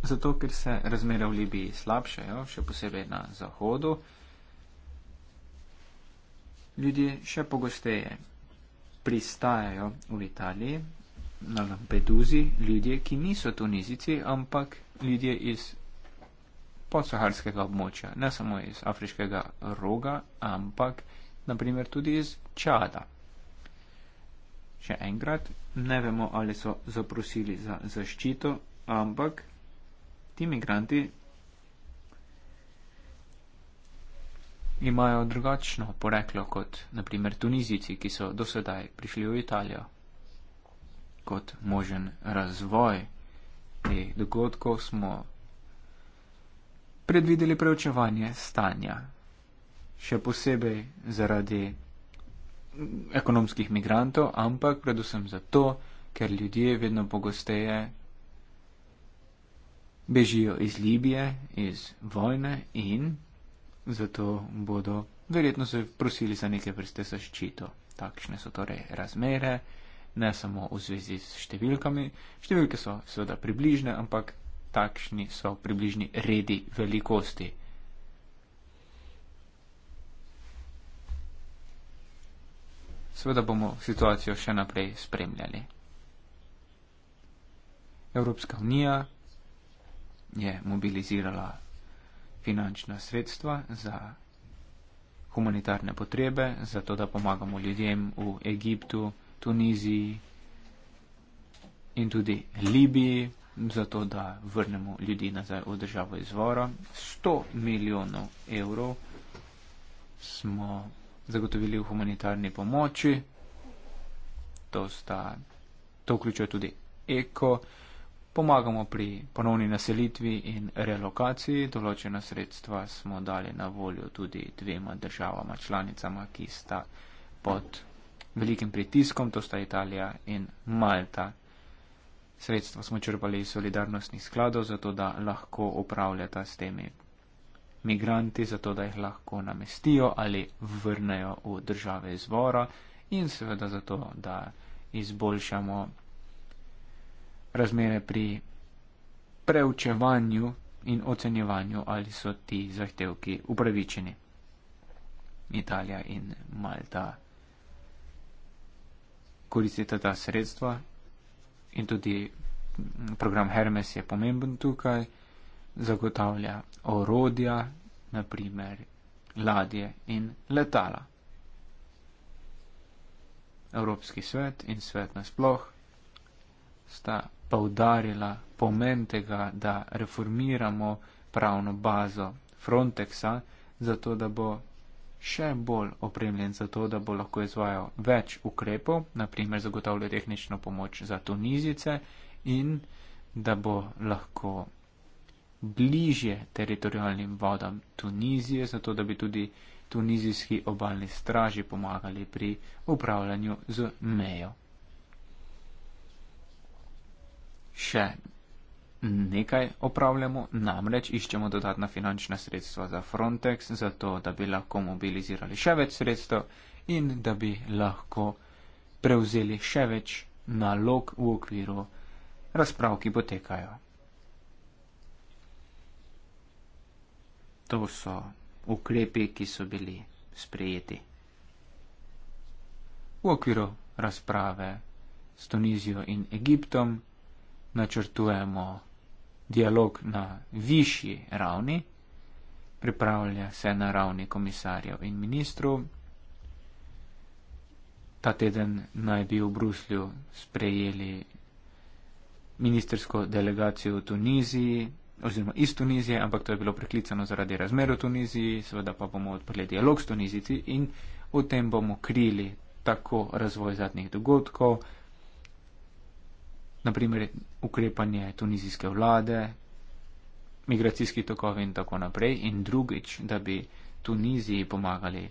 zato, ker se razmere v Libiji slabšajo, še posebej na zahodu, ljudje še pogosteje pristajajo v Italiji, na Lampeduzi, ljudje, ki niso tunizici, ampak ljudje iz podsaharskega območja, ne samo iz afriškega roga, ampak naprimer tudi iz Čada. Še enkrat, ne vemo, ali so zaprosili za zaščito, ampak ti migranti imajo drugačno poreklo kot naprimer Tunizici, ki so dosedaj prišli v Italijo kot možen razvoj tekmi dogodkov smo predvideli preučevanje stanja, še posebej zaradi ekonomskih migrantov, ampak predvsem zato, ker ljudje vedno pogosteje bežijo iz Libije, iz vojne in zato bodo verjetno se prosili za neke vrste zaščito. Takšne so torej razmere ne samo v zvezi s številkami. Številke so seveda približne, ampak takšni so približni redi velikosti. Seveda bomo situacijo še naprej spremljali. Evropska unija je mobilizirala finančna sredstva za humanitarne potrebe, zato da pomagamo ljudem v Egiptu, Tuniziji in tudi Libiji, zato da vrnemo ljudi nazaj v državo izvora. 100 milijonov evrov smo zagotovili v humanitarni pomoči. To, sta, to vključuje tudi eko. Pomagamo pri ponovni naselitvi in relokaciji. Določena sredstva smo dali na voljo tudi dvema državama članicama, ki sta pod velikim pritiskom, to sta Italija in Malta. Sredstva smo črpali iz solidarnostnih skladov, zato da lahko upravljata s temi migranti, zato da jih lahko namestijo ali vrnejo v države izvora in seveda zato, da izboljšamo razmere pri preučevanju in ocenjevanju, ali so ti zahtevki upravičeni. Italija in Malta koristite ta sredstva in tudi mm, program Hermes je pomemben tukaj, zagotavlja orodja, naprimer ladje in letala. Evropski svet in svet nasploh sta poudarila pomen tega, da reformiramo pravno bazo Frontexa, zato da bo še bolj opremljen za to, da bo lahko izvajal več ukrepov, naprimer zagotavlja tehnično pomoč za Tunizice in da bo lahko bližje teritorijalnim vodam Tunizije, zato da bi tudi tunizijski obalni straži pomagali pri upravljanju z mejo. Še nekaj opravljamo, namreč iščemo dodatna finančna sredstva za Frontex, zato da bi lahko mobilizirali še več sredstev in da bi lahko prevzeli še več nalog v okviru razprav, ki potekajo. To so ukrepi, ki so bili sprejeti v okviru razprave s Tunizijo in Egiptom. Načrtujemo dialog na višji ravni, pripravlja se na ravni komisarjev in ministrov. Ta teden naj bi v Bruslju sprejeli ministersko delegacijo v Tuniziji oziroma iz Tunizije, ampak to je bilo preklicano zaradi razmer v Tuniziji, seveda pa bomo odprli dialog s Tuniziji in o tem bomo krili tako razvoj zadnjih dogodkov, naprimer ukrepanje tunizijske vlade, migracijski tokovi in tako naprej, in drugič, da bi Tuniziji pomagali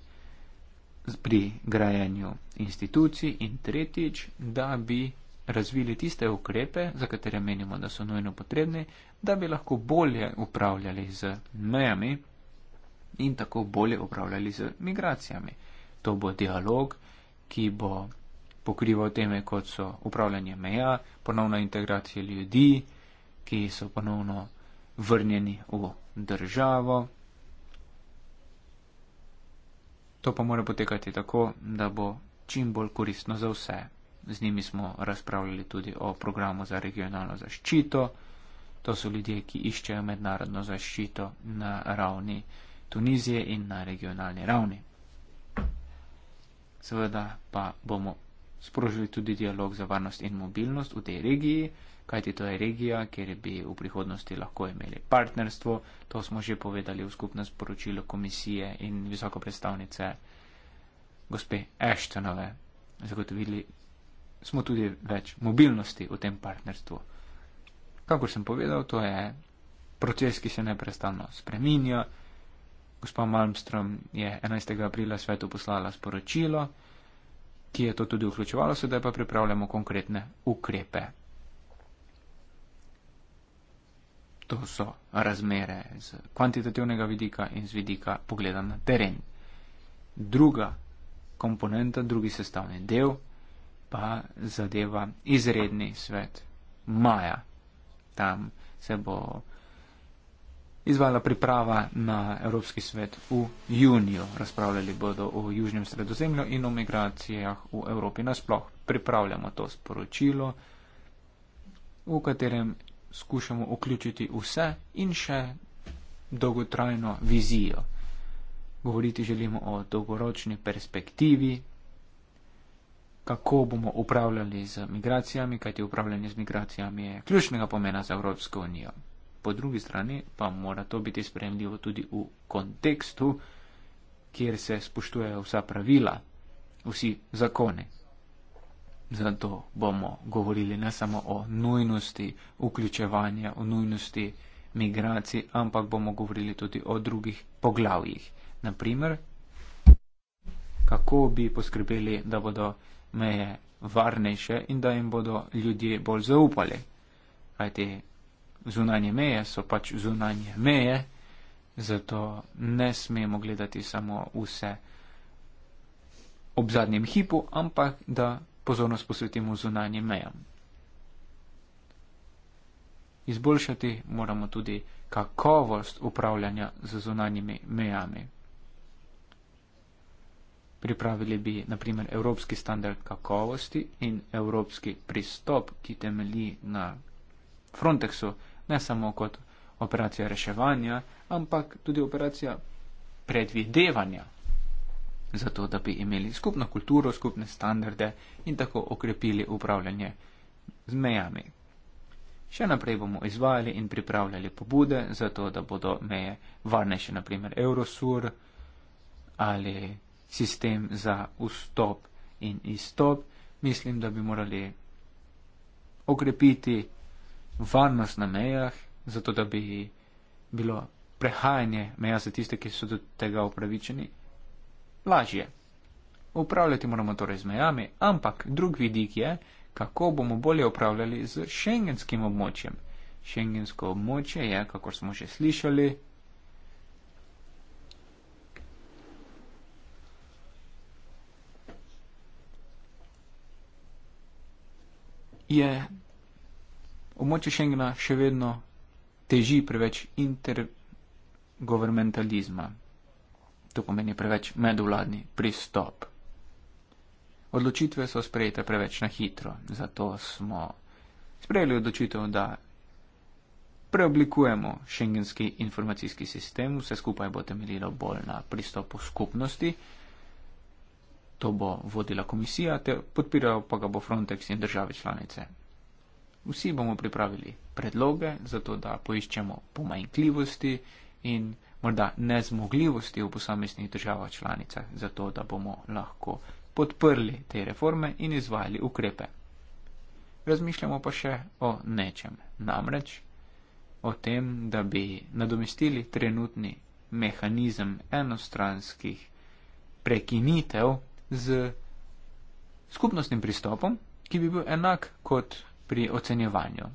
pri grajanju institucij, in tretjič, da bi razvili tiste ukrepe, za katere menimo, da so nujno potrebni, da bi lahko bolje upravljali z mejami in tako bolje upravljali z migracijami. To bo dialog, ki bo pokrival teme, kot so upravljanje meja, ponovna integracija ljudi, ki so ponovno vrnjeni v državo. To pa mora potekati tako, da bo čim bolj koristno za vse. Z njimi smo razpravljali tudi o programu za regionalno zaščito. To so ljudje, ki iščejo mednarodno zaščito na ravni Tunizije in na regionalni ravni. Seveda pa bomo sprožili tudi dialog za varnost in mobilnost v tej regiji, kajti to je regija, kjer bi v prihodnosti lahko imeli partnerstvo. To smo že povedali v skupno sporočilo komisije in visoko predstavnice gospe Ashtonove. Zagotovili smo tudi več mobilnosti v tem partnerstvu. Kakor sem povedal, to je proces, ki se neprestano spreminja. Gospa Malmström je 11. aprila svetu poslala sporočilo, ki je to tudi vključevalo, sedaj pa pripravljamo konkretne ukrepe. To so razmere z kvantitativnega vidika in z vidika pogleda na teren. Druga komponenta, drugi sestavni del pa zadeva izredni svet maja. Tam se bo izvala priprava na Evropski svet v juniju. Razpravljali bodo o južnem sredozemlju in o migracijah v Evropi. Nasploh pripravljamo to sporočilo, v katerem skušamo vključiti vse in še dolgotrajno vizijo. Govoriti želimo o dolgoročni perspektivi, kako bomo upravljali z migracijami, kajti upravljanje z migracijami je ključnega pomena za Evropsko unijo po drugi strani pa mora to biti spremljivo tudi v kontekstu, kjer se spoštujejo vsa pravila, vsi zakone. Zato bomo govorili ne samo o nujnosti vključevanja, o nujnosti migracij, ampak bomo govorili tudi o drugih poglavjih. Naprimer, kako bi poskrbeli, da bodo meje varnejše in da jim bodo ljudje bolj zaupali. Kajti zunanje meje so pač zunanje meje, zato ne smemo gledati samo vse ob zadnjem hipu, ampak da pozornost posvetimo zunanjim mejam. Izboljšati moramo tudi kakovost upravljanja z zunanjimi mejami. Pripravili bi naprimer evropski standard kakovosti in evropski pristop, ki temelji na Frontexu, ne samo kot operacija reševanja, ampak tudi operacija predvidevanja, zato da bi imeli skupno kulturo, skupne standarde in tako okrepili upravljanje z mejami. Še naprej bomo izvajali in pripravljali pobude, zato da bodo meje varnejše, naprimer Eurosur ali sistem za vstop in izstop. Mislim, da bi morali okrepiti varnost na mejah, zato da bi bilo prehajanje meja za tiste, ki so do tega upravičeni, lažje. Upravljati moramo torej z mejami, ampak drug vidik je, kako bomo bolje upravljali z šengenskim območjem. Šengensko območje je, kako smo že slišali, je območje Schengena še vedno teži preveč intergovernmentalizma. To pomeni preveč medvladni pristop. Odločitve so sprejete preveč na hitro, zato smo sprejeli odločitev, da preoblikujemo šengenski informacijski sistem, vse skupaj bo temeljilo bolj na pristopu skupnosti. To bo vodila komisija, podpirajo pa ga bo Frontex in države članice. Vsi bomo pripravili predloge, zato da poiščemo pomanjkljivosti in morda nezmogljivosti v posameznih državah članicah, zato da bomo lahko podprli te reforme in izvajali ukrepe. Razmišljamo pa še o nečem, namreč o tem, da bi nadomestili trenutni mehanizem enostranskih prekinitev z skupnostnim pristopom, ki bi bil enak kot pri ocenjevanju.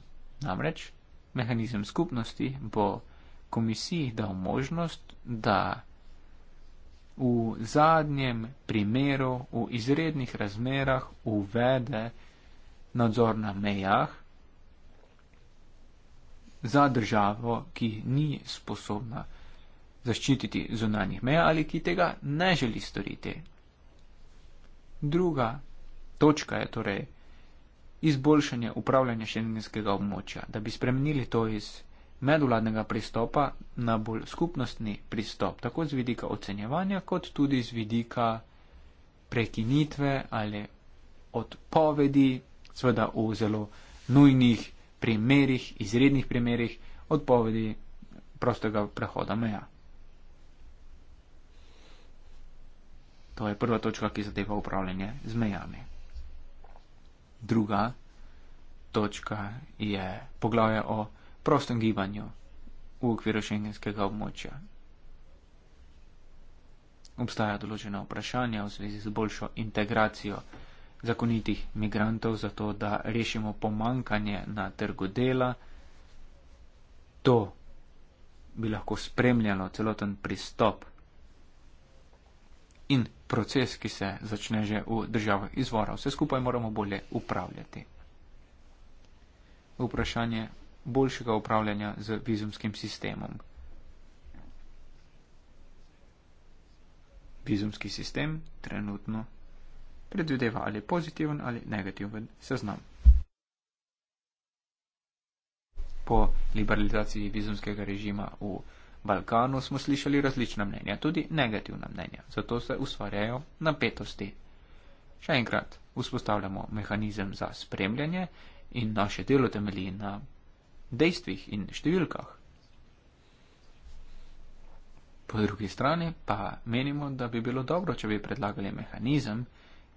Namreč mehanizem skupnosti bo komisiji dal možnost, da v zadnjem primeru, v izrednih razmerah uvede nadzor na mejah za državo, ki ni sposobna zaščititi zunanjih meja ali ki tega ne želi storiti. Druga točka je torej izboljšanje upravljanja šengenskega območja, da bi spremenili to iz medvladnega pristopa na bolj skupnostni pristop, tako z vidika ocenjevanja, kot tudi z vidika prekinitve ali odpovedi, seveda v zelo nujnih primerih, izrednih primerih, odpovedi prostega prehoda meja. To je prva točka, ki zadeva upravljanje z mejami druga točka je poglavje o prostem gibanju v okviru šengenskega območja. Obstaja določena vprašanja v zvezi z boljšo integracijo zakonitih migrantov, zato da rešimo pomankanje na trgu dela. To bi lahko spremljalo celoten pristop. In proces, ki se začne že v državah izvora. Vse skupaj moramo bolje upravljati. Vprašanje boljšega upravljanja z vizumskim sistemom. Vizumski sistem trenutno predvideva ali pozitiven ali negativen seznam. Po liberalizaciji vizumskega režima v Balkanu smo slišali različna mnenja, tudi negativna mnenja, zato se ustvarjajo napetosti. Še enkrat, vzpostavljamo mehanizem za spremljanje in naše delo temelji na dejstvih in številkah. Po drugi strani pa menimo, da bi bilo dobro, če bi predlagali mehanizem,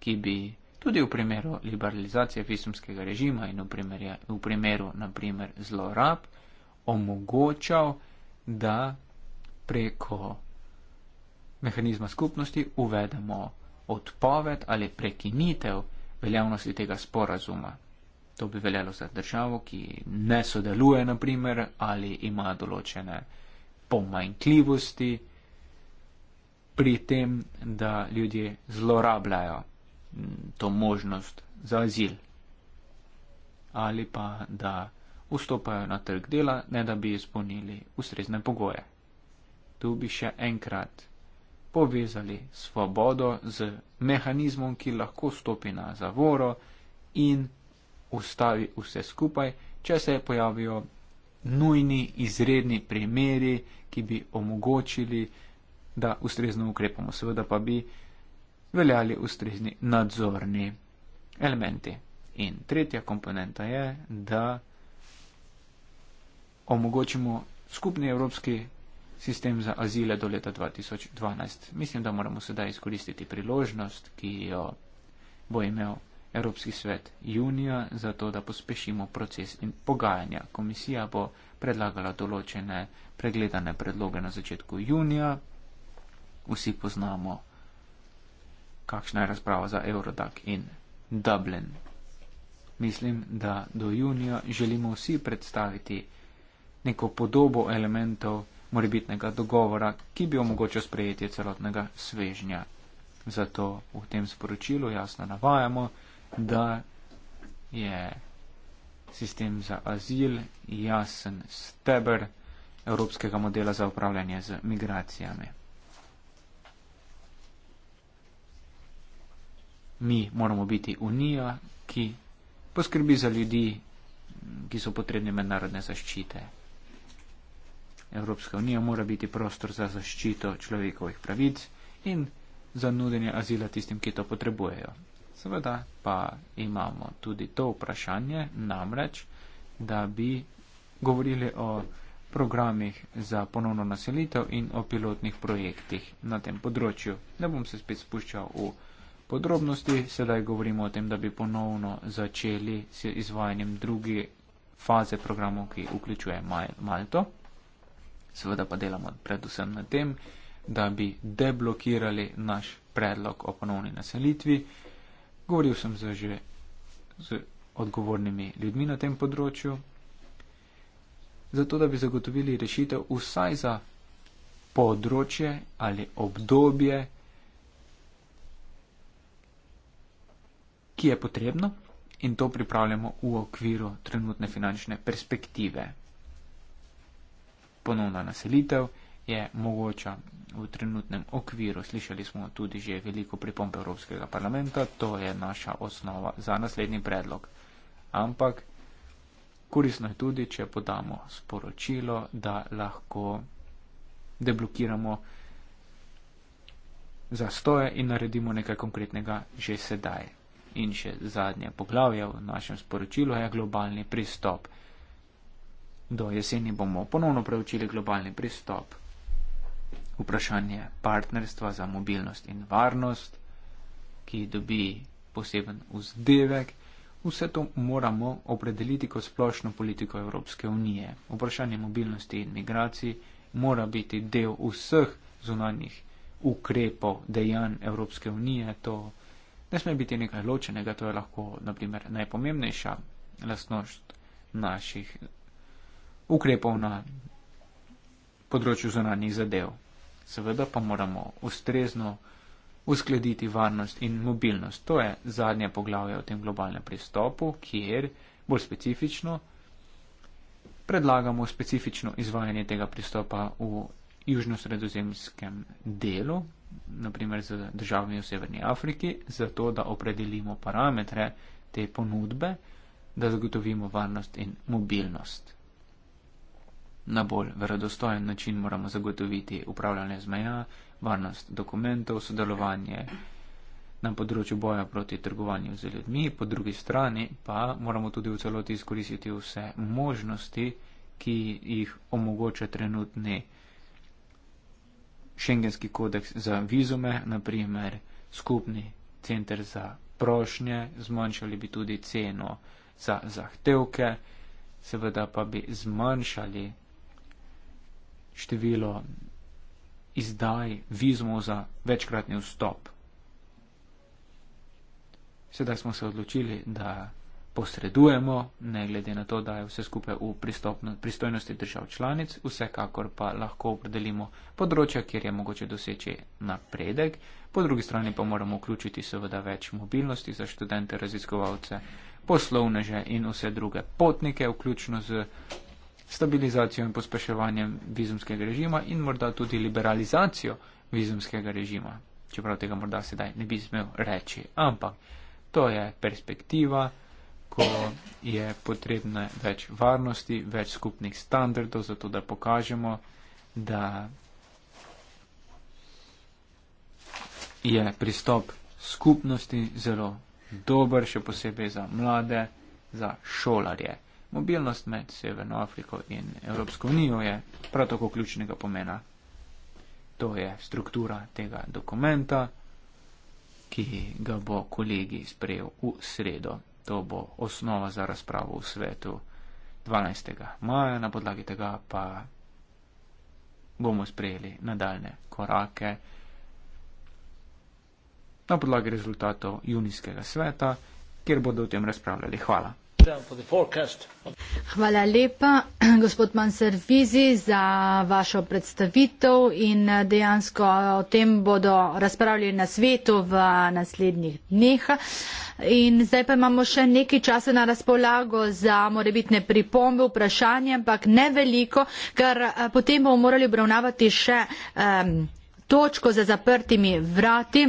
ki bi tudi v primeru liberalizacije visumskega režima in v primeru, v primeru naprimer, zlorab omogočal, da preko mehanizma skupnosti uvedemo odpoved ali prekinitev veljavnosti tega sporazuma. To bi veljalo za državo, ki ne sodeluje, naprimer, ali ima določene pomanjkljivosti pri tem, da ljudje zlorabljajo mm, to možnost za azil. Ali pa da vstopajo na trg dela, ne da bi izpolnili ustrezne pogoje. Tu bi še enkrat povezali svobodo z mehanizmom, ki lahko stopi na zavoro in ustavi vse skupaj, če se pojavijo nujni izredni primeri, ki bi omogočili, da ustrezno ukrepamo. Seveda pa bi veljali ustrezni nadzorni elementi. In tretja komponenta je, da omogočimo skupni evropski sistem za azile do leta 2012. Mislim, da moramo sedaj izkoristiti priložnost, ki jo bo imel Evropski svet junija, zato da pospešimo proces in pogajanja. Komisija bo predlagala določene pregledane predloge na začetku junija. Vsi poznamo, kakšna je razprava za Eurodac in Dublin. Mislim, da do junija želimo vsi predstaviti neko podobo elementov morebitnega dogovora, ki bi omogočil sprejetje celotnega svežnja. Zato v tem sporočilu jasno navajamo, da je sistem za azil jasen steber evropskega modela za upravljanje z migracijami. Mi moramo biti unija, ki poskrbi za ljudi, ki so potrebni mednarodne zaščite. Evropska unija mora biti prostor za zaščito človekovih pravic in za nudenje azila tistim, ki to potrebujejo. Seveda pa imamo tudi to vprašanje, namreč, da bi govorili o programih za ponovno naselitev in o pilotnih projektih na tem področju. Ne bom se spet spuščal v podrobnosti, sedaj govorimo o tem, da bi ponovno začeli s izvajanjem druge faze programov, ki vključuje Malto. Mal seveda pa delamo predvsem na tem, da bi deblokirali naš predlog o ponovni naselitvi. Govoril sem z že z odgovornimi ljudmi na tem področju, zato da bi zagotovili rešitev vsaj za področje ali obdobje, ki je potrebno in to pripravljamo v okviru trenutne finančne perspektive ponovna naselitev je mogoča v trenutnem okviru. Slišali smo tudi že veliko pripomp Evropskega parlamenta, to je naša osnova za naslednji predlog. Ampak korisno je tudi, če podamo sporočilo, da lahko deblokiramo zastoje in naredimo nekaj konkretnega že sedaj. In še zadnje poglavje v našem sporočilu je globalni pristop. Do jeseni bomo ponovno preučili globalni pristop, vprašanje partnerstva za mobilnost in varnost, ki dobi poseben vzdevek. Vse to moramo opredeliti kot splošno politiko Evropske unije. Vprašanje mobilnosti in migracij mora biti del vseh zunanjih ukrepov, dejanj Evropske unije. To ne sme biti nekaj ločenega, to je lahko naprimer najpomembnejša lasnost naših ukrepov na področju zunanjih zadev. Seveda pa moramo ustrezno uskladiti varnost in mobilnost. To je zadnje poglavje o tem globalnem pristopu, kjer bolj specifično predlagamo specifično izvajanje tega pristopa v južno-sredozemskem delu, naprimer z državami v Severni Afriki, zato da opredelimo parametre te ponudbe, da zagotovimo varnost in mobilnost na bolj verodostojen način moramo zagotoviti upravljanje zmeja, varnost dokumentov, sodelovanje na področju boja proti trgovanju z ljudmi, po drugi strani pa moramo tudi v celoti izkoristiti vse možnosti, ki jih omogoča trenutni šengenski kodeks za vizume, naprimer skupni center za prošnje, zmanjšali bi tudi ceno za zahtevke, seveda pa bi zmanjšali število izdaj vizumov za večkratni vstop. Sedaj smo se odločili, da posredujemo, ne glede na to, da je vse skupaj v pristojnosti držav članic, vsekakor pa lahko opredelimo področja, kjer je mogoče doseči napredek. Po drugi strani pa moramo vključiti seveda več mobilnosti za študente, raziskovalce, poslovneže in vse druge potnike, vključno z stabilizacijo in pospeševanjem vizumskega režima in morda tudi liberalizacijo vizumskega režima. Čeprav tega morda sedaj ne bi smel reči, ampak to je perspektiva, ko je potrebne več varnosti, več skupnih standardov, zato da pokažemo, da je pristop skupnosti zelo dober, še posebej za mlade, za šolarje. Mobilnost med Severno Afriko in Evropsko unijo je prav tako ključnega pomena. To je struktura tega dokumenta, ki ga bo kolegi sprejel v sredo. To bo osnova za razpravo v svetu 12. maja, na podlagi tega pa bomo sprejeli nadaljne korake na podlagi rezultatov junijskega sveta, kjer bodo o tem razpravljali. Hvala. Hvala lepa, gospod Manser Vizi, za vašo predstavitev in eh, dejansko o tem bodo razpravljali na svetu v naslednjih dneh. In zdaj pa imamo še nekaj časa na razpolago za morebitne pripombe, vprašanje, ampak ne veliko, ker eh, potem bomo morali obravnavati še um, točko za zaprtimi vrati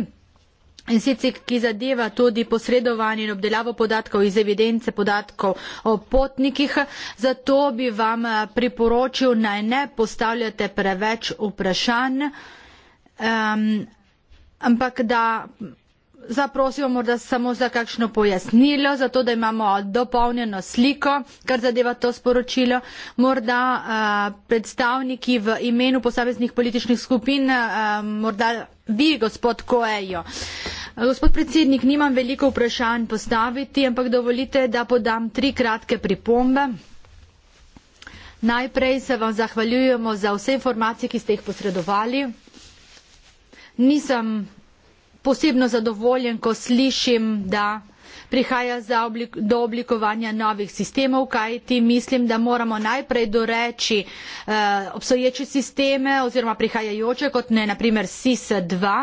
in sicer ki zadeva tudi posredovanje in obdelavo podatkov iz evidence podatkov o potnikih. Zato bi vam eh, priporočil naj ne postavljate preveč vprašanj, um, ampak da zaprosimo morda samo za kakšno pojasnilo, zato da imamo dopolnjeno sliko, kar zadeva to sporočilo. Morda uh, predstavniki v imenu posameznih političnih skupin uh, morda vi, gospod Koejo. Gospod predsednik, nimam veliko vprašanj postaviti, ampak dovolite, da podam tri kratke pripombe. Najprej se vam zahvaljujemo za vse informacije, ki ste jih posredovali. Nisem posebno zadovoljen, ko slišim, da prihaja oblik do oblikovanja novih sistemov, kajti mislim, da moramo najprej doreči eh, obstoječe sisteme oziroma prihajajoče, kot ne naprimer SIS-2,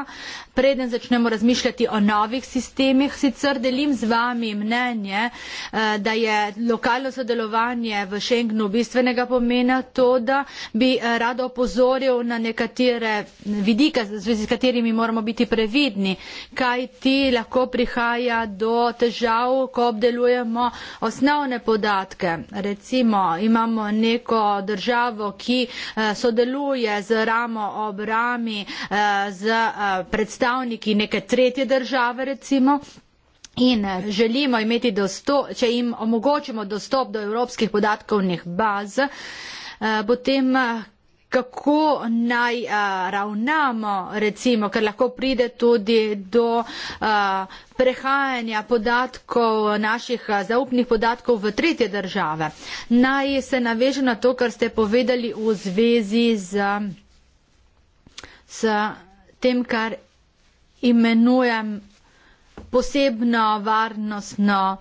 preden začnemo razmišljati o novih sistemih, sicer delim z vami mnenje, eh, da je lokalno sodelovanje v Schengenu bistvenega pomena to, da bi eh, rado opozoril na nekatere vidike, z vezi s katerimi moramo biti previdni, kaj ti lahko prihaja do težav, ko obdelujemo osnovne podatke. Recimo imamo neko državo, ki eh, sodeluje z ramo ob rami, z predstavljanjem, predstavniki neke tretje države recimo in eh, želimo imeti dostop, če jim omogočimo dostop do evropskih podatkovnih baz, eh, potem eh, kako naj ravnamo recimo, ker lahko pride tudi do prehajanja podatkov, naših zaupnih podatkov v tretje države. Naj se naveže na to, kar ste povedali v zvezi z tem, kar imenujem posebno varnostno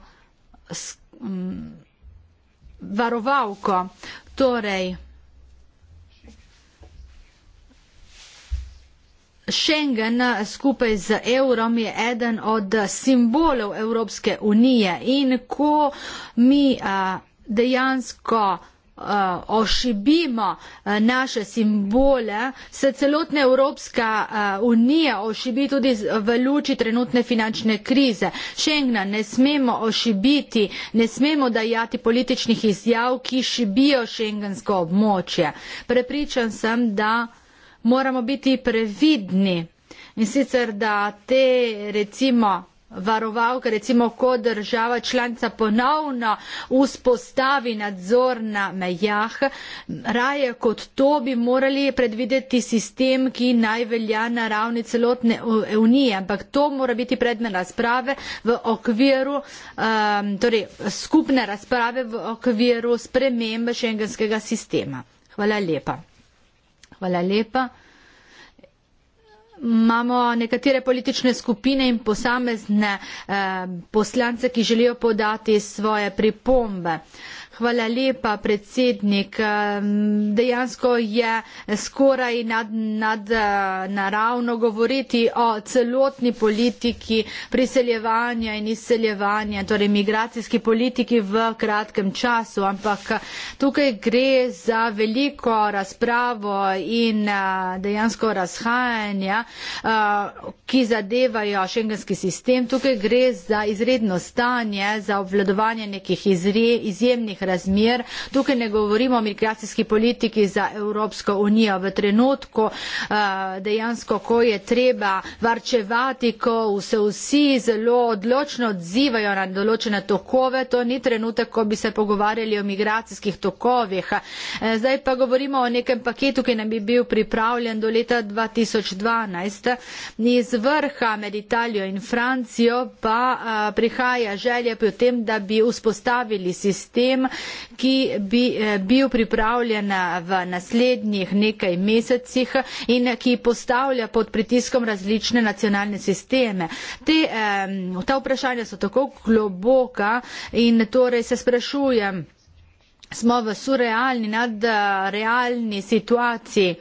varovalko. Torej, Schengen skupaj z evrom je eden od simbolov Evropske unije in ko mi a, dejansko uh, ošibimo uh, naše simbole, se celotna Evropska uh, unija ošibi tudi v luči trenutne finančne krize. Šengna ne smemo ošibiti, ne smemo dajati političnih izjav, ki šibijo šengensko območje. Prepričan sem, da moramo biti previdni. In sicer, da te recimo varovalka, recimo, ko država članica ponovno vzpostavi nadzor na mejah, raje kot to bi morali predvideti sistem, ki naj velja na ravni celotne unije, ampak to mora biti predmet razprave v okviru, um, torej skupne razprave v okviru spremembe šengenskega sistema. Hvala lepa. Hvala lepa imamo nekatere politične skupine in posamezne eh, poslance, ki želijo podati svoje pripombe. Hvala lepa, predsednik. Dejansko je skoraj nad, nad eh, naravno govoriti o celotni politiki priseljevanja in izseljevanja, torej migracijski politiki v kratkem času, ampak eh, tukaj gre za veliko razpravo in eh, dejansko razhajanja, ki zadevajo šengenski sistem. Tukaj gre za izredno stanje, za obvladovanje nekih izre, izjemnih razmer. Tukaj ne govorimo o migracijski politiki za Evropsko unijo v trenutku, eh, dejansko, ko je treba varčevati, ko se vsi zelo odločno odzivajo na določene tokove. To ni trenutek, ko bi se pogovarjali o migracijskih tokovih. Eh, zdaj pa govorimo o nekem paketu, ki nam bi bil pripravljen do leta 2012. Iz vrha med Italijo in Francijo pa eh, prihaja želja pri tem, da bi vzpostavili sistem, ki bi eh, bil pripravljen eh, v naslednjih nekaj mesecih in ki postavlja pod pritiskom različne nacionalne sisteme. Te, eh, ta vprašanja so tako globoka in torej se sprašujem, smo v surrealni, nadrealni situaciji.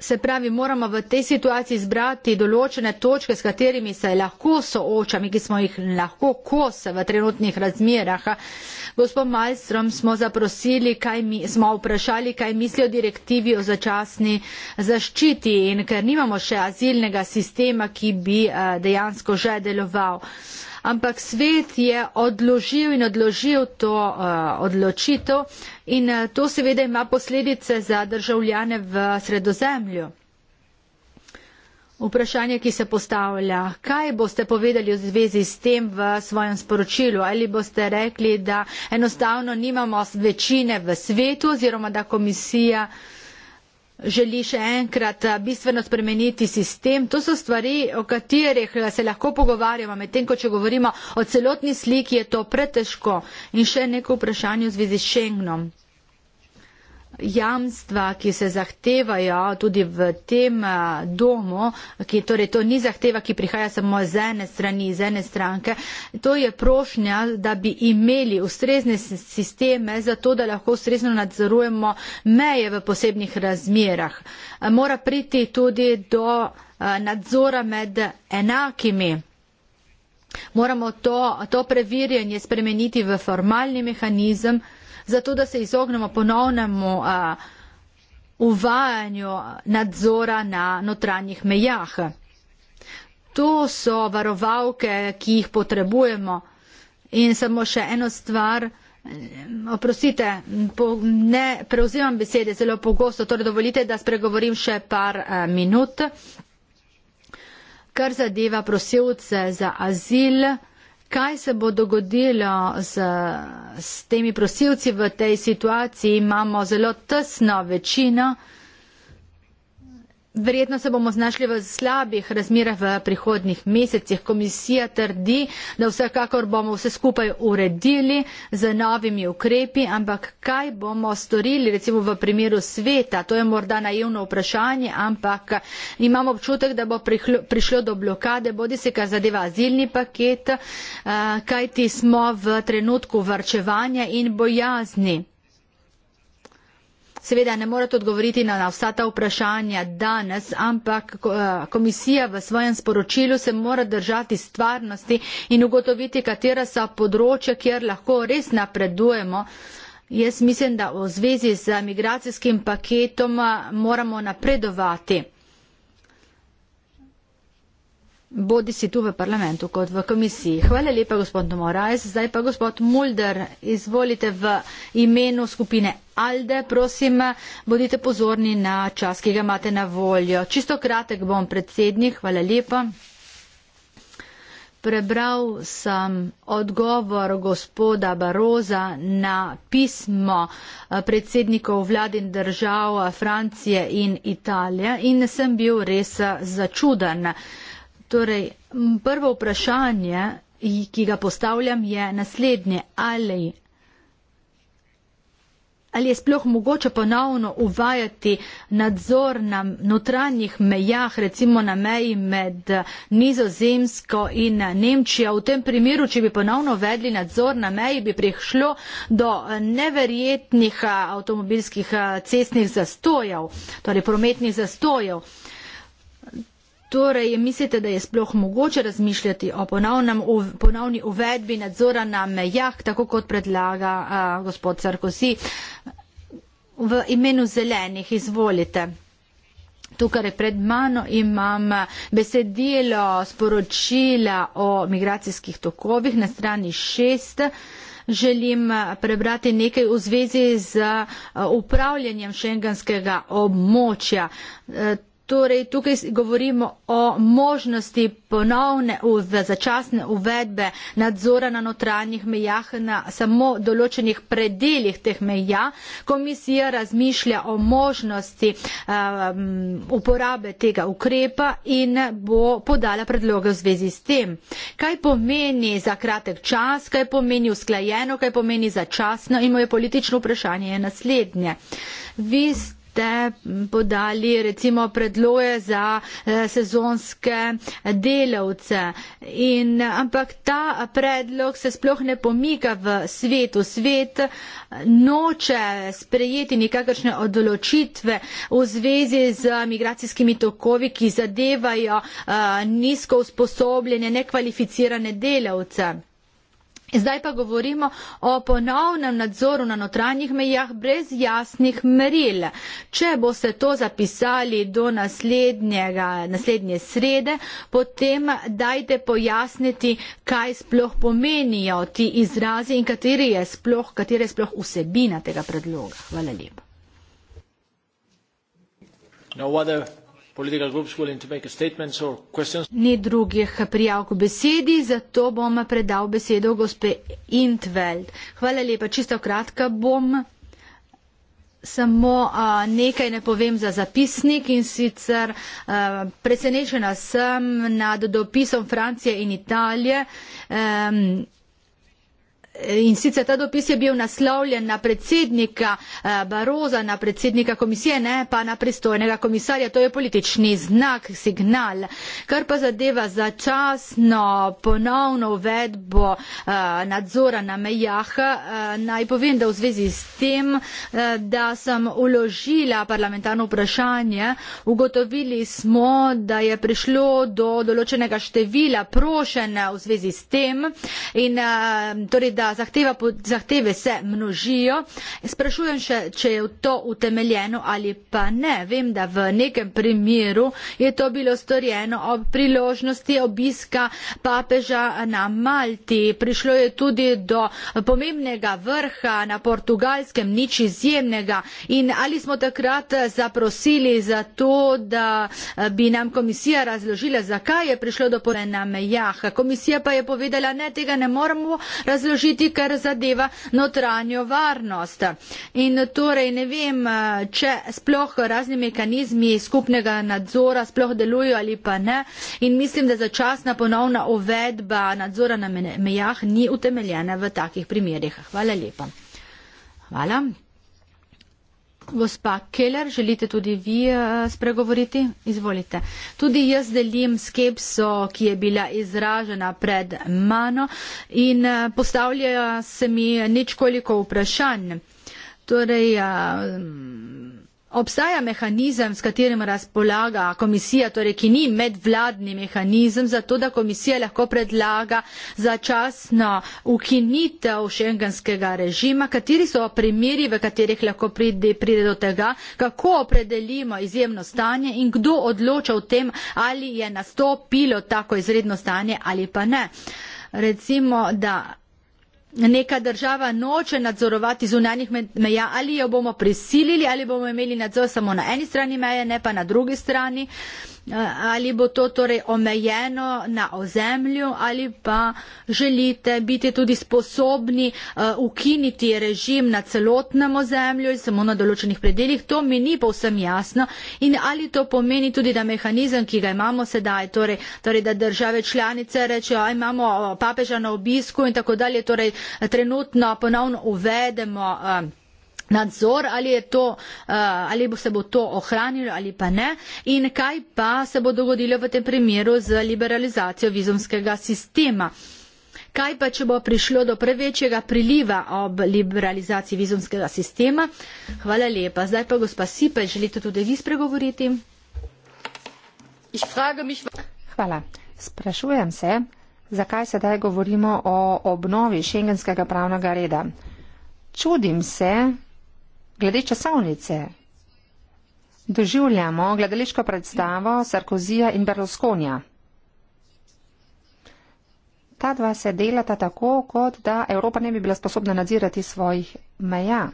Se pravi, moramo v tej situaciji izbrati določene točke, s katerimi se lahko soočamo, ki smo jih lahko kose v trenutnih razmerah. Gospod Malstrom smo zaprosili, kaj mi, smo vprašali, kaj misli o direktivi o začasni zaščiti in ker nimamo še azilnega sistema, ki bi eh, dejansko že deloval ampak svet je odložil in odložil to uh, odločitev in uh, to seveda ima posledice za državljane v sredozemlju. Vprašanje, ki se postavlja, kaj boste povedali v zvezi s tem v svojem sporočilu? Ali boste rekli, da enostavno nimamo večine v svetu oziroma da komisija uh, želi še enkrat eh, bistveno spremeniti sistem. To so stvari, o katerih eh, se lahko pogovarjamo, medtem ko če govorimo o celotni sliki, je to pretežko. In še neko vprašanje v zvezi s Schengenom jamstva, ki se zahtevajo tudi v tem domu, ki torej to ni zahteva, ki prihaja samo z ene strani, z ene stranke, to je prošnja, da bi imeli ustrezne sisteme za to, da lahko ustrezno nadzorujemo meje v posebnih razmerah. Mora priti tudi do nadzora med enakimi. Moramo to, to preverjanje spremeniti v formalni mehanizem, zato da se izognemo ponovnemu a, uvajanju nadzora na notranjih mejah. To so varovalke, ki jih potrebujemo. In samo še eno stvar, oprostite, ne preuzimam besede zelo pogosto, torej dovolite, da spregovorim še par minut. Kar zadeva prosilce za azil, Kaj se bo dogodilo z, s temi prosilci v tej situaciji? Imamo zelo tesno večino. Verjetno se bomo znašli v slabih razmerah v prihodnih mesecih. Komisija trdi, da vsekakor bomo vse skupaj uredili z novimi ukrepi, ampak kaj bomo storili recimo v primeru sveta? To je morda naivno vprašanje, ampak imamo občutek, da bo prišlo do blokade, bodi se kar zadeva azilni paket, eh, kajti smo v trenutku vrčevanja in bojazni. Seveda ne morete odgovoriti na, na vsa ta vprašanja danes, ampak eh, komisija v svojem sporočilu se mora držati stvarnosti in ugotoviti, katera so področja, kjer lahko res napredujemo. Jaz mislim, da v zvezi z migracijskim paketom eh, moramo napredovati bodi si tu v parlamentu kot v komisiji. Hvala lepa, gospod Morales. Zdaj pa gospod Mulder, izvolite v imenu skupine Alde. Prosim, bodite pozorni na čas, ki ga imate na voljo. Čisto kratek bom predsednik. Hvala lepa. Prebral sem odgovor gospoda Baroza na pismo eh, predsednikov vladin držav eh, Francije in Italije in sem bil res eh, začuden. Torej, prvo vprašanje, ki ga postavljam, je naslednje. Ali, ali je sploh mogoče ponovno uvajati nadzor na notranjih mejah, recimo na meji med Nizozemsko in Nemčijo? V tem primeru, če bi ponovno vedli nadzor na meji, bi prišlo do eh, neverjetnih eh, avtomobilskih eh, cestnih zastojev, torej prometnih zastojev. Torej, mislite, da je sploh mogoče razmišljati o ponovnem, uv, ponovni uvedbi nadzora na mejah, tako kot predlaga a, gospod Sarkozy v imenu zelenih? Izvolite. Tukaj pred mano imam besedilo sporočila o migracijskih tokovih na strani šest. Želim prebrati nekaj v zvezi z upravljanjem šengenskega območja. E, Torej, tukaj govorimo o možnosti ponovne uve, začasne uvedbe nadzora na notranjih mejah na samo določenih predeljih teh meja. Komisija razmišlja o možnosti um, uporabe tega ukrepa in bo podala predloge v zvezi s tem. Kaj pomeni za kratek čas, kaj pomeni usklajeno, kaj pomeni začasno in moje politično vprašanje je naslednje. Vi ste ste podali recimo predloge za eh, sezonske delavce. In, ampak ta predlog se sploh ne pomika v svetu. Svet noče sprejeti nikakršne odločitve v zvezi z migracijskimi tokovi, ki zadevajo eh, nizko usposobljene, nekvalificirane delavce. Zdaj pa govorimo o ponovnem nadzoru na notranjih mejah brez jasnih meril. Če boste to zapisali do naslednje srede, potem dajte pojasniti, kaj sploh pomenijo ti izrazi in katere je, je sploh vsebina tega predloga. Hvala lepa. No Ni drugih prijav k besedi, zato bom predal besedo gospe Intveld. Hvala lepa, čisto kratka bom. Samo a, nekaj ne povem za zapisnik in sicer a, presenečena sem nad dopisom Francije in Italije. A, In sicer ta dopis je bil naslovljen na predsednika eh, Baroza, na predsednika komisije, ne pa na pristojnega komisarja. To je politični znak, signal. Kar pa zadeva začasno ponovno uvedbo eh, nadzora na mejah, eh, naj povem, da v zvezi s tem, da sem uložila parlamentarno vprašanje, ugotovili smo, da je prišlo do določenega števila prošen v zvezi s tem. In, torej, zahteva, zahteve se množijo. Sprašujem še, če je to utemeljeno ali pa ne. Vem, da v nekem primeru je to bilo storjeno ob priložnosti obiska papeža na Malti. Prišlo je tudi do pomembnega vrha na portugalskem, nič izjemnega. In ali smo takrat zaprosili za to, da eh, bi nam komisija razložila, zakaj je prišlo do pomena na mejah. Komisija pa je povedala, ne, tega ne moramo razložiti tudi kar zadeva notranjo varnost. In torej ne vem, eh, če sploh razni mehanizmi skupnega nadzora sploh delujejo ali pa ne. In mislim, da začasna ponovna uvedba nadzora na mejah ni utemeljena v takih primerjih. Hvala lepa. Hvala. Gospa Keller, želite tudi vi eh, spregovoriti? Izvolite. Tudi jaz delim skepso, ki je bila izražena pred mano in eh, postavlja se mi ničkoliko vprašanj. Torej, eh, Obstaja mehanizem, s katerim razpolaga komisija, torej ki ni medvladni mehanizem, zato da komisija lahko predlaga začasno ukinitev šengenskega režima, kateri so primeri, v katerih lahko pride, pride do tega, kako opredelimo izjemno stanje in kdo odloča o tem, ali je nastopilo tako izredno stanje ali pa ne. Recimo, da neka država noče nadzorovati zunanjih meja, ali jo bomo prisilili, ali bomo imeli nadzor samo na eni strani meje, ne pa na drugi strani. Uh, ali bo to torej omejeno na ozemlju ali pa želite biti tudi sposobni eh, ukiniti režim na celotnem ozemlju in samo na določenih predeljih, to mi ni povsem jasno in ali to pomeni tudi, da mehanizem, ki ga imamo sedaj, torej, torej da države članice rečejo, imamo eh, papeža na obisku in tako dalje, torej trenutno ponovno uvedemo. Eh, nadzor, ali je to, eh, ali bo se bo to ohranilo ali pa ne in kaj pa se bo dogodilo v tem primeru z liberalizacijo vizumskega sistema. Kaj pa, če bo prišlo do prevečjega priliva ob liberalizaciji vizumskega sistema? Hvala lepa. Zdaj pa, gospa Sipe, želite tudi vi spregovoriti? Hvala. Sprašujem se, zakaj sedaj govorimo o obnovi šengenskega pravnega reda. Čudim se, Glede časovnice. Doživljamo gledališko predstavo Sarkozija in Berlusconija. Ta dva se delata tako, kot da Evropa ne bi bila sposobna nadzirati svojih meja.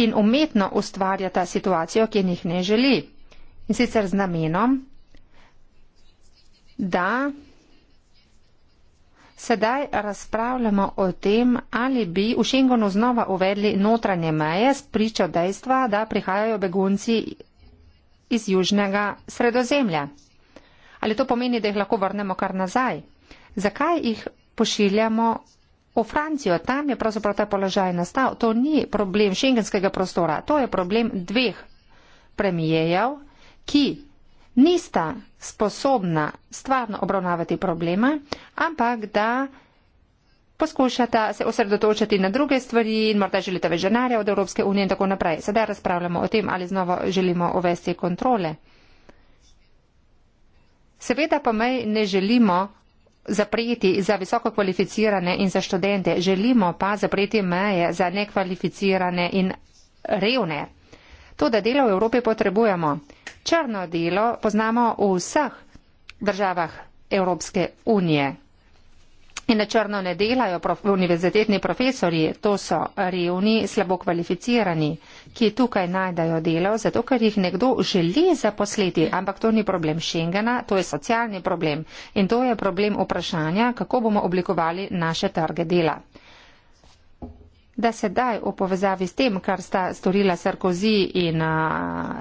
In umetno ustvarjata situacijo, ki jih ne želi. In sicer z namenom, da Sedaj razpravljamo o tem, ali bi v Šengonu znova uvedli notranje meje s pričo dejstva, da prihajajo begunci iz južnega sredozemlja. Ali to pomeni, da jih lahko vrnemo kar nazaj? Zakaj jih pošiljamo v Francijo? Tam je pravzaprav ta položaj nastal. To ni problem šengenskega prostora, to je problem dveh premijejev, ki nista sposobna stvarno obravnavati problema, ampak da poskušata se osredotočiti na druge stvari in morda želite več denarja od Evropske unije in tako naprej. Sedaj razpravljamo o tem, ali znova želimo uvesti kontrole. Seveda pa mi ne želimo zapreti za visoko kvalificirane in za študente, želimo pa zapreti meje za nekvalificirane in revne. To, da delo v Evropi potrebujemo. Črno delo poznamo v vseh državah Evropske unije. In na črno ne delajo prof, univerzitetni profesori, to so revni, slabo kvalificirani, ki tukaj najdajo delo, zato ker jih nekdo želi zaposliti, ampak to ni problem Schengena, to je socialni problem in to je problem vprašanja, kako bomo oblikovali naše trge dela da sedaj v povezavi s tem, kar sta storila Sarkozy in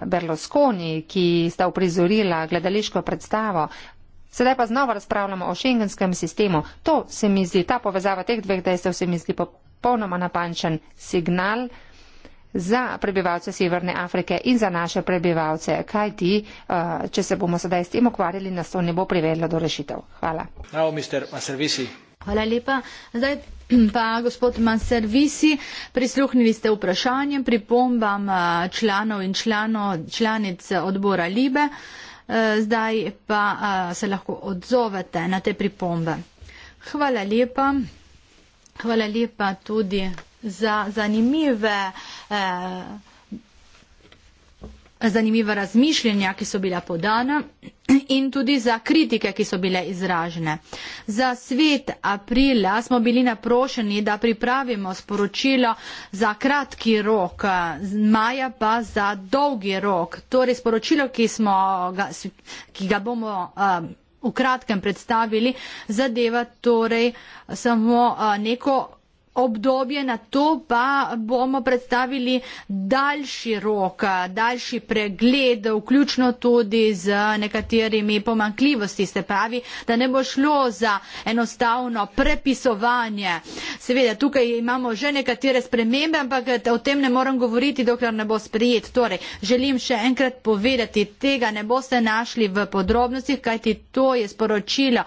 Berlusconi, ki sta uprizorila gledališko predstavo, sedaj pa znova razpravljamo o šengenskem sistemu. To se mi zdi, ta povezava teh dveh dejstev se mi zdi popolnoma napančen signal za prebivalce Severne Afrike in za naše prebivalce. Kaj ti, če se bomo sedaj s tem ukvarjali, nas to ne bo privedlo do rešitev. Hvala. Now, mister, Hvala lepa. Zdaj pa gospod Manservisi, prisluhnili ste vprašanjem, pripombam eh, članov in člano, članic odbora Libe. Eh, zdaj pa eh, se lahko odzovete na te pripombe. Hvala lepa. Hvala lepa tudi za zanimive. Eh, zanimiva razmišljanja, ki so bila podana in tudi za kritike, ki so bile izražene. Za svet aprila smo bili naprošeni, da pripravimo sporočilo za kratki rok, maja pa za dolgi rok. Torej sporočilo, ki, smo, ki ga bomo um, v kratkem predstavili, zadeva torej samo uh, neko obdobje, na to pa bomo predstavili daljši rok, daljši pregled, vključno tudi z nekaterimi pomankljivosti, se pravi, da ne bo šlo za enostavno prepisovanje. Seveda, tukaj imamo že nekatere spremembe, ampak o tem ne morem govoriti, dokler ne bo sprijet. Torej, želim še enkrat povedati, tega ne boste našli v podrobnostih, kajti to je sporočilo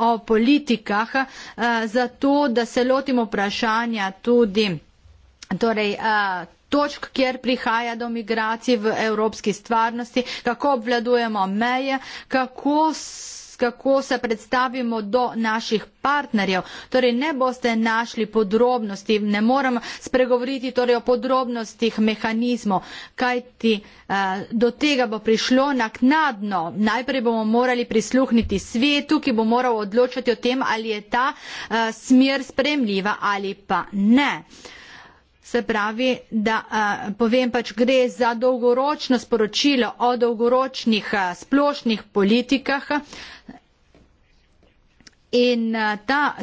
o politikah, eh, zato da se lotimo vprašanja, vprašanja tudi torej, uh, točk, kjer prihaja do migracij v evropski stvarnosti, kako obvladujemo meje, kako s kako se predstavimo do naših partnerjev. Torej, ne boste našli podrobnosti, ne moram spregovoriti torej, o podrobnostih mehanizmov, kajti eh, do tega bo prišlo naknadno. Najprej bomo morali prisluhniti svetu, ki bo moral odločiti o tem, ali je ta eh, smer spremljiva ali pa ne. Se pravi, da eh, povem pač gre za dolgoročno sporočilo o dolgoročnih eh, splošnih politikah, In eh, ta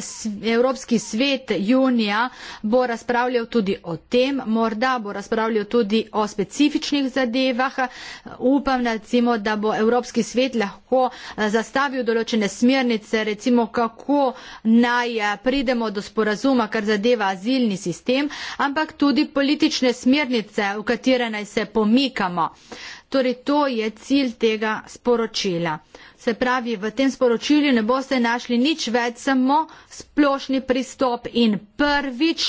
Evropski svet junija bo razpravljal tudi o tem, morda bo razpravljal tudi o specifičnih zadevah. Upam, recimo, da bo Evropski svet lahko eh, zastavil določene smernice, recimo, kako naj eh, pridemo do sporazuma, kar zadeva azilni sistem, ampak tudi politične smernice, v katere naj se pomikamo. Torej, to je cilj tega sporočila. Se pravi, v tem sporočilju ne boste našli nič več, samo splošni pristop in prvič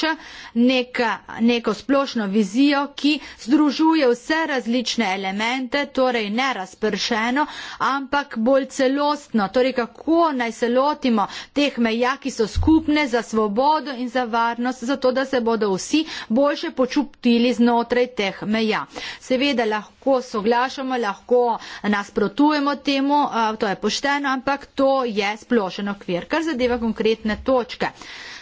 neka, neko splošno vizijo, ki združuje vse različne elemente, torej ne razpršeno, ampak bolj celostno. Torej, kako naj se lotimo teh meja, ki so skupne za svobodo in za varnost, zato da se bodo vsi boljše počutili znotraj teh meja. Seveda, lahko so soglašamo, lahko nasprotujemo temu, eh, to je pošteno, ampak to je splošen okvir, kar zadeva konkretne točke.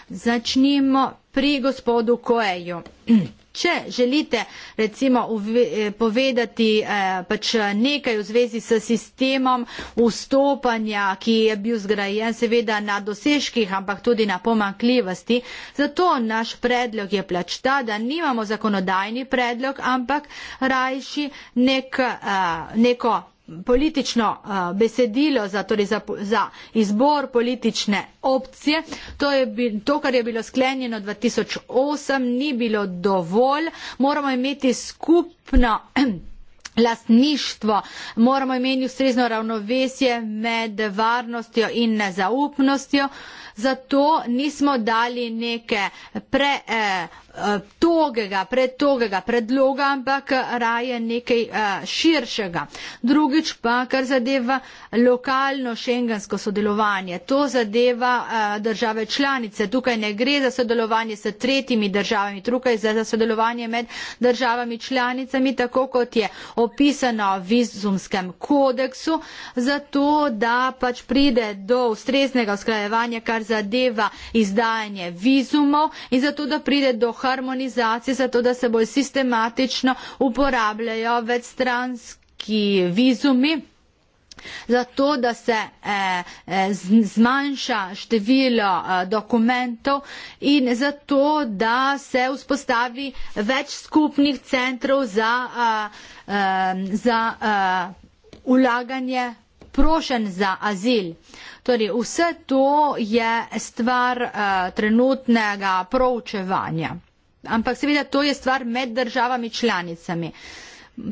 Začnimo pri gospodu Koeju. če želite recimo eh, povedati eh, pač nekaj v zvezi s sistemom vstopanja, ki je bil zgrajen seveda na dosežkih, ampak tudi na pomankljivosti. Zato naš predlog je plač ta, da nimamo zakonodajni predlog, ampak rajši nek, eh, neko politično eh, besedilo za, torej za, za izbor politične opcije. To, je, to, kar je bilo sklenjeno 2008, ni bilo dovolj. Moramo imeti skupno lastništvo, moramo imeti ustrezno ravnovesje med varnostjo in nezaupnostjo. Uh, zato nismo dali neke pre, eh, eh togega, pretogega predloga, ampak eh, raje nekaj eh, širšega. Drugič pa, kar zadeva lokalno šengensko sodelovanje, to zadeva eh, države članice. Tukaj ne gre za sodelovanje s tretjimi državami, tukaj gre za sodelovanje med državami članicami, tako kot je opisano v vizumskem kodeksu, zato da pač pride do ustreznega usklajevanja, kar zadeva izdajanje vizumov in zato, da pride do harmonizacije, zato, da se bolj sistematično uporabljajo večstranski vizumi. Zato, da se eh, eh zmanjša število eh, dokumentov in zato, da se vzpostavi več skupnih centrov za, eh, eh, za eh, ulaganje prošen za azil. Torej, vse to je stvar uh, trenutnega proučevanja. Ampak seveda to je stvar med državami članicami.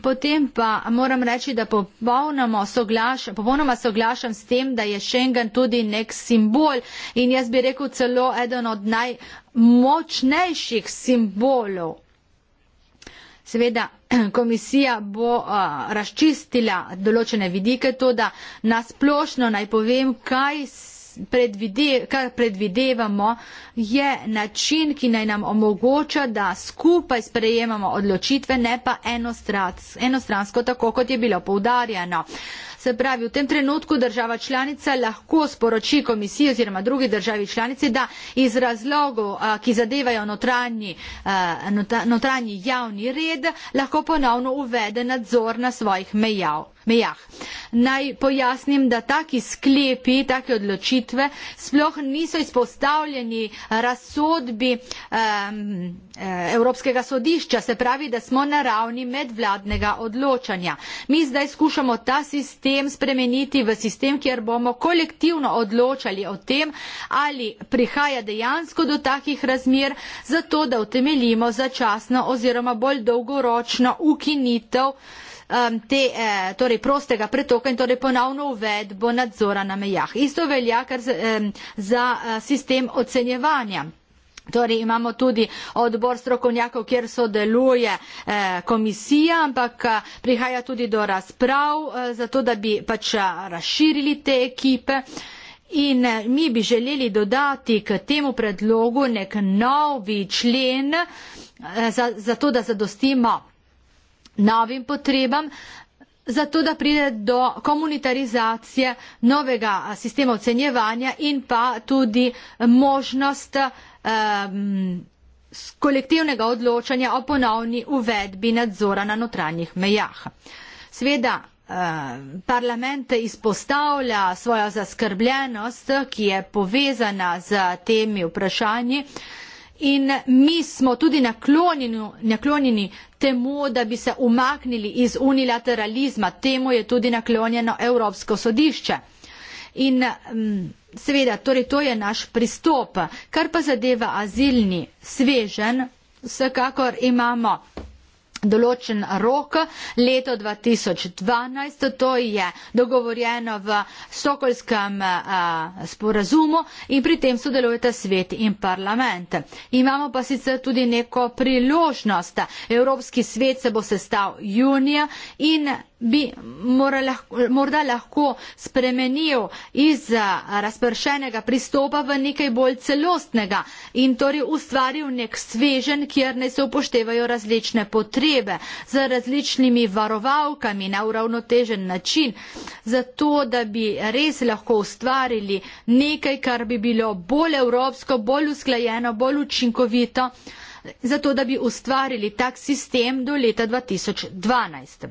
Potem pa moram reči, da popolnoma, soglaš, popolnoma soglašam s tem, da je Schengen tudi nek simbol in jaz bi rekel celo eden od najmočnejših simbolov Seveda, komisija bo uh, razčistila določene vidike, to da nasplošno naj povem, kaj se predvide, kar predvidevamo, je način, ki naj nam omogoča, da skupaj sprejemamo odločitve, ne pa enostransko, enostransko tako kot je bilo poudarjeno. Se pravi, v tem trenutku država članica lahko sporoči komisiji oziroma drugi državi članici, da iz razlogov, ki zadevajo notranji, notranji javni red, lahko ponovno uvede nadzor na svojih mejah mejah. Naj pojasnim, da taki sklepi, take odločitve sploh niso izpostavljeni razsodbi um, Evropskega sodišča, se pravi, da smo na ravni medvladnega odločanja. Mi zdaj skušamo ta sistem spremeniti v sistem, kjer bomo kolektivno odločali o tem, ali prihaja dejansko do takih razmer, zato da utemeljimo začasno oziroma bolj dolgoročno ukinitev uh, Um, te, eh, torej prostega pretoka in torej ponovno uvedbo nadzora na mejah. Isto velja kar za eh, sistem ocenjevanja. Torej imamo tudi odbor strokovnjakov, kjer sodeluje eh, komisija, ampak prihaja tudi do razprav, zato da bi pač razširili te ekipe. In mi bi želeli dodati k temu predlogu nek novi člen, zato za da zadostimo novim potrebam, zato da pride do komunitarizacije novega sistema ocenjevanja in pa tudi možnost eh, kolektivnega odločanja o ponovni uvedbi nadzora na notranjih mejah. Sveda parlament izpostavlja svojo zaskrbljenost, ki je povezana z temi vprašanji in mi smo tudi naklonjeni, naklonjeni temu, da bi se umaknili iz unilateralizma, temu je tudi naklonjeno Evropsko sodišče. In mm, seveda, torej to je naš pristop. Kar pa zadeva azilni svežen, vsekakor imamo določen rok leto 2012, to je dogovorjeno v stokolskem eh, sporazumu in pri tem sodelujete svet in parlament. Imamo pa sicer tudi neko priložnost. Evropski svet se bo sestal junija in bi lahko, morda lahko spremenil iz razpršenega pristopa v nekaj bolj celostnega in torej ustvaril nek svežen, kjer ne se upoštevajo različne potrebe z različnimi varovalkami na uravnotežen način, zato da bi res lahko ustvarili nekaj, kar bi bilo bolj evropsko, bolj usklajeno, bolj učinkovito, zato da bi ustvarili tak sistem do leta 2012.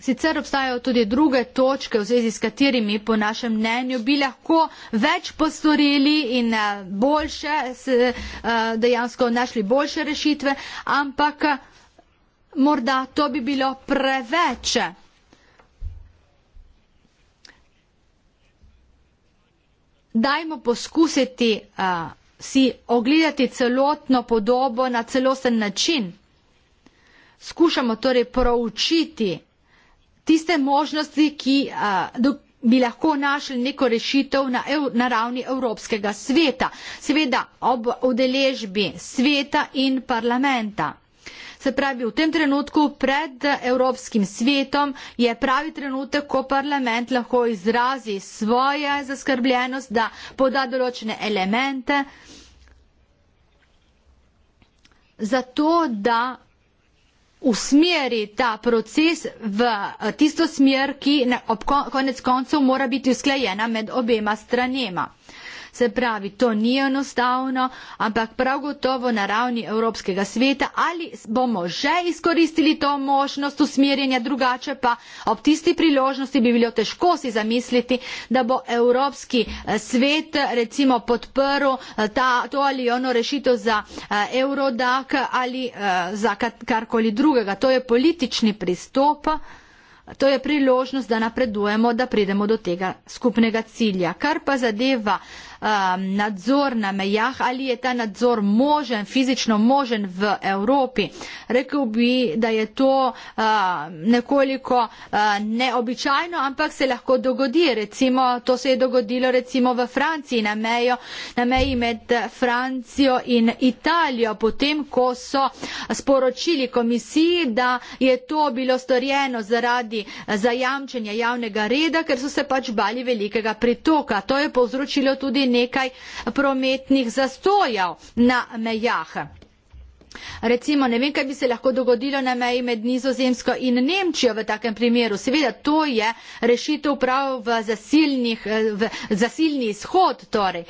Sicer obstajajo tudi druge točke, v zvezi s katerimi, po našem mnenju, bi lahko več postorili in eh, boljše, eh, dejansko našli boljše rešitve, ampak eh, morda to bi bilo preveč. Dajmo poskusiti si ogledati celotno podobo na celosten način. Skušamo torej proučiti tiste možnosti, ki bi lahko našli neko rešitev na, ev, na ravni Evropskega sveta, seveda ob udeležbi sveta in parlamenta. Se pravi, v tem trenutku pred Evropskim svetom je pravi trenutek, ko parlament lahko izrazi svojo zaskrbljenost, da poda določene elemente, zato da usmeri ta proces v eh, tisto smer, ki ob konec koncev mora biti usklajena med obema stranjema. Se pravi, to ni enostavno, ampak prav gotovo na ravni Evropskega sveta ali bomo že izkoristili to možnost usmerjanja, drugače pa ob tisti priložnosti bi bilo težko si zamisliti, da bo Evropski eh, svet recimo podprl eh, ta, to ali ono rešitev za eh, Eurodak ali za karkoli drugega. To je politični pristop. To je priložnost, da napredujemo, da pridemo do tega skupnega cilja. Kar pa zadeva uh, Um, nadzor na mejah, ali je ta nadzor možen, fizično možen v Evropi. Rekl bi, da je to uh, nekoliko uh, neobičajno, ampak se lahko dogodi. Recimo, to se je dogodilo recimo v Franciji na, mejo, na meji med Francijo in Italijo, potem, ko so sporočili komisiji, da je to bilo storjeno zaradi zajamčenja javnega reda, ker so se pač bali velikega pritoka. To je povzročilo tudi nekaj prometnih zastojev na mejah. Recimo, ne vem, kaj bi se lahko dogodilo na meji med Nizozemsko in Nemčijo v takem primeru. Seveda, to je rešitev prav v, v zasilni izhod. Torej.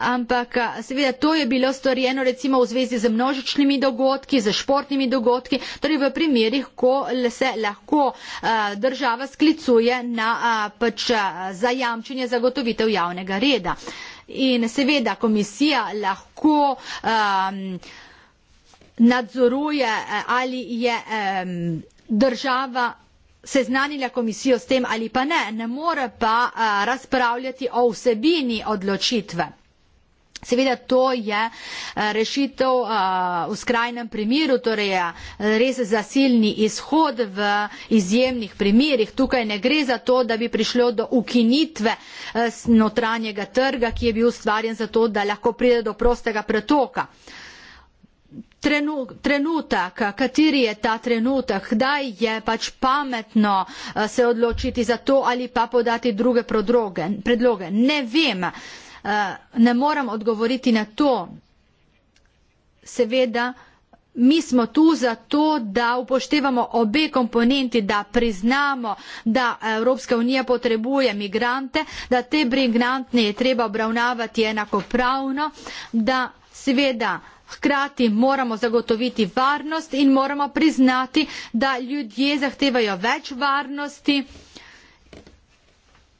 Ampak, seveda, to je bilo storjeno recimo v zvezi z množičnimi dogodki, z športnimi dogodki, torej v primerih, ko se lahko eh, država sklicuje na eh, pač, eh, zajamčenje zagotovitev javnega reda in seveda komisija lahko um, nadzoruje, eh, ali je um, država seznanila komisijo s tem ali pa ne, ne more pa uh, razpravljati o vsebini odločitve. Seveda to je eh, rešitev eh, v skrajnem primeru, torej je eh, res zasilni izhod v izjemnih primerjih. Tukaj ne gre za to, da bi prišlo do ukinitve notranjega trga, ki je bil ustvarjen za to, da lahko pride do prostega pretoka. Trenutek, kateri je ta trenutek, kdaj je pač pametno se odločiti za to ali pa podati druge predloge, ne vem. Eh, ne morem odgovoriti na to. Seveda, mi smo tu zato, da upoštevamo obe komponenti, da priznamo, da Evropska unija potrebuje migrante, da te brignantne je treba obravnavati enakopravno, da seveda hkrati moramo zagotoviti varnost in moramo priznati, da ljudje zahtevajo več varnosti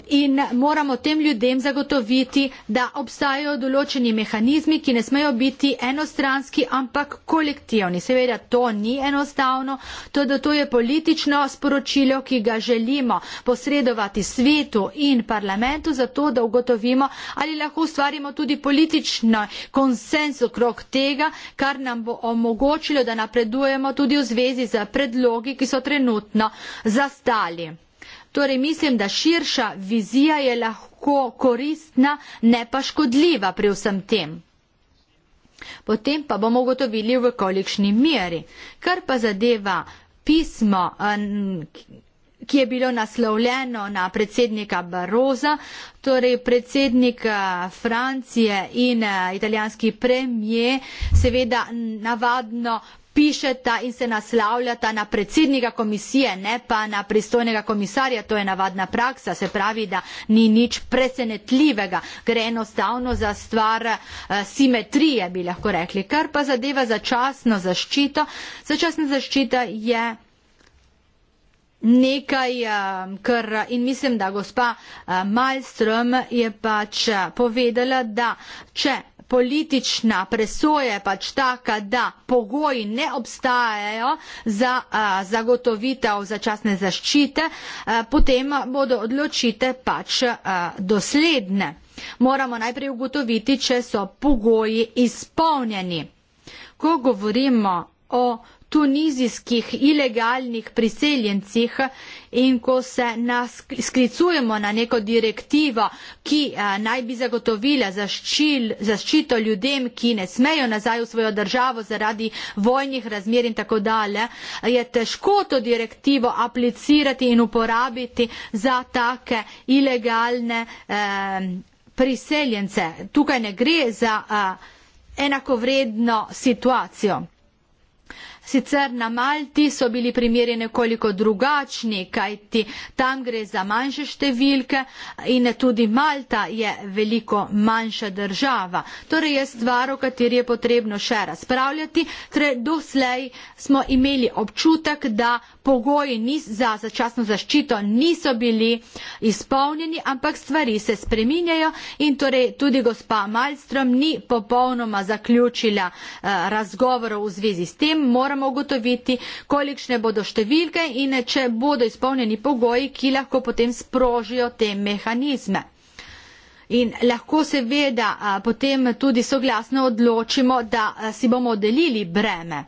in moramo tem ljudem zagotoviti, da obstajajo določeni mehanizmi, ki ne smejo biti enostranski, ampak kolektivni. Seveda to ni enostavno, to, da to je politično sporočilo, ki ga želimo posredovati svetu in parlamentu, zato da ugotovimo, ali lahko ustvarimo tudi politično konsens okrog tega, kar nam bo omogočilo, da napredujemo tudi v zvezi z predlogi, ki so trenutno zastali. Torej mislim, da širša vizija je lahko koristna, ne pa škodljiva pri vsem tem. Potem pa bomo ugotovili, v kolikšni meri. Kar pa zadeva pismo, ki je bilo naslovljeno na predsednika Baroza, torej predsednik eh, Francije in eh, italijanski premije, seveda navadno pišeta in se naslavljata na predsednika komisije, ne pa na pristojnega komisarja, to je navadna praksa, se pravi, da ni nič presenetljivega, gre enostavno za stvar eh, simetrije, bi lahko rekli. Kar pa zadeva začasno zaščito, začasna zaščita je nekaj, eh, kar in mislim, da gospa eh, Malstrom je pač povedala, da če politična presoja je pač taka, da pogoji ne obstajajo za zagotovitev začasne zaščite, potem bodo odločite pač dosledne. Moramo najprej ugotoviti, če so pogoji izpolnjeni. Ko govorimo o pogoji, tunizijskih ilegalnih priseljencih in ko se nas sklicujemo na neko direktivo, ki eh, naj bi zagotovila zaščil, zaščito ljudem, ki ne smejo nazaj v svojo državo zaradi vojnih razmer in tako dalje, je težko to direktivo aplicirati in uporabiti za take ilegalne eh, priseljence. Tukaj ne gre za eh, enakovredno situacijo. Sicer na Malti so bili primeri nekoliko drugačni, kajti tam gre za manjše številke in tudi Malta je veliko manjša država. Torej je stvar, o kateri je potrebno še razpravljati. Torej doslej smo imeli občutek, da pogoji za začasno zaščito niso bili izpolnjeni, ampak stvari se spreminjajo in torej tudi gospa Malstrom ni popolnoma zaključila eh, razgovorov v zvezi s tem. Moram moramo ugotoviti, kolikšne bodo številke in če bodo izpolnjeni pogoji, ki lahko potem sprožijo te mehanizme. In lahko seveda potem tudi soglasno odločimo, da si bomo delili breme.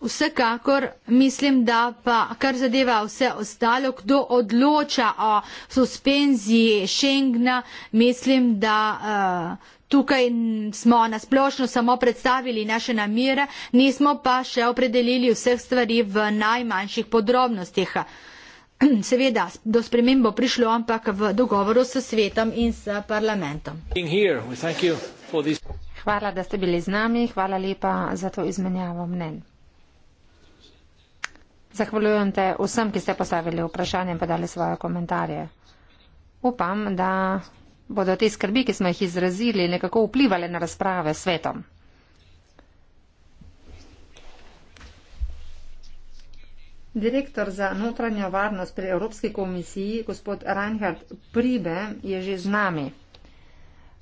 Vsekakor mislim, da pa kar zadeva vse ostalo, kdo odloča o suspenziji Schengna, mislim, da uh, tukaj smo na splošno samo predstavili naše namere, nismo pa še opredelili vseh stvari v najmanjših podrobnostih. Seveda, do sprememb bo prišlo, ampak v dogovoru s svetom in s parlamentom. Hvala, da ste bili z nami, hvala lepa za to izmenjavo mnen. Zahvaljujem te vsem, ki ste postavili vprašanje in podali svoje komentarje. Upam, da bodo te skrbi, ki smo jih izrazili, nekako vplivali na razprave s svetom. Direktor za notranjo varnost pri Evropski komisiji, gospod Reinhard Pribe, je že z nami.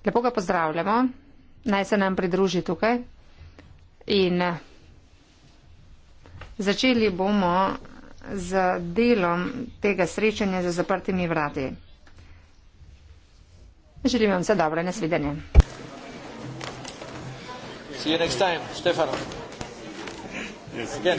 Lepo ga pozdravljamo, naj se nam pridruži tukaj. In eh, začeli bomo z delom tega srečanja za zaprtimi vrati. Želim vam vse dobro, nasvidenje. See you next time, Stefano. Yes. Again.